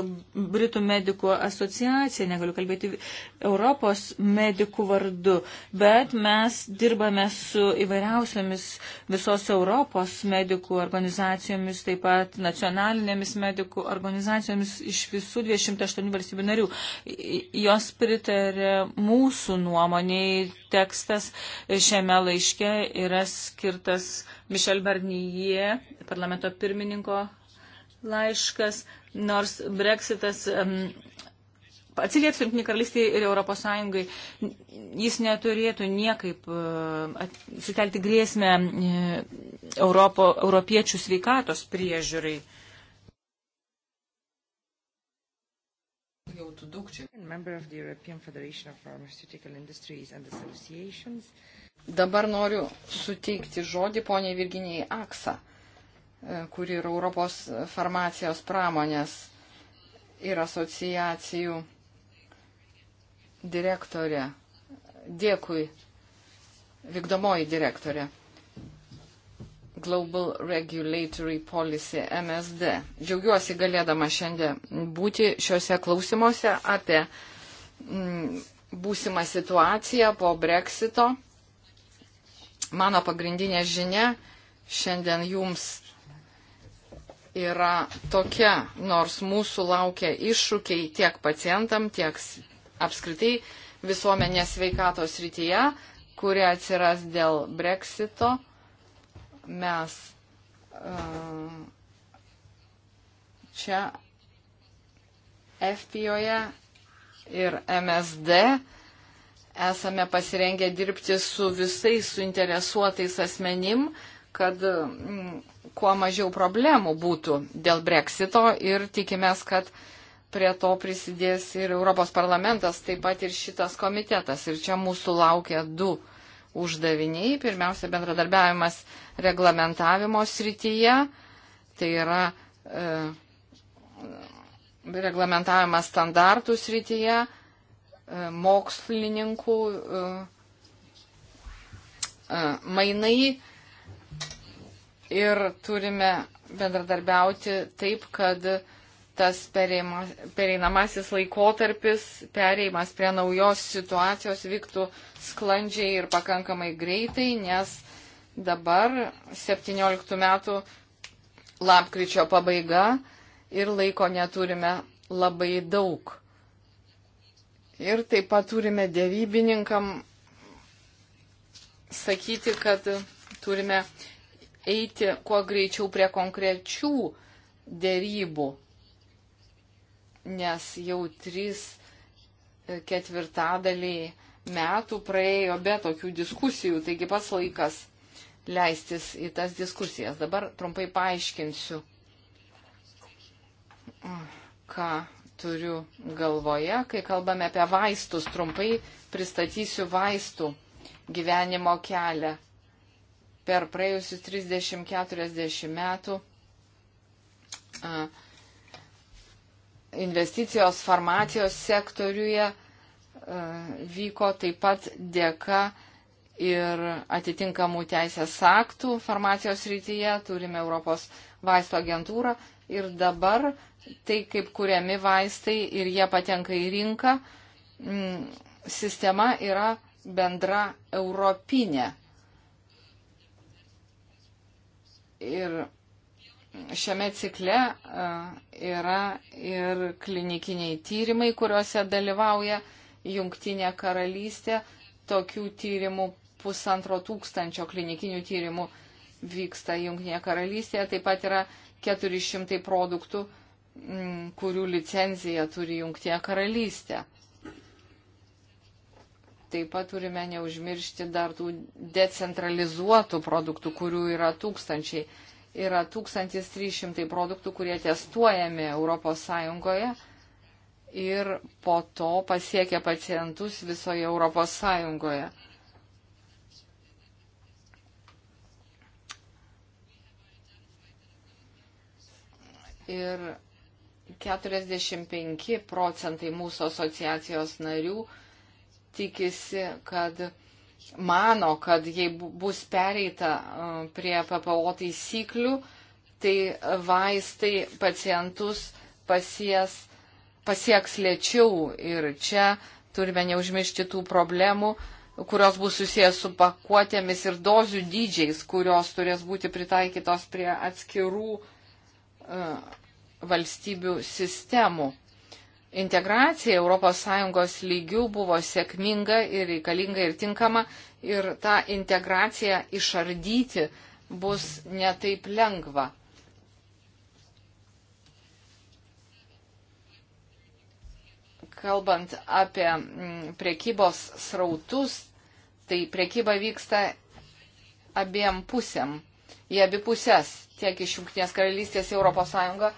Britų medikų asociaciją, negaliu kalbėti Europos medikų vardu, bet mes dirbame su įvairiausiamis visos Europos medikų organizacijomis, taip pat nacionalinėmis medikų organizacijomis iš visų 208 valstybių narių. Jos pritarė mūsų nuomoniai, tekstas šiame laiške yra skirtas Mišel Barnyje, parlamento pirmininko laiškas, nors Brexitas um, atsilieps Junktinė karalystė ir Europos Sąjungai, jis neturėtų niekaip uh, sukelti grėsmę uh, Europo, europiečių sveikatos priežiūrai. go to Dukčiai. Member of the European Federation of Pharmaceutical Industries and Associations. Dabar noriu suteikti žodį poniai Virginijai Aksa, E, kuri yra Europos farmacijos pramonės ir asociacijų direktorė. Dėkui, vykdomoji direktorė. Global Regulatory Policy MSD. Džiaugiuosi galėdama šiandien būti šiuose klausimuose apie mm, būsimą situaciją po Brexito. Mano pagrindinė žinia šiandien jums yra tokia, nors mūsų laukia iššūkiai tiek pacientam, tiek apskritai visuomenės veikatos rytyje, kurie atsiras dėl breksito. Mes uh, čia FPOje ir MSD esame pasirengę dirbti su visais suinteresuotais asmenim, kad mm, kuo mažiau problemų būtų dėl breksito ir tikimės, kad prie to prisidės ir Europos parlamentas, taip pat ir šitas komitetas. Ir čia mūsų laukia du uždaviniai. Pirmiausia, bendradarbiavimas reglamentavimo srityje. Tai yra e, reglamentavimas standartų srityje, e, mokslininkų e, e mainai ir turime bendradarbiauti taip, kad tas pereinamasis laikotarpis, pereimas prie naujos situacijos vyktų sklandžiai ir pakankamai greitai, nes dabar 17 metų lapkričio pabaiga ir laiko neturime labai daug. Ir taip pat turime dėrybininkam sakyti, kad turime eiti kuo greičiau prie konkrečių dėrybų, nes jau trys e, ketvirtadaliai metų praėjo be tokių diskusijų, taigi pas laikas leistis į tas diskusijas. Dabar trumpai paaiškinsiu, ką turiu galvoje, kai kalbame apie vaistus. Trumpai pristatysiu vaistų gyvenimo kelią per praėjusius 30-40 metų investicijos farmacijos sektoriuje vyko taip pat dėka ir atitinkamų teisės aktų farmacijos rytyje, turime Europos vaisto agentūrą ir dabar tai, kaip kuriami vaistai ir jie patenka į rinką, sistema yra bendra europinė. Ir šiame cikle yra ir klinikiniai tyrimai, kuriuose dalyvauja Jungtinė karalystė. Tokių tyrimų pusantro tūkstančio klinikinių tyrimų vyksta Jungtinėje karalystėje. Taip pat yra 400 produktų, kurių licenciją turi Jungtinė karalystė. Taip pat turime neužmiršti dar tų decentralizuotų produktų, kurių yra tūkstančiai. Yra 1300 produktų, kurie testuojami ES ir po to pasiekia pacientus visoje ES. ir 45 procentai mūsų asociacijos narių tikisi, kad mano, kad jei bus pereita prie PPO taisyklių, tai vaistai pacientus pasies, pasieks lėčiau ir čia turime neužmiršti tų problemų, kurios bus susijęs su pakuotėmis ir dozių dydžiais, kurios turės būti pritaikytos prie atskirų uh, valstybių sistemų integracija ES lygių buvo sėkminga ir reikalinga ir tinkama ir tą integraciją išardyti bus netaip lengva. Kalbant apie mm, priekybos srautus, tai priekyba vyksta abiem pusėm, į abi pusės, tiek iš Junktinės karalystės į ES,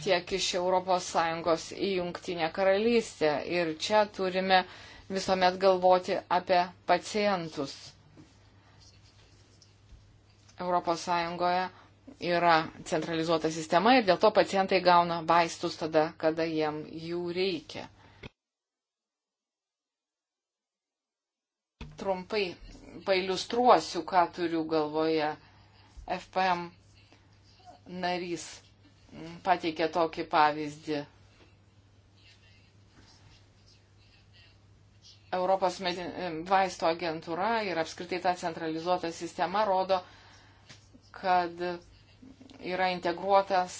tiek iš ES į Junktinę karalystę. Ir čia turime visuomet galvoti apie pacientus. ES yra centralizuota sistema ir dėl to pacientai gauna vaistus tada, kada jiem jų reikia. Trumpai pailustruosiu, ką turiu galvoje. FPM narys pateikė tokį pavyzdį. Europos vaisto agentūra ir apskritai ta centralizuota sistema rodo, kad yra integruotas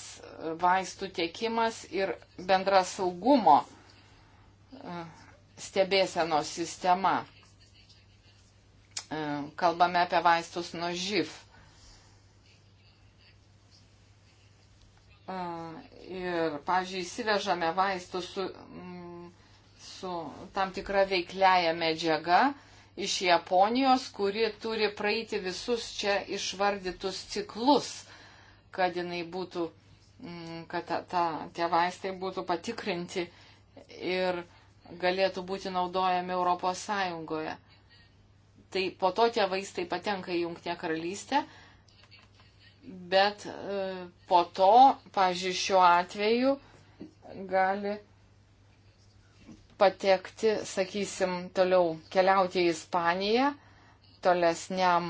vaistų tiekimas ir bendra saugumo e, stebėsenos sistema. E, kalbame apie vaistus nuo živ. ir, pavyzdžiui, įsivežame vaistų su, mm, su tam tikra veikliaja medžiaga iš Japonijos, kuri turi praeiti visus čia išvardytus ciklus, kad jinai būtų, mm, kad ta, ta, tie vaistai būtų patikrinti ir galėtų būti naudojami Europos Sąjungoje. Tai po to tie vaistai patenka į Junktinę karalystę bet e, po to, pavyzdžiui, šiuo atveju gali patekti, sakysim, toliau keliauti į Ispaniją tolesniam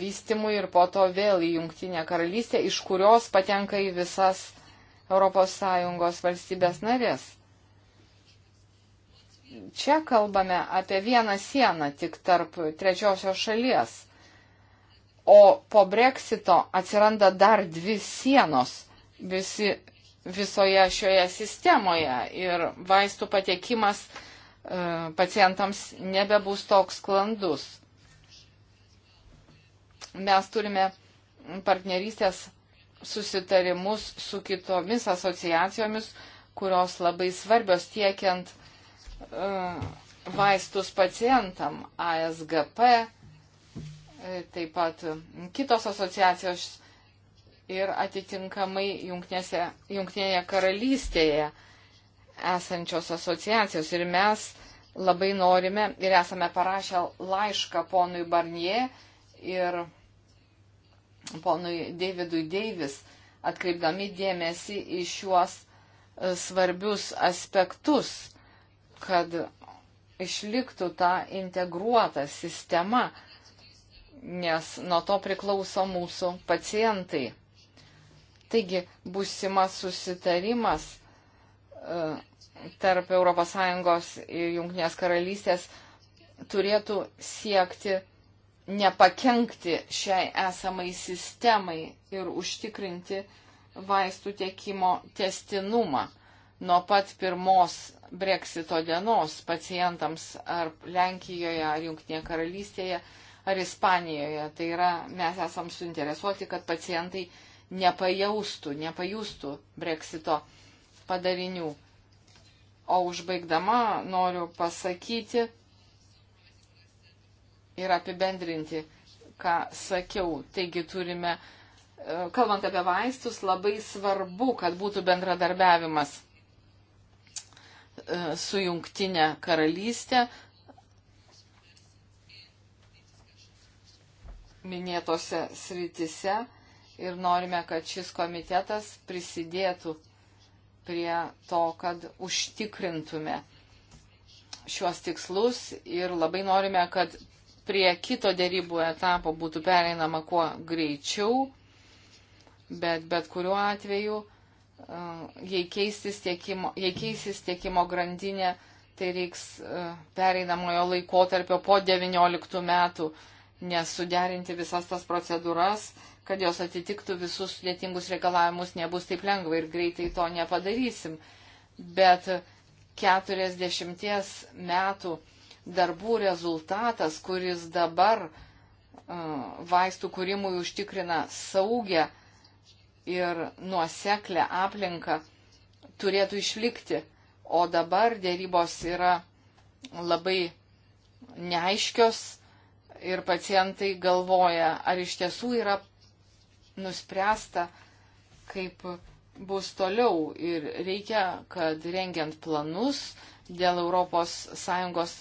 vystimui ir po to vėl į Junktinę karalystę, iš kurios patenka į visas ES valstybės narės. Čia kalbame apie vieną sieną tik tarp trečiosios šalies O po breksito atsiranda dar dvi sienos visi, visoje šioje sistemoje ir vaistų patekimas e, pacientams nebebūs toks sklandus. Mes turime partnerystės susitarimus su kitomis asociacijomis, kurios labai svarbios tiekiant e, vaistus pacientam ASGP taip pat kitos asociacijos ir atitinkamai Junktinėje karalystėje esančios asociacijos. Ir mes labai norime ir esame parašę laišką ponui Barnie ir ponui Davidui Deivis, atkreipdami dėmesį į šiuos e, svarbius aspektus, kad išliktų ta integruota sistema, nes nuo to priklauso mūsų pacientai. Taigi, būsimas susitarimas e, tarp ES ir Junktinės karalystės turėtų siekti nepakenkti šiai esamai sistemai ir užtikrinti vaistų tiekimo testinumą nuo pat pirmos breksito dienos pacientams ar Lenkijoje ar Junktinėje karalystėje ar Ispanijoje. Tai yra, mes esam suinteresuoti, kad pacientai nepajaustų, nepajustų breksito padarinių. O užbaigdama noriu pasakyti ir apibendrinti, ką sakiau. Taigi turime, e, kalbant apie vaistus, labai svarbu, kad būtų bendradarbiavimas e, su jungtinė karalystė, minėtose sritise ir norime, kad šis komitetas prisidėtų prie to, kad užtikrintume šiuos tikslus ir labai norime, kad prie kito dėrybų etapo būtų pereinama kuo greičiau, bet bet kuriuo atveju, e, jei keisis tiekimo, jei keisis tiekimo grandinė, tai reiks e, pereinamojo laikotarpio po 19 metų nes suderinti visas tas procedūras, kad jos atitiktų visus sudėtingus reikalavimus, nebus taip lengva ir greitai to nepadarysim. Bet 40 metų darbų rezultatas, kuris dabar uh, vaistų kūrimui užtikrina saugę ir nuoseklę aplinką, turėtų išlikti. O dabar dėrybos yra labai neaiškios, ir pacientai galvoja, ar iš tiesų yra nuspręsta, kaip bus toliau. Ir reikia, kad rengiant planus dėl ES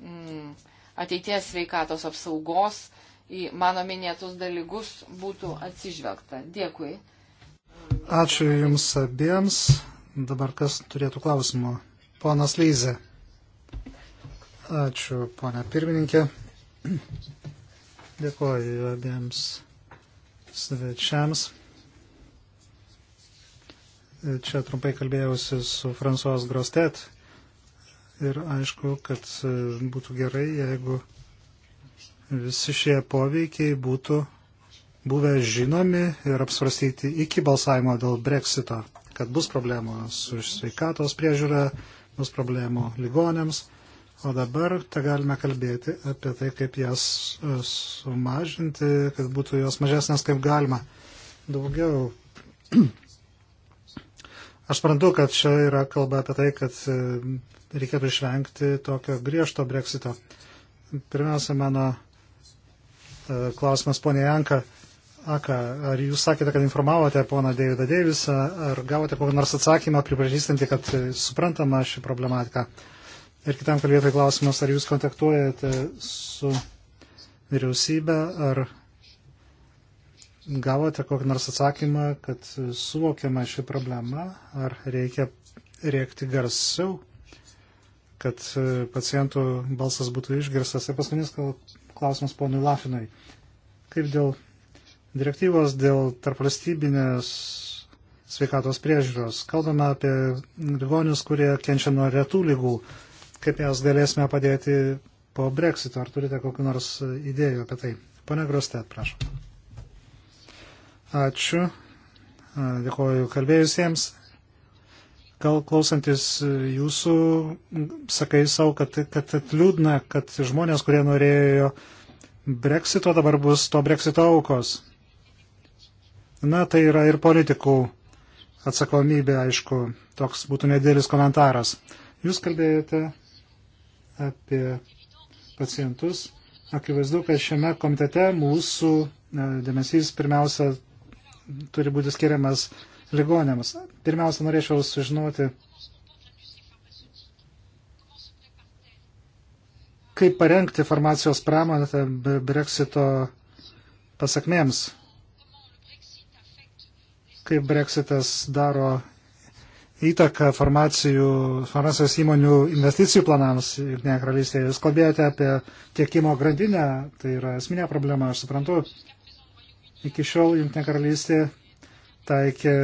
mm, ateities sveikatos apsaugos į mano minėtus dalykus būtų atsižvelgta. Dėkui. Ačiū Jums abiems. Dabar kas turėtų klausimų? Ponas Lyze. Ačiū, ponia pirmininkė. Dėkoju abiems svečiams. Čia trumpai kalbėjausi su Fransuos Grostet ir aišku, kad būtų gerai, jeigu visi šie poveikiai būtų buvę žinomi ir apsvarstyti iki balsavimo dėl breksito, kad bus problemų su sveikatos priežiūra, bus problemų ligonėms O dabar te galime kalbėti apie tai, kaip jas e, sumažinti, kad būtų jos mažesnės kaip galima. Daugiau. Aš suprantu, kad čia yra kalba apie tai, kad e, reikėtų išvengti tokio griežto breksito. Pirmiausia, mano e, klausimas ponė Janka. Aka, ar jūs sakėte, kad informavote poną Deividą Deivisą, ar gavote kokį nors atsakymą pripažįstantį, kad suprantama ši problematika? Uh, Ir kitam kalbėtojui klausimas, ar jūs kontaktuojate su vyriausybė, ar gavote kokį nors atsakymą, kad suvokiama ši problema, ar reikia rėkti garsiau, kad e, pacientų balsas būtų išgirstas. Ir paskutinis klausimas ponui Lafinui. Kaip dėl direktyvos, dėl tarpvalstybinės sveikatos priežiūros? Kalbame apie ligonius, kurie kenčia nuo retų lygų kaip jas galėsime padėti po breksito. Ar turite kokiu nors idėjų apie tai? Pone Grostet, prašom. Ačiū. Dėkuoju kalbėjusiems. Gal klausantis jūsų, sakai savo, kad, kad liūdna, kad žmonės, kurie norėjo breksito, dabar bus to breksito aukos. Na, tai yra ir politikų atsakomybė, aišku, toks būtų nedėlis komentaras. Jūs kalbėjote apie pacientus. Akivaizdu, kad šiame komitete mūsų e, dėmesys pirmiausia turi būti skiriamas ligonėms. Pirmiausia, norėčiau sužinoti, kaip parengti farmacijos pramonę Brexito pasakmėms, kaip Brexitas daro įtaką farmacijos įmonių investicijų planams Junktinėje karalystėje. Jūs kalbėjote apie tiekimo grandinę, tai yra esminė problema, aš suprantu. Iki šiol Junktinė karalystė taikė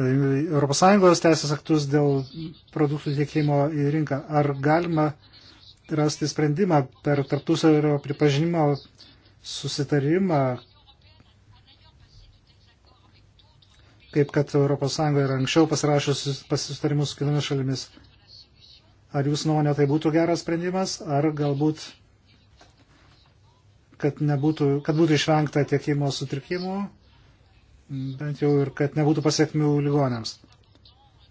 ES teisės aktus dėl produktų tiekimo į rinką. Ar galima rasti sprendimą per tarpusavio pripažinimo susitarimą, kaip kad ES yra anksčiau pasirašęs pasistarimus su kitomis šalimis. Ar jūs nuomonė tai būtų geras sprendimas, ar galbūt, kad, nebūtų, kad būtų išvengta tiekimo sutrikimų, bent jau ir kad nebūtų pasiekmių ligonėms.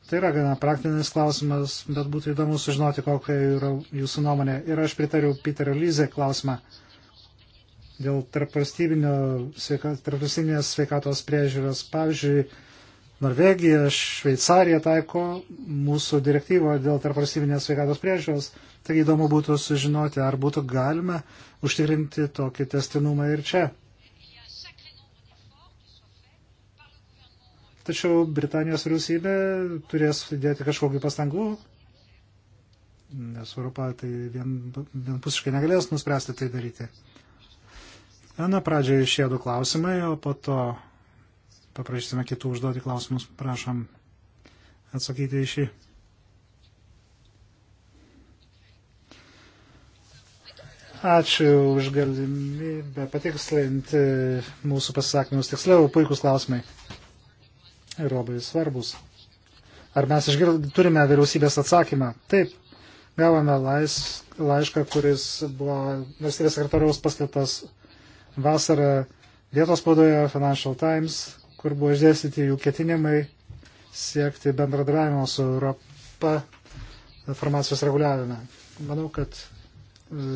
Tai yra gana praktinis klausimas, bet būtų įdomu sužinoti, kokia yra jūsų nuomonė. Ir aš pritariu Peterio Lyze klausimą dėl tarpvalstybinės sveikatos priežiūros. Pavyzdžiui, Norvegija, Šveicarija taiko mūsų direktyvą dėl tarpvalstybinės sveikatos priežiūros. Taigi įdomu būtų sužinoti, ar būtų galima užtikrinti tokį testinumą ir čia. Tačiau Britanijos vyriausybė turės įdėti kažkokiu pastangų, nes Europa tai vien, vienpusiškai negalės nuspręsti tai daryti. Na, pradžioje šie du klausimai, o po to paprašysime kitų užduoti klausimus. Prašom atsakyti į šį. Ačiū už galimybę patikslinti mūsų pasisakymus. Tiksliau, puikus klausimai. Ir labai svarbus. Ar mes išgird, turime vyriausybės atsakymą? Taip, gavome lais, laišką, kuris buvo valstybės sekretoriaus paskirtas vasarą vietos spaudoje Financial Times kur buvo išdėstyti jų ketinimai siekti bendradarbiavimo su Europa farmacijos reguliavime. Manau, kad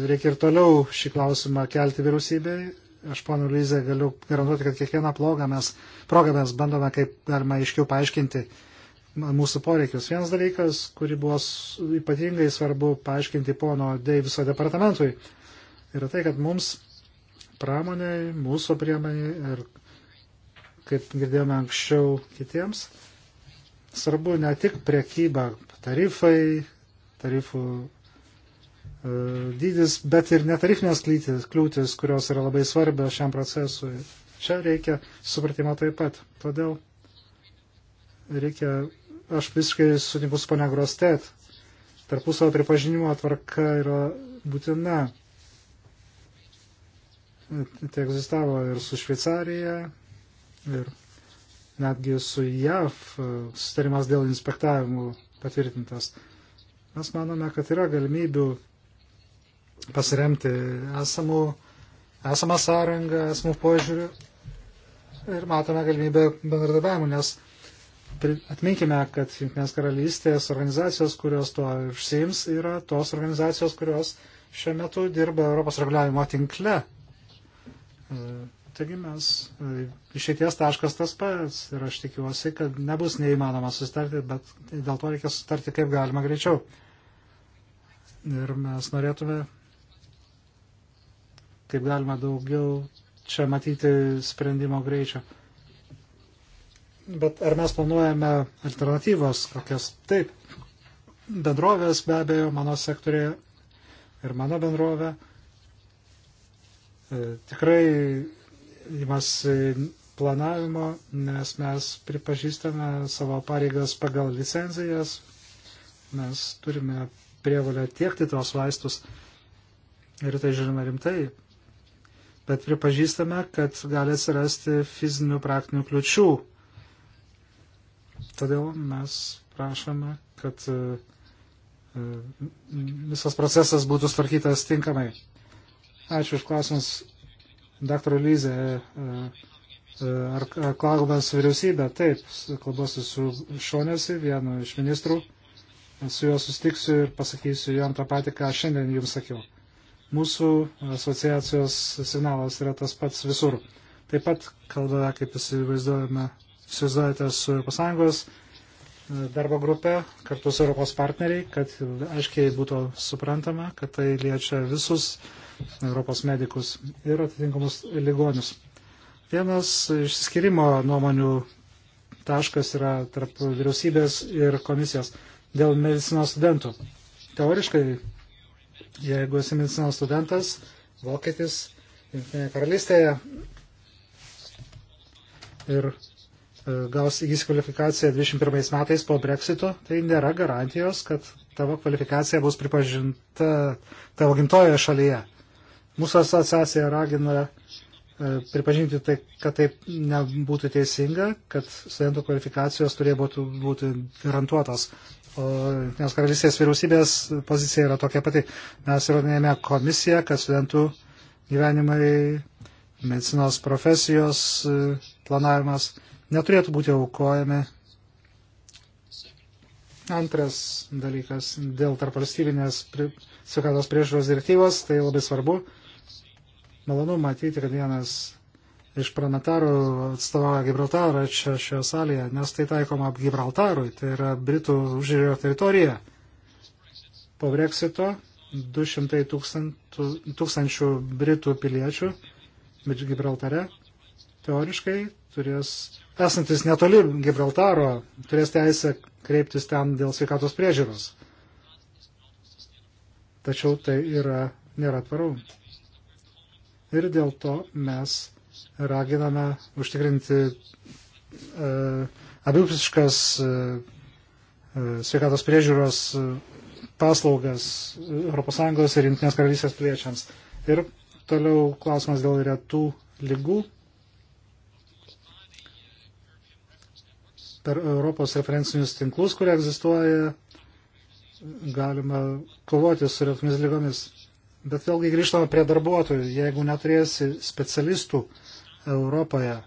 reikia ir toliau šį klausimą kelti vyriausybei. Aš, ponu Lyze, galiu garantuoti, kad kiekvieną progą mes, progą mes bandome kaip galima aiškiau paaiškinti mūsų poreikius. Vienas dalykas, kurį buvo ypatingai svarbu paaiškinti pono Deiviso departamentui, yra tai, kad mums pramonė, mūsų priemonė ir kaip girdėjome anksčiau kitiems, svarbu ne tik priekyba, tarifai, tarifų e, dydis, bet ir netarifinės kliūtis, kliūtis, kurios yra labai svarbios šiam procesui. Čia reikia supratimo taip pat. Todėl reikia, aš visiškai sutinku su ponia Grostet, tarpusavo pripažinimo tvarka yra būtina. Tai egzistavo ir su Šveicarija, ir netgi su JAV e, sustarimas dėl inspektavimų patvirtintas. Mes manome, kad yra galimybių pasiremti esamų, esamą sąrangą, esamų požiūrių ir matome galimybę bendradarbiavimų, nes atminkime, kad Junktinės karalystės organizacijos, kurios tuo užsiims, yra tos organizacijos, kurios šiuo metu dirba Europos reguliavimo tinkle e, Taigi mes e, išeities taškas tas pats ir aš tikiuosi, kad nebus neįmanoma susitarti, bet dėl to reikia susitarti kaip galima greičiau. Ir mes norėtume kaip galima daugiau čia matyti sprendimo greičio. Bet ar mes planuojame alternatyvos kokias? Taip, bendrovės be abejo mano sektorėje ir mano bendrovė e, tikrai imasi e, planavimo, nes mes pripažįstame savo pareigas pagal licenzijas, mes turime prievalę tiekti tos vaistus ir tai žinome rimtai, bet pripažįstame, kad gali atsirasti fizinių praktinių kliučių. Todėl mes prašome, kad e, e, visas procesas būtų starkytas tinkamai. Ačiū už klausimus. Dr. Lyze, e, ar kalbas vyriausybė? Taip, kalbosiu su Šonėsi, vienu iš ministrų. Su juo sustiksiu ir pasakysiu jam tą patį, ką šiandien jums sakiau. Mūsų asociacijos signalas yra tas pats visur. Taip pat kalbame, kaip įsivaizduojame, įsivaizduojate, su ES darbo grupę kartu su Europos partneriai, kad aiškiai būtų suprantama, kad tai liečia visus Europos medikus ir atitinkamus ligonius. Vienas išsiskirimo nuomonių taškas yra tarp vyriausybės ir komisijos dėl medicinos studentų. Teoriškai, jeigu esi medicinos studentas, vokietis, Junktinėje karalystėje ir E, gaus įgys kvalifikaciją 21 metais po breksito, tai nėra garantijos, kad tavo kvalifikacija bus pripažinta tavo gimtojoje šalyje. Mūsų asociacija ragina e, pripažinti tai, kad taip nebūtų teisinga, kad studentų kvalifikacijos turėtų būti garantuotos. O Junktinės karalystės vyriausybės pozicija yra tokia pati. Mes įrodinėjame komisiją, kad studentų gyvenimai, medicinos profesijos e, planavimas neturėtų būti aukojami. Antras dalykas dėl tarpvalstybinės pri, sveikatos priežiūros direktyvos, tai labai svarbu. Malonu matyti, kad vienas iš parlamentarų atstovauja Gibraltarą čia šioje salėje, nes tai taikoma Gibraltarui, tai yra Britų užžiūrėjo teritorija. Po Brexito 200 tūkstant, tūkstančių Britų piliečių Gibraltare teoriškai turės, esantis netoli Gibraltaro, turės teisę kreiptis ten dėl sveikatos priežiūros. Tačiau tai yra, nėra tvaru. Ir dėl to mes raginame užtikrinti e, abipusiškas e, e sveikatos priežiūros e, paslaugas ES ir Junktinės karalystės piliečiams. Ir toliau klausimas dėl retų lygų per Europos referencinius tinklus, kurie egzistuoja, galima kovoti su retomis lygomis. Bet vėlgi grįžtame prie darbuotojų. Jeigu neturėsi specialistų Europoje,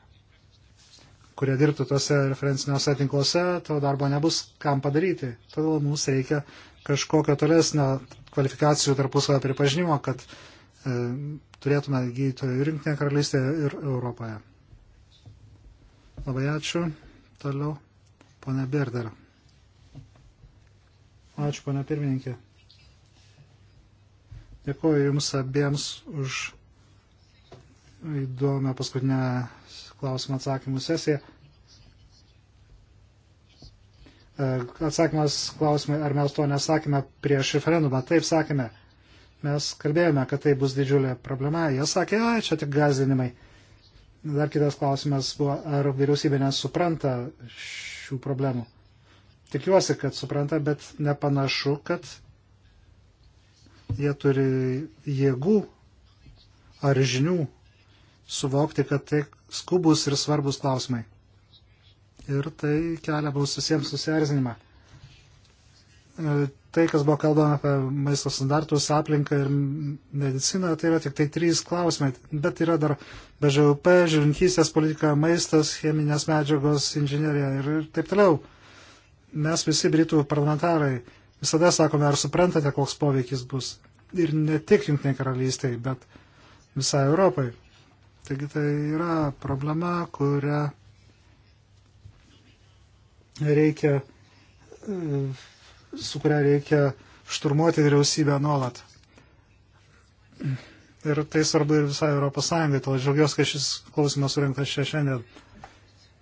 kurie dirbtų tose referenciniuose tinkluose, to darbo nebus kam padaryti. Todėl mums reikia kažkokio tolesnio kvalifikacijų tarpusavio pripažinimo, kad e, turėtume gydytojų rinktinę karalystėje ir Europoje. Labai ačiū. Toliau. Pane Berder. Ačiū, pane pirmininkė. Dėkuoju Jums abiems už įdomią paskutinę klausimą atsakymų sesiją. E, atsakymas klausimai, ar mes to nesakėme prieš referendumą. Taip sakėme. Mes kalbėjome, kad tai bus didžiulė problema. Jie sakė, ai, čia tik gazdinimai. Dar kitas klausimas buvo, ar vyriausybė nesupranta šių problemų. Tikiuosi, kad supranta, bet nepanašu, kad jie turi jėgų ar žinių suvokti, kad tai skubus ir svarbus klausimai. Ir tai kelia mums visiems susierzinimą. E, tai, kas buvo kalbama apie maisto standartus, aplinką ir mediciną, tai yra tik tai trys klausimai, bet yra dar BŽUP, žilinkystės politika, maistas, cheminės medžiagos, inžinierija ir taip toliau. Mes visi Britų parlamentarai visada sakome, ar suprantate, koks poveikis bus. Ir ne tik Junktiniai karalystiai, bet visai Europai. Taigi tai yra problema, kurią reikia e, su kuria reikia šturmuoti vyriausybę nuolat. Ir tai svarbu ir visai Europos Sąjungai, tol džiaugiuosi, kad šis klausimas surinktas čia šiandien.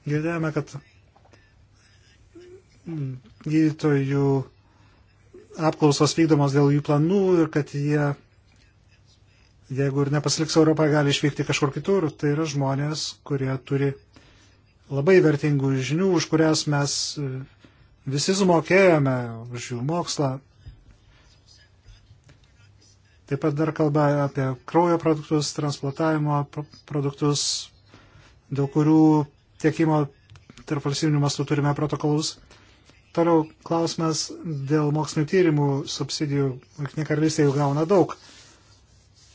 Girdėjome, kad gydytojų apklausos vykdomos dėl jų planų ir kad jie, jeigu ir nepasiliks Europoje, gali išvykti kažkur kitur. Tai yra žmonės, kurie turi labai vertingų žinių, už kurias mes Visi sumokėjome už jų mokslą. Taip pat dar kalba apie kraujo produktus, transportavimo produktus, dėl kurių tiekimo tarp valstybinių mastų turime protokolus. Toliau klausimas dėl mokslinio tyrimų subsidijų. Jungtinė karalystė jau gauna daug.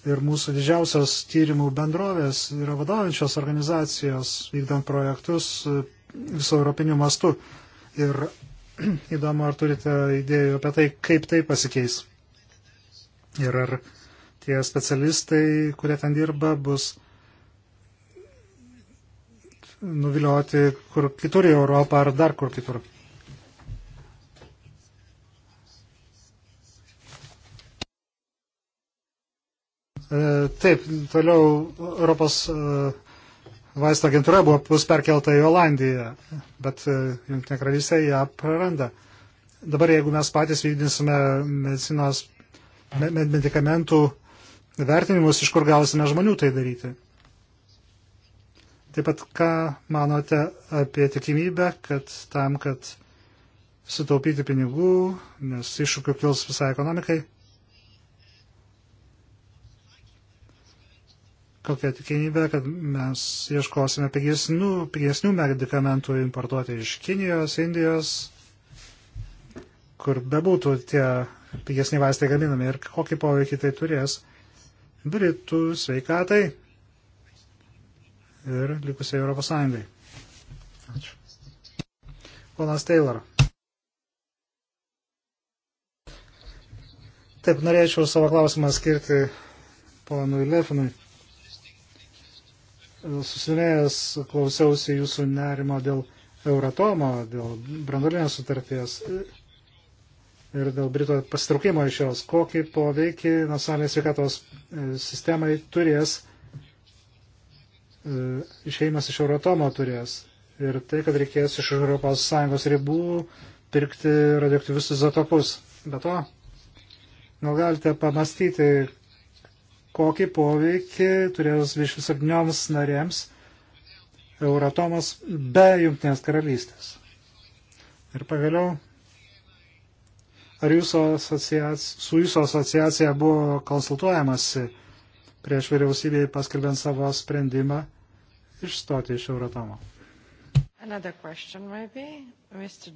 Ir mūsų didžiausios tyrimų bendrovės yra vadovaujančios organizacijos vykdant projektus viso europiniu mastu. Ir Įdomu, ar turite idėjų apie tai, kaip tai pasikeis. Ir ar tie specialistai, kurie ten dirba, bus nuvilioti kur kitur į Europą ar dar kur kitur. E, taip, toliau Europos e, vaisto agentūra buvo bus perkelta į Olandiją, bet e, Junktinė karalystė ją praranda. Dabar jeigu mes patys vykdysime medicinos medikamentų vertinimus, iš kur gausime žmonių tai daryti. Taip pat, ką manote apie tikimybę, kad tam, kad sutaupyti pinigų, nes iššūkių kils visai ekonomikai, tokia tikimybė, kad mes ieškosime pigesnių, pigesnių medikamentų importuoti iš Kinijos, Indijos, kur bebūtų tie pigesni vaistai gaminami ir kokį poveikį tai turės Britų sveikatai ir likusiai Europos Sąjungai. Ačiū. Ponas Taylor. Taip, norėčiau savo klausimą skirti ponui Lefinui susinėjęs klausiausi jūsų nerimo dėl Euratomo, dėl brandolinės sutarties ir dėl Brito pasitraukimo iš jos. Kokį poveikį nacionalinės sveikatos e, sistemai turės e, išeimas iš Euratomo turės. Ir tai, kad reikės iš ES ribų pirkti radioaktyvius izotopus. Be to, gal galite pamastyti, kokį poveikį turės 27 narėms Euratomas be Junktinės karalystės. Ir pagaliau, ar jūsų su jūsų asociacija buvo konsultuojamasi prieš vyriausybėje paskelbent savo sprendimą išstoti iš Euratomo? Another question maybe, Mr.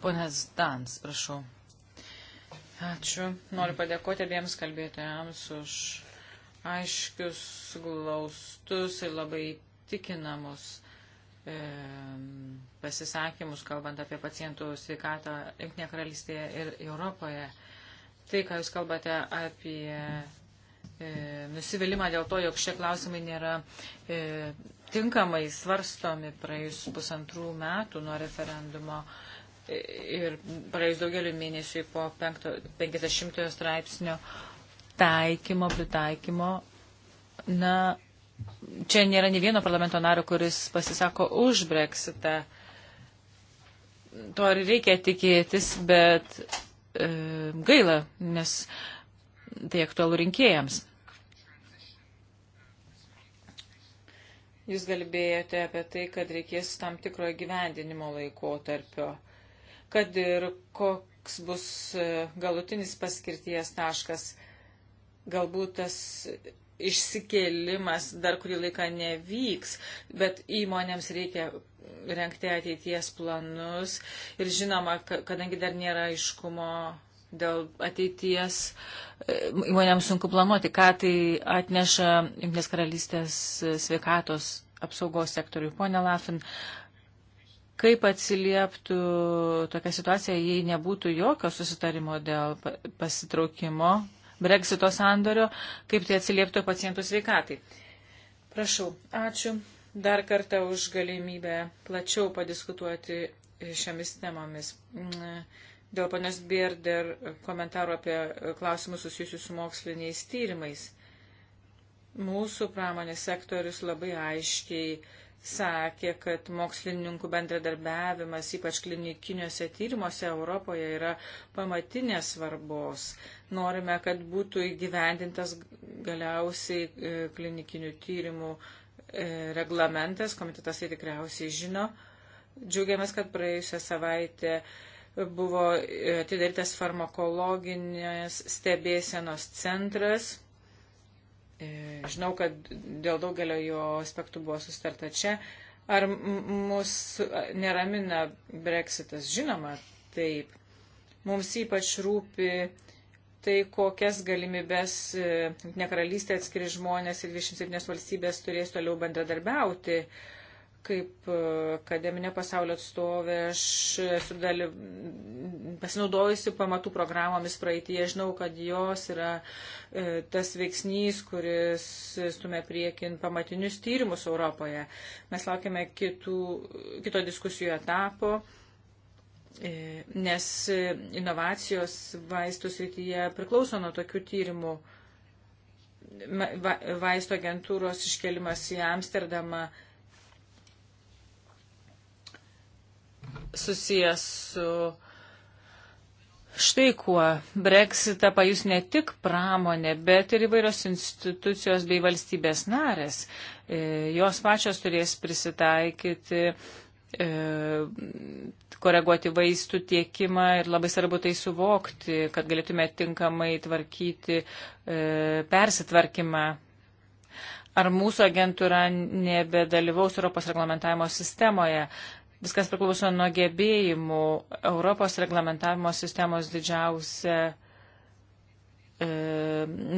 Ponas Dans, prašau. Ačiū. Noriu padėkoti abiems kalbėtojams už aiškius, glaustus ir labai tikinamus e, pasisakymus, kalbant apie pacientų sveikatą Junktinėje karalystėje ir Europoje. Tai, ką Jūs kalbate apie e, nusivylimą dėl to, jog šie klausimai nėra e, tinkamai svarstomi praėjus pusantrų metų nuo referendumo. E, ir praėjus daugeliu mėnesių po 50 straipsnio taikymo, pritaikymo, na, čia nėra ne vieno parlamento nario, kuris pasisako už breksitą. To ir reikia tikėtis, bet e, gaila, nes tai aktualu rinkėjams. Jūs galbėjote apie tai, kad reikės tam tikro gyvendinimo laikotarpio kad ir koks bus e, galutinis paskirties taškas. Galbūt tas išsikėlimas dar kurį laiką nevyks, bet įmonėms reikia renkti ateities planus ir žinoma, kadangi dar nėra aiškumo dėl ateities, e, įmonėms sunku planuoti, ką tai atneša Junktinės karalystės e, sveikatos apsaugos sektoriui. Pone Lafin, kaip atsilieptų tokia situacija, jei nebūtų jokio susitarimo dėl pasitraukimo, breksito sandorio, kaip tai atsilieptų pacientų sveikatai. Prašau, ačiū dar kartą už galimybę plačiau padiskutuoti šiomis temomis. Dėl ponios Bierder komentaro apie klausimus susijusius su moksliniais tyrimais. Mūsų pramonės sektorius labai aiškiai sakė, kad mokslininkų bendradarbiavimas, ypač klinikiniuose tyrimuose Europoje, yra pamatinės svarbos. Norime, kad būtų įgyvendintas galiausiai e, klinikinių tyrimų e, reglamentas, komitetas tai tikriausiai žino. Džiaugiamės, kad praėjusią savaitę buvo e, atidarytas farmakologinės stebėsenos centras E, žinau, kad dėl daugelio jo aspektų buvo sustarta čia. Ar mus neramina breksitas? Žinoma, taip. Mums ypač rūpi tai, kokias galimybės e, nekaralystė atskiri žmonės ir 27 valstybės turės toliau bendradarbiauti. Uh, Kaip e, akademinė pasaulio atstovė, aš esu daly... pasinaudojusi pamatų programomis praeitie. Žinau, kad jos yra e, tas veiksnys, kuris stumia priekin pamatinius tyrimus Europoje. Mes laukiame kitų, kito diskusijų etapo e, nes inovacijos vaistų srityje priklauso nuo tokių tyrimų. Vaisto agentūros iškelimas į Amsterdamą susijęs su štai kuo. Brexitą pajus ne tik pramonė, bet ir įvairios institucijos bei valstybės narės. E, jos pačios turės prisitaikyti e, koreguoti vaistų tiekimą ir labai svarbu tai suvokti, kad galėtume tinkamai tvarkyti e, persitvarkymą. Ar mūsų agentūra nebedalyvaus Europos reglamentavimo sistemoje? Viskas priklauso nuo gebėjimų. Europos reglamentavimo sistemos didžiausia e,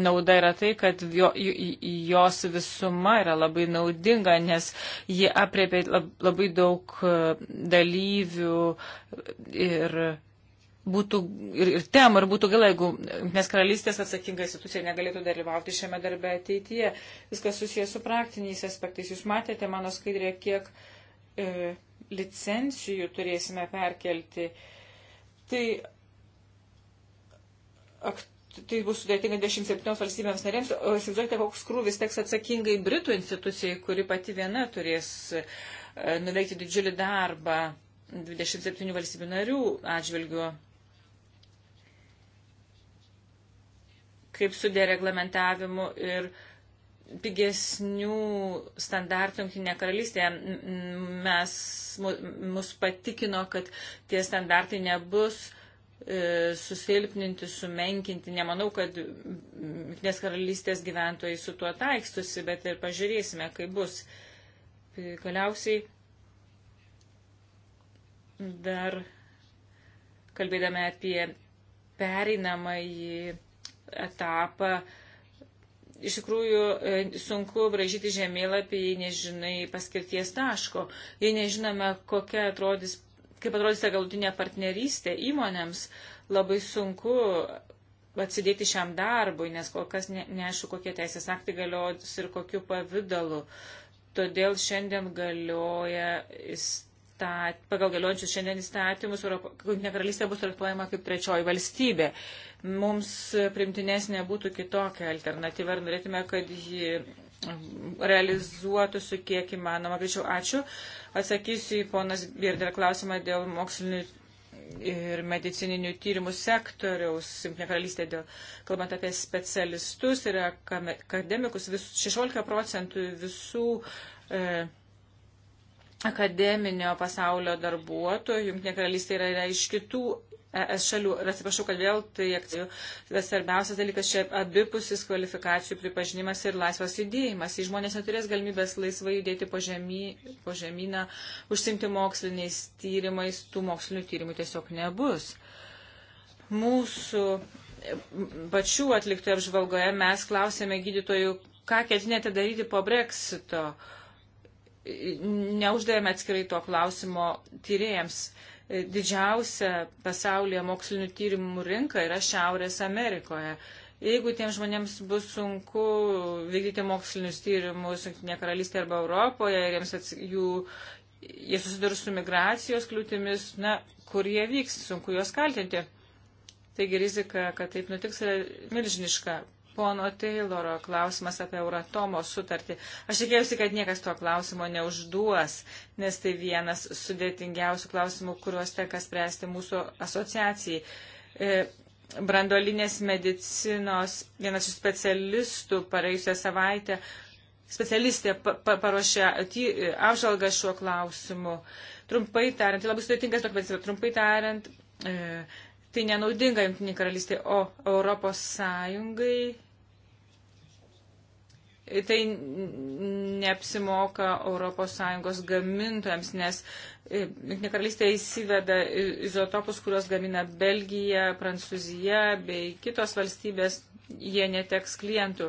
nauda yra tai, kad jo, jos visuma yra labai naudinga, nes ji apriepia labai daug e, dalyvių ir, būtų, ir, ir temų, ir būtų gaila, jeigu mes karalystės atsakinga institucija negalėtų dalyvauti šiame darbe ateityje. Viskas susijęs su praktiniais aspektais. Jūs matėte mano skaidrė, kiek. E, licencijų turėsime perkelti, tai, ak, tai bus sudėtinga 27 valstybėms narėms. O įsivaizduokite, koks krūvis teks atsakingai Britų institucijai, kuri pati viena turės e, nuveikti didžiulį darbą 27 valstybių narių atžvilgiu. kaip su dereglamentavimu ir uh, pigesnių standartų Junktinė karalystė. Mes, mus patikino, kad tie standartai nebus e, susilpninti, sumenkinti. Nemanau, kad Junktinės karalystės gyventojai su tuo taikstusi, bet ir pažiūrėsime, kaip bus. E, galiausiai dar kalbėdami apie pereinamąjį etapą, uh, iš tikrųjų e, sunku bražyti žemėlapį, jei nežinai paskirties taško, jei nežinome, kokia atrodys, kaip atrodys ta galutinė partnerystė įmonėms, labai sunku atsidėti šiam darbui, nes kol kas ne, neaišku, kokie teisės aktai galios ir kokiu pavydalu. Todėl šiandien galioja įstat, pagal galiojančius šiandien įstatymus, Europos, Karalystė bus traktuojama kaip trečioji valstybė. Uh, mums primtinesnė būtų kitokia alternatyva ir norėtume, kad ji realizuotųsi kiek įmanoma. Greičiau ačiū. Atsakysiu į ponas Birder klausimą dėl mokslinių ir medicininių tyrimų sektoriaus, Junktinė karalystė, dėl, kalbant apie specialistus ir akademikus, vis, 16 procentų visų e, akademinio pasaulio darbuotojų, Junktinė karalystė yra, yra iš kitų ES šalių. Ir atsiprašau, kad vėl tai akcijų. Svarbiausias dalykas čia abipusis kvalifikacijų pripažinimas ir laisvas judėjimas. Jei žmonės neturės galimybės laisvai judėti po, žemy, po žemyną, užsimti moksliniais tyrimais, tų mokslinių tyrimų tiesiog nebus. Mūsų pačių atliktoje apžvalgoje mes klausėme gydytojų, ką ketinėte daryti po breksito. Neuždavėme atskirai to klausimo tyrėjams didžiausia pasaulyje mokslinių tyrimų rinka yra Šiaurės Amerikoje. Jeigu tiems žmonėms bus sunku vykdyti mokslinius tyrimus Junktinėje karalystėje arba Europoje ir jiems ats, jų, jie susidurs su migracijos kliūtimis, na, kur jie vyks, sunku juos kaltinti. Taigi rizika, kad taip nutiks, yra milžiniška pono Tayloro klausimas apie Euratomo sutartį. Aš tikėjausi, kad niekas to klausimo neužduos, nes tai vienas sudėtingiausių klausimų, kuriuos teka spręsti mūsų asociacijai. E, brandolinės medicinos vienas iš specialistų pareisią savaitę, specialistė pa pa paruošė apžalgą šiuo klausimu. Trumpai tariant, tai labai sudėtingas dokumentas, bet trumpai tariant, e, tai nenaudinga Junktinė karalystė, o Europos Sąjungai tai neapsimoka ES gamintojams, nes e, Junktinė karalystė įsiveda izotopus, kuriuos gamina Belgija, Prancūzija bei kitos valstybės, jie neteks klientų.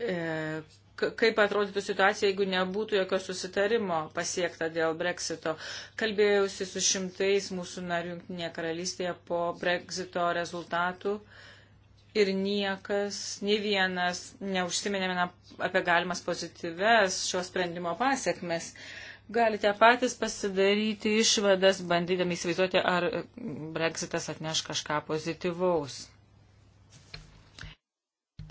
E, kaip atrodytų situacija, jeigu nebūtų jokio susitarimo pasiekta dėl breksito? Kalbėjausi su šimtais mūsų narių Junktinėje karalystėje po breksito rezultatų. Uh, ir niekas, nei vienas neužsiminėme apie galimas pozityves šio sprendimo pasiekmes. Galite patys pasidaryti išvadas, bandydami įsivaizduoti, ar Brexitas atneš kažką pozityvaus.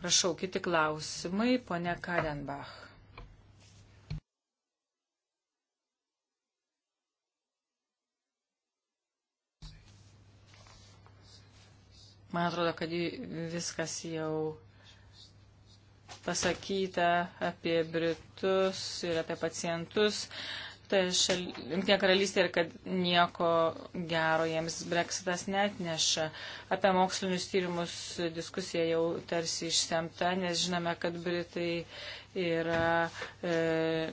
Prašau, kiti klausimai, ponia Karenbach. Man atrodo, kad viskas jau pasakyta apie Britus ir apie pacientus. Tai Junktinė karalystė ir kad nieko gero jiems breksitas net neša. Apie mokslinius tyrimus diskusija jau tarsi išsemta, nes žinome, kad Britai yra, e,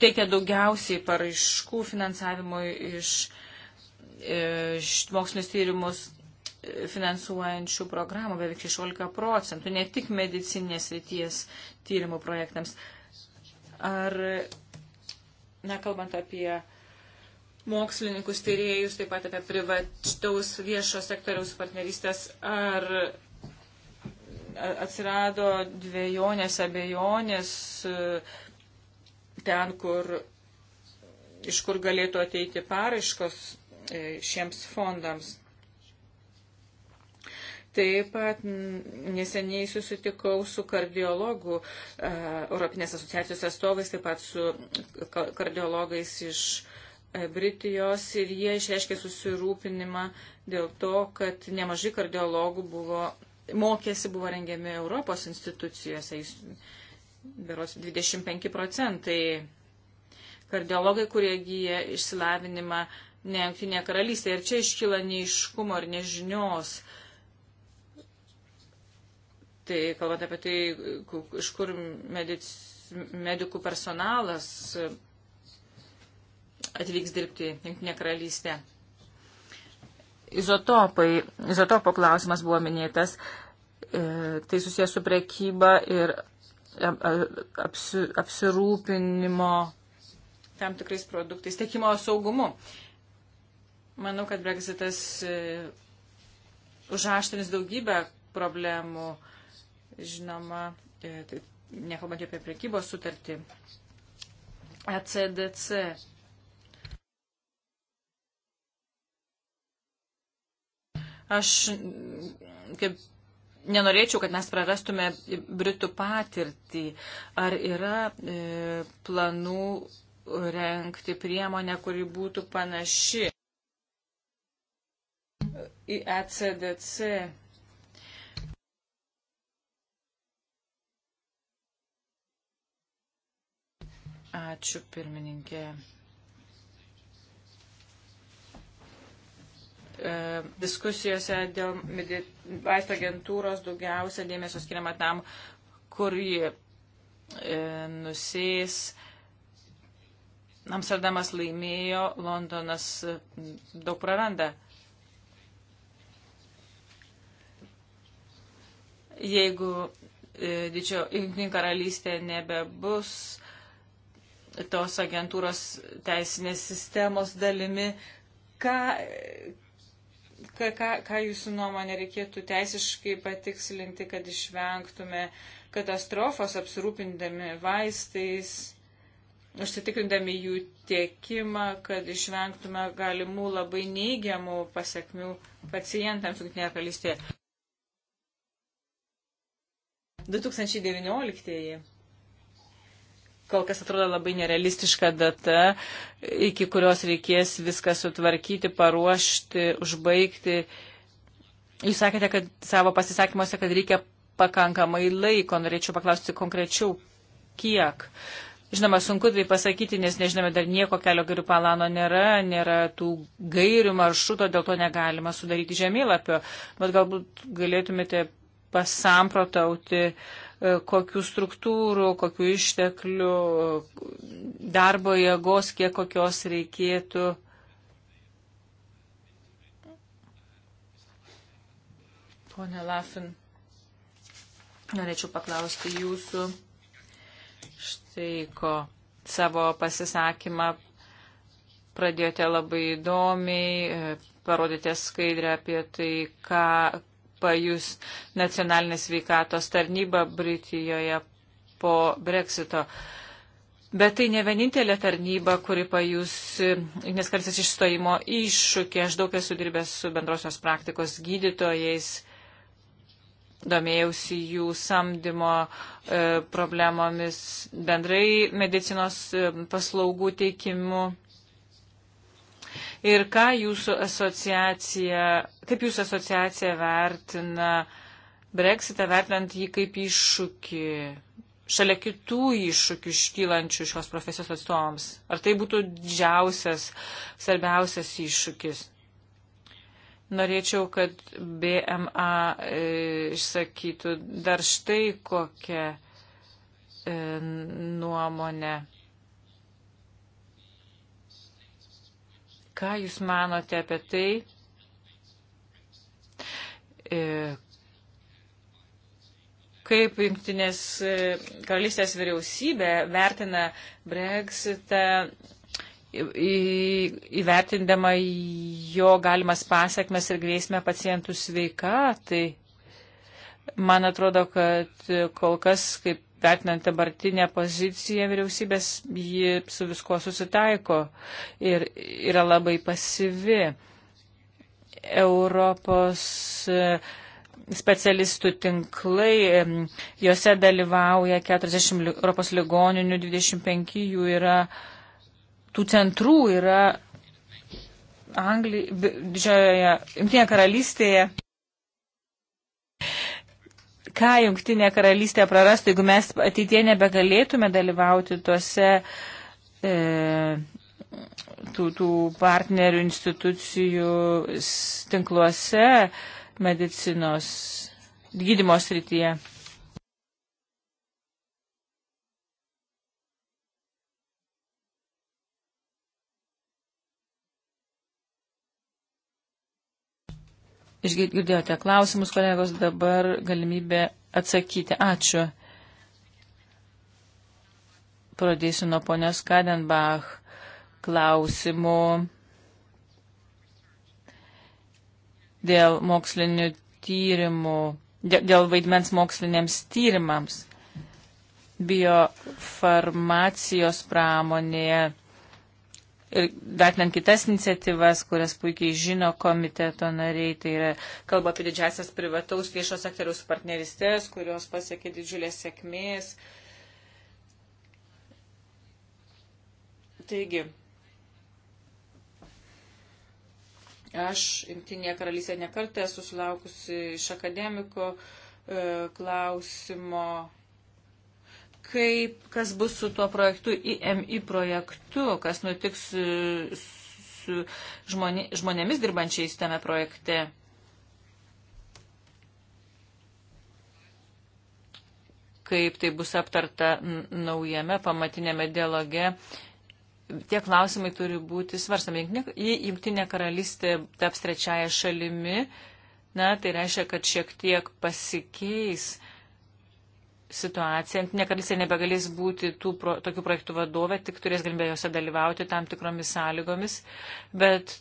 teikia daugiausiai paraiškų finansavimui iš, e, iš mokslinius tyrimus finansuojančių programų beveik 16 procentų, ne tik medicinės ryties tyrimų projektams. Ar, nekalbant apie mokslininkus, tyrėjus, taip pat apie privataus viešo sektoriaus partnerystės, ar atsirado dviejonės, abejonės ten, kur, iš kur galėtų ateiti paraiškos e, šiems fondams. Taip pat neseniai susitikau su kardiologų e, Europinės asociacijos atstovais, taip pat su kardiologais iš e, Britijos ir jie išreiškė susirūpinimą dėl to, kad nemažai kardiologų buvo, mokėsi buvo rengiami Europos institucijose, beros 25 procentai kardiologai, kurie gyja išsilavinimą ne Junktinėje karalystėje. Ir čia iškyla neiškumo ir nežinios. E, Tai kalbant apie tai, iš kur medic, medikų personalas atvyks dirbti Junktinė karalystė. Izotopai, izotopo klausimas buvo minėtas, e, tai susijęs su prekyba ir e, apsi, apsirūpinimo tam tikrais produktais, tiekimo saugumu. Manau, kad Brexitas e, užaštinis daugybę problemų. E, žinoma, e, tai nekalbant apie prekybos sutartį, ECDC. Aš mm, kaip nenorėčiau, kad mes prarastume Britų patirtį. Ar yra e, planų renkti priemonę, kuri būtų panaši į ECDC? Ačiū, pirmininkė. E, diskusijose dėl vaisto agentūros daugiausia dėmesio skiriama tam, kur ji e, nusės. Amsterdamas laimėjo, Londonas daug praranda. Jeigu e, didžio jungtinė karalystė nebebus tos agentūros teisinės sistemos dalimi. Ką, ką, ką, ką jūsų nuomonė reikėtų teisiškai patikslinti, kad išvengtume katastrofos apsirūpindami vaistais, užsitikrindami jų tiekimą, kad išvengtume galimų labai neigiamų pasiekmių pacientams Junktinėje karalystėje. 2019 kol kas atrodo labai nerealistiška data, iki kurios reikės viską sutvarkyti, paruošti, užbaigti. Jūs sakėte, kad savo pasisakymuose, kad reikia pakankamai laiko. Norėčiau paklausti konkrečiau, kiek. Žinoma, sunku tai pasakyti, nes nežinome, dar nieko kelio gairių palano nėra, nėra tų gairių maršruto, dėl to negalima sudaryti žemėlapio. Bet galbūt galėtumėte pasamprotauti, E, kokių struktūrų, kokių išteklių, e, darbo jėgos, kiek kokios reikėtų. Pone Lafin, norėčiau paklausti jūsų štai ko savo pasisakymą pradėjote labai įdomiai, e, parodėte skaidrę apie tai, ką, pajus nacionalinė sveikatos tarnyba Britijoje po Brexito. Bet tai ne vienintelė tarnyba, kuri pajus Junktinės e, karalystės išstojimo iššūkį. Aš daug esu dirbęs su bendrosios praktikos gydytojais, domėjausi jų samdymo e, problemomis, bendrai medicinos e, paslaugų teikimu ir ką jūsų asociacija, kaip jūsų asociacija vertina Brexitą, vertinant jį kaip iššūkį, šalia kitų iššūkių iškylančių šios profesijos atstovams? Ar tai būtų didžiausias, svarbiausias iššūkis? Norėčiau, kad BMA e, išsakytų dar štai kokią e, nuomonę. Ką Jūs manote apie tai, e, kaip jungtinės e, karalystės vyriausybė vertina Brexitą, įvertindama jo galimas pasiekmes ir grėsmę pacientų sveikatai. Man atrodo, kad kol kas, kaip vertinant dabartinę poziciją vyriausybės, ji su visko susitaiko ir yra labai pasivi. Europos e, specialistų tinklai, e, juose dalyvauja 40 Europos ligoninių, 25 jų yra, tų centrų yra Anglijoje, Junktinėje karalystėje ką jungtinė karalystė prarastų, jeigu mes ateitie nebegalėtume dalyvauti tuose e, tų, tų partnerių institucijų tinkluose medicinos gydimo srityje. Išgirdėjote klausimus, kolegos, dabar galimybė atsakyti. Ačiū. Pradėsiu nuo ponios Kadenbach klausimų dėl mokslinių tyrimų, dėl vaidmens moksliniams tyrimams biofarmacijos pramonėje ir vertinant kitas iniciatyvas, kurias puikiai žino komiteto nariai, tai yra kalba apie didžiasias privataus viešo sektoriaus partneristės, kurios pasiekė didžiulės sėkmės. Taigi, aš Imtinėje karalystėje nekartą esu sulaukusi iš akademiko e, klausimo kaip, kas bus su tuo projektu, IMI projektu, kas nutiks su, su žmonė, žmonėmis dirbančiais tame projekte. kaip tai bus aptarta naujame pamatinėme dialoge. Tie klausimai turi būti svarstami. Jei Junktinė karalystė taps trečiaja šalimi, na, tai reiškia, kad šiek tiek pasikeis uh, situacija. Nekarlystė nebegalės būti tų, pro, tokių projektų vadovė, tik turės galimybę juose dalyvauti tam tikromis sąlygomis, bet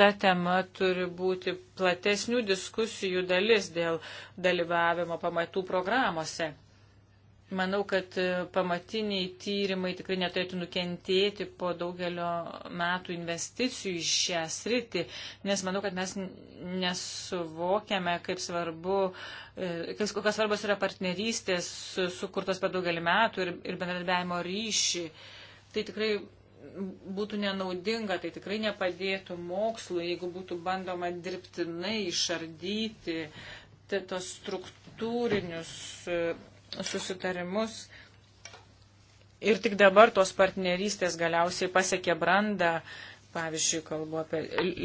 ta tema turi būti platesnių diskusijų dalis dėl dalyvavimo pamatų programuose. Manau, kad e, pamatiniai tyrimai tikrai neturėtų nukentėti po daugelio metų investicijų į šią sritį, nes manau, kad mes nesuvokiame, kaip svarbu, e, kaip, kokios svarbos yra partnerystės sukurtos per daugelį metų ir, ir bendradarbiavimo ryšį. Tai tikrai būtų nenaudinga, tai tikrai nepadėtų mokslu, jeigu būtų bandoma dirbtinai išardyti tos struktūrinius susitarimus. Ir tik dabar tos partnerystės galiausiai pasiekė brandą. Pavyzdžiui, kalbu apie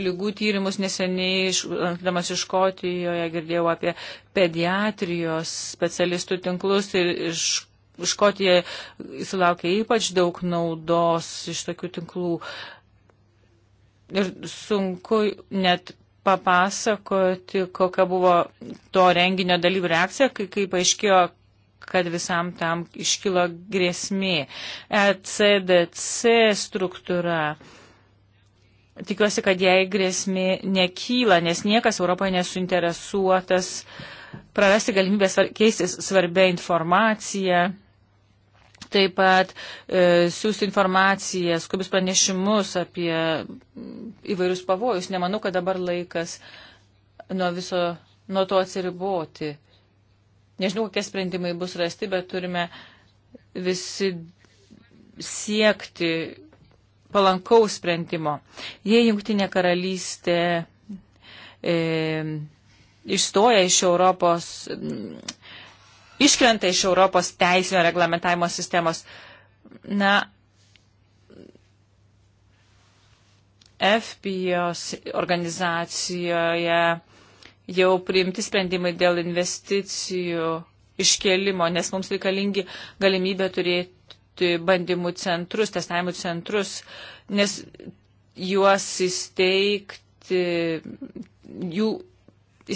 lygų tyrimus neseniai, lankdamas iš Škotijoje, girdėjau apie pediatrijos specialistų tinklus ir iš Škotija sulaukė ypač daug naudos iš tokių tinklų. Ir sunku net papasakoti, kokia buvo to renginio dalyvių reakcija, kai, kai paaiškėjo, kad visam tam iškilo grėsmė. ECDC struktūra. Tikiuosi, kad jai grėsmė nekyla, nes niekas Europoje nesuinteresuotas prarasti galimybę keistis svarbia informacija. Taip pat e, siūsti informaciją, skubius pranešimus apie įvairius pavojus. Nemanau, kad dabar laikas nuo viso, nuo to atsiriboti. Nežinau, kokie sprendimai bus rasti, bet turime visi siekti palankaus sprendimo. Jei Junktinė karalystė e, išstoja iš Europos, iškrenta iš Europos teisinio reglamentavimo sistemos, na, FPO organizacijoje jau priimti sprendimai dėl investicijų iškelimo, nes mums reikalingi galimybė turėti bandymų centrus, testavimų centrus, nes juos įsteigti, jų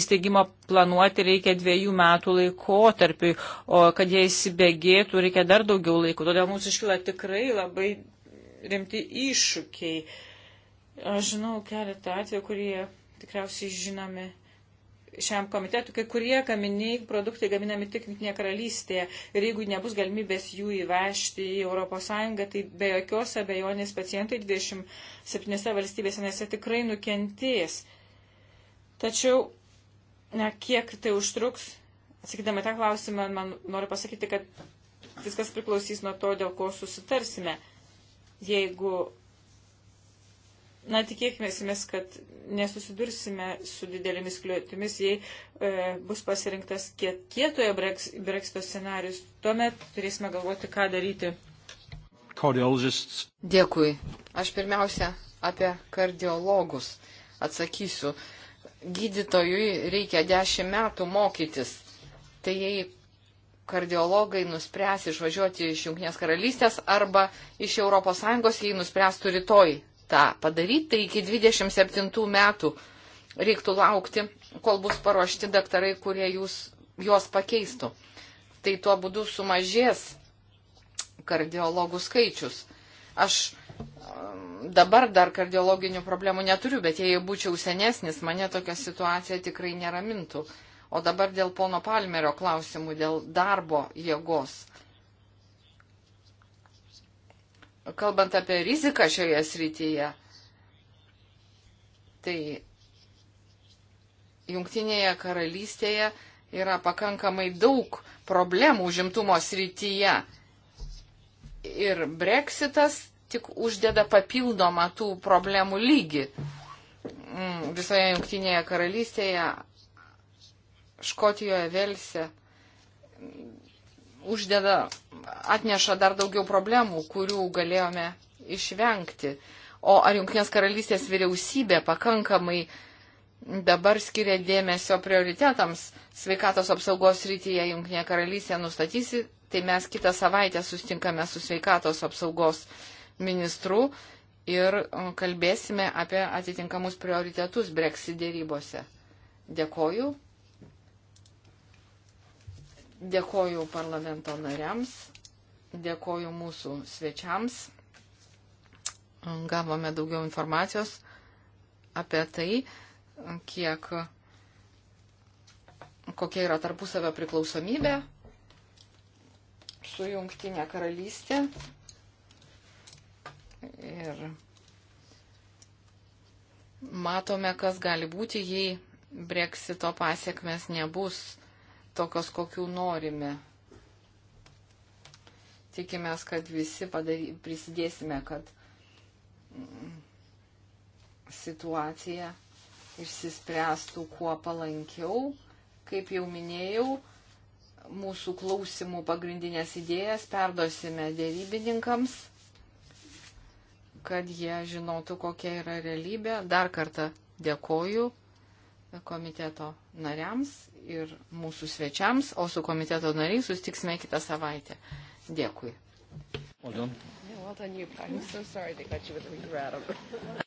įsteigimo planuoti reikia dviejų metų laikotarpiui, o kad jie įsibėgėtų, reikia dar daugiau laiko. Todėl mums iškyla tikrai labai rimti iššūkiai. Aš žinau keletą atvejų, kurie tikriausiai žinomi šiam komitetui, kai kurie gaminiai, produktai gaminami tik Junktinėje karalystėje ir jeigu nebus galimybės jų įvežti į ES, tai be jokios abejonės pacientai 27 valstybėse nes jie tikrai nukentės. Tačiau, na, kiek tai užtruks, atsakydama tą klausimą, man noriu pasakyti, kad viskas priklausys nuo to, dėl ko susitarsime. Jeigu Na, tikėkime, kad nesusidursime su didelėmis kliūtimis, jei e, bus pasirinktas kiet, kietojo breksito scenarius. Tuomet turėsime galvoti, ką daryti. Dėkui. Aš pirmiausia apie kardiologus atsakysiu. Gydytojui reikia dešimt metų mokytis. Tai jei kardiologai nuspręs išvažiuoti iš Junktinės karalystės arba iš ES, jei nuspręstų rytoj tą padaryti, tai iki 27 metų reiktų laukti, kol bus paruošti daktarai, kurie jūs, juos pakeistų. Tai tuo būdu sumažės kardiologų skaičius. Aš um, dabar dar kardiologinių problemų neturiu, bet jei būčiau senesnis, mane tokia situacija tikrai neramintų. O dabar dėl pono Palmerio klausimų, dėl darbo jėgos kalbant apie riziką šioje srityje, tai Junktinėje karalystėje yra pakankamai daug problemų užimtumo srityje. Ir breksitas tik uždeda papildomą tų problemų lygį mm, visoje Junktinėje karalystėje, Škotijoje, Velse uždeda, atneša dar daugiau problemų, kurių galėjome išvengti. O ar Junktinės karalystės vyriausybė pakankamai dabar skiria dėmesio prioritetams sveikatos apsaugos rytyje Junktinė karalystė nustatysi, tai mes kitą savaitę sustinkame su sveikatos apsaugos ministru ir um, kalbėsime apie atitinkamus prioritetus Brexit dėrybose. Dėkoju. Dėkoju parlamento nariams, dėkoju mūsų svečiams. Gavome daugiau informacijos apie tai, kiek, kokia yra tarpusavio priklausomybė su jungtinė karalystė. Ir matome, kas gali būti, jei breksito pasiekmes nebus tokios, kokių norime. Tikimės, kad visi padary, prisidėsime, kad mm, situacija išsispręstų kuo palankiau. Kaip jau minėjau, mūsų klausimų pagrindinės idėjas perdosime dėrybininkams, kad jie žinotų, kokia yra realybė. Dar kartą dėkoju komiteto nariams ir mūsų svečiams, o su komiteto nariais sustiksime kitą savaitę. Dėkui. Well done. Yeah, well done you. I'm so sorry they got you with a rattle.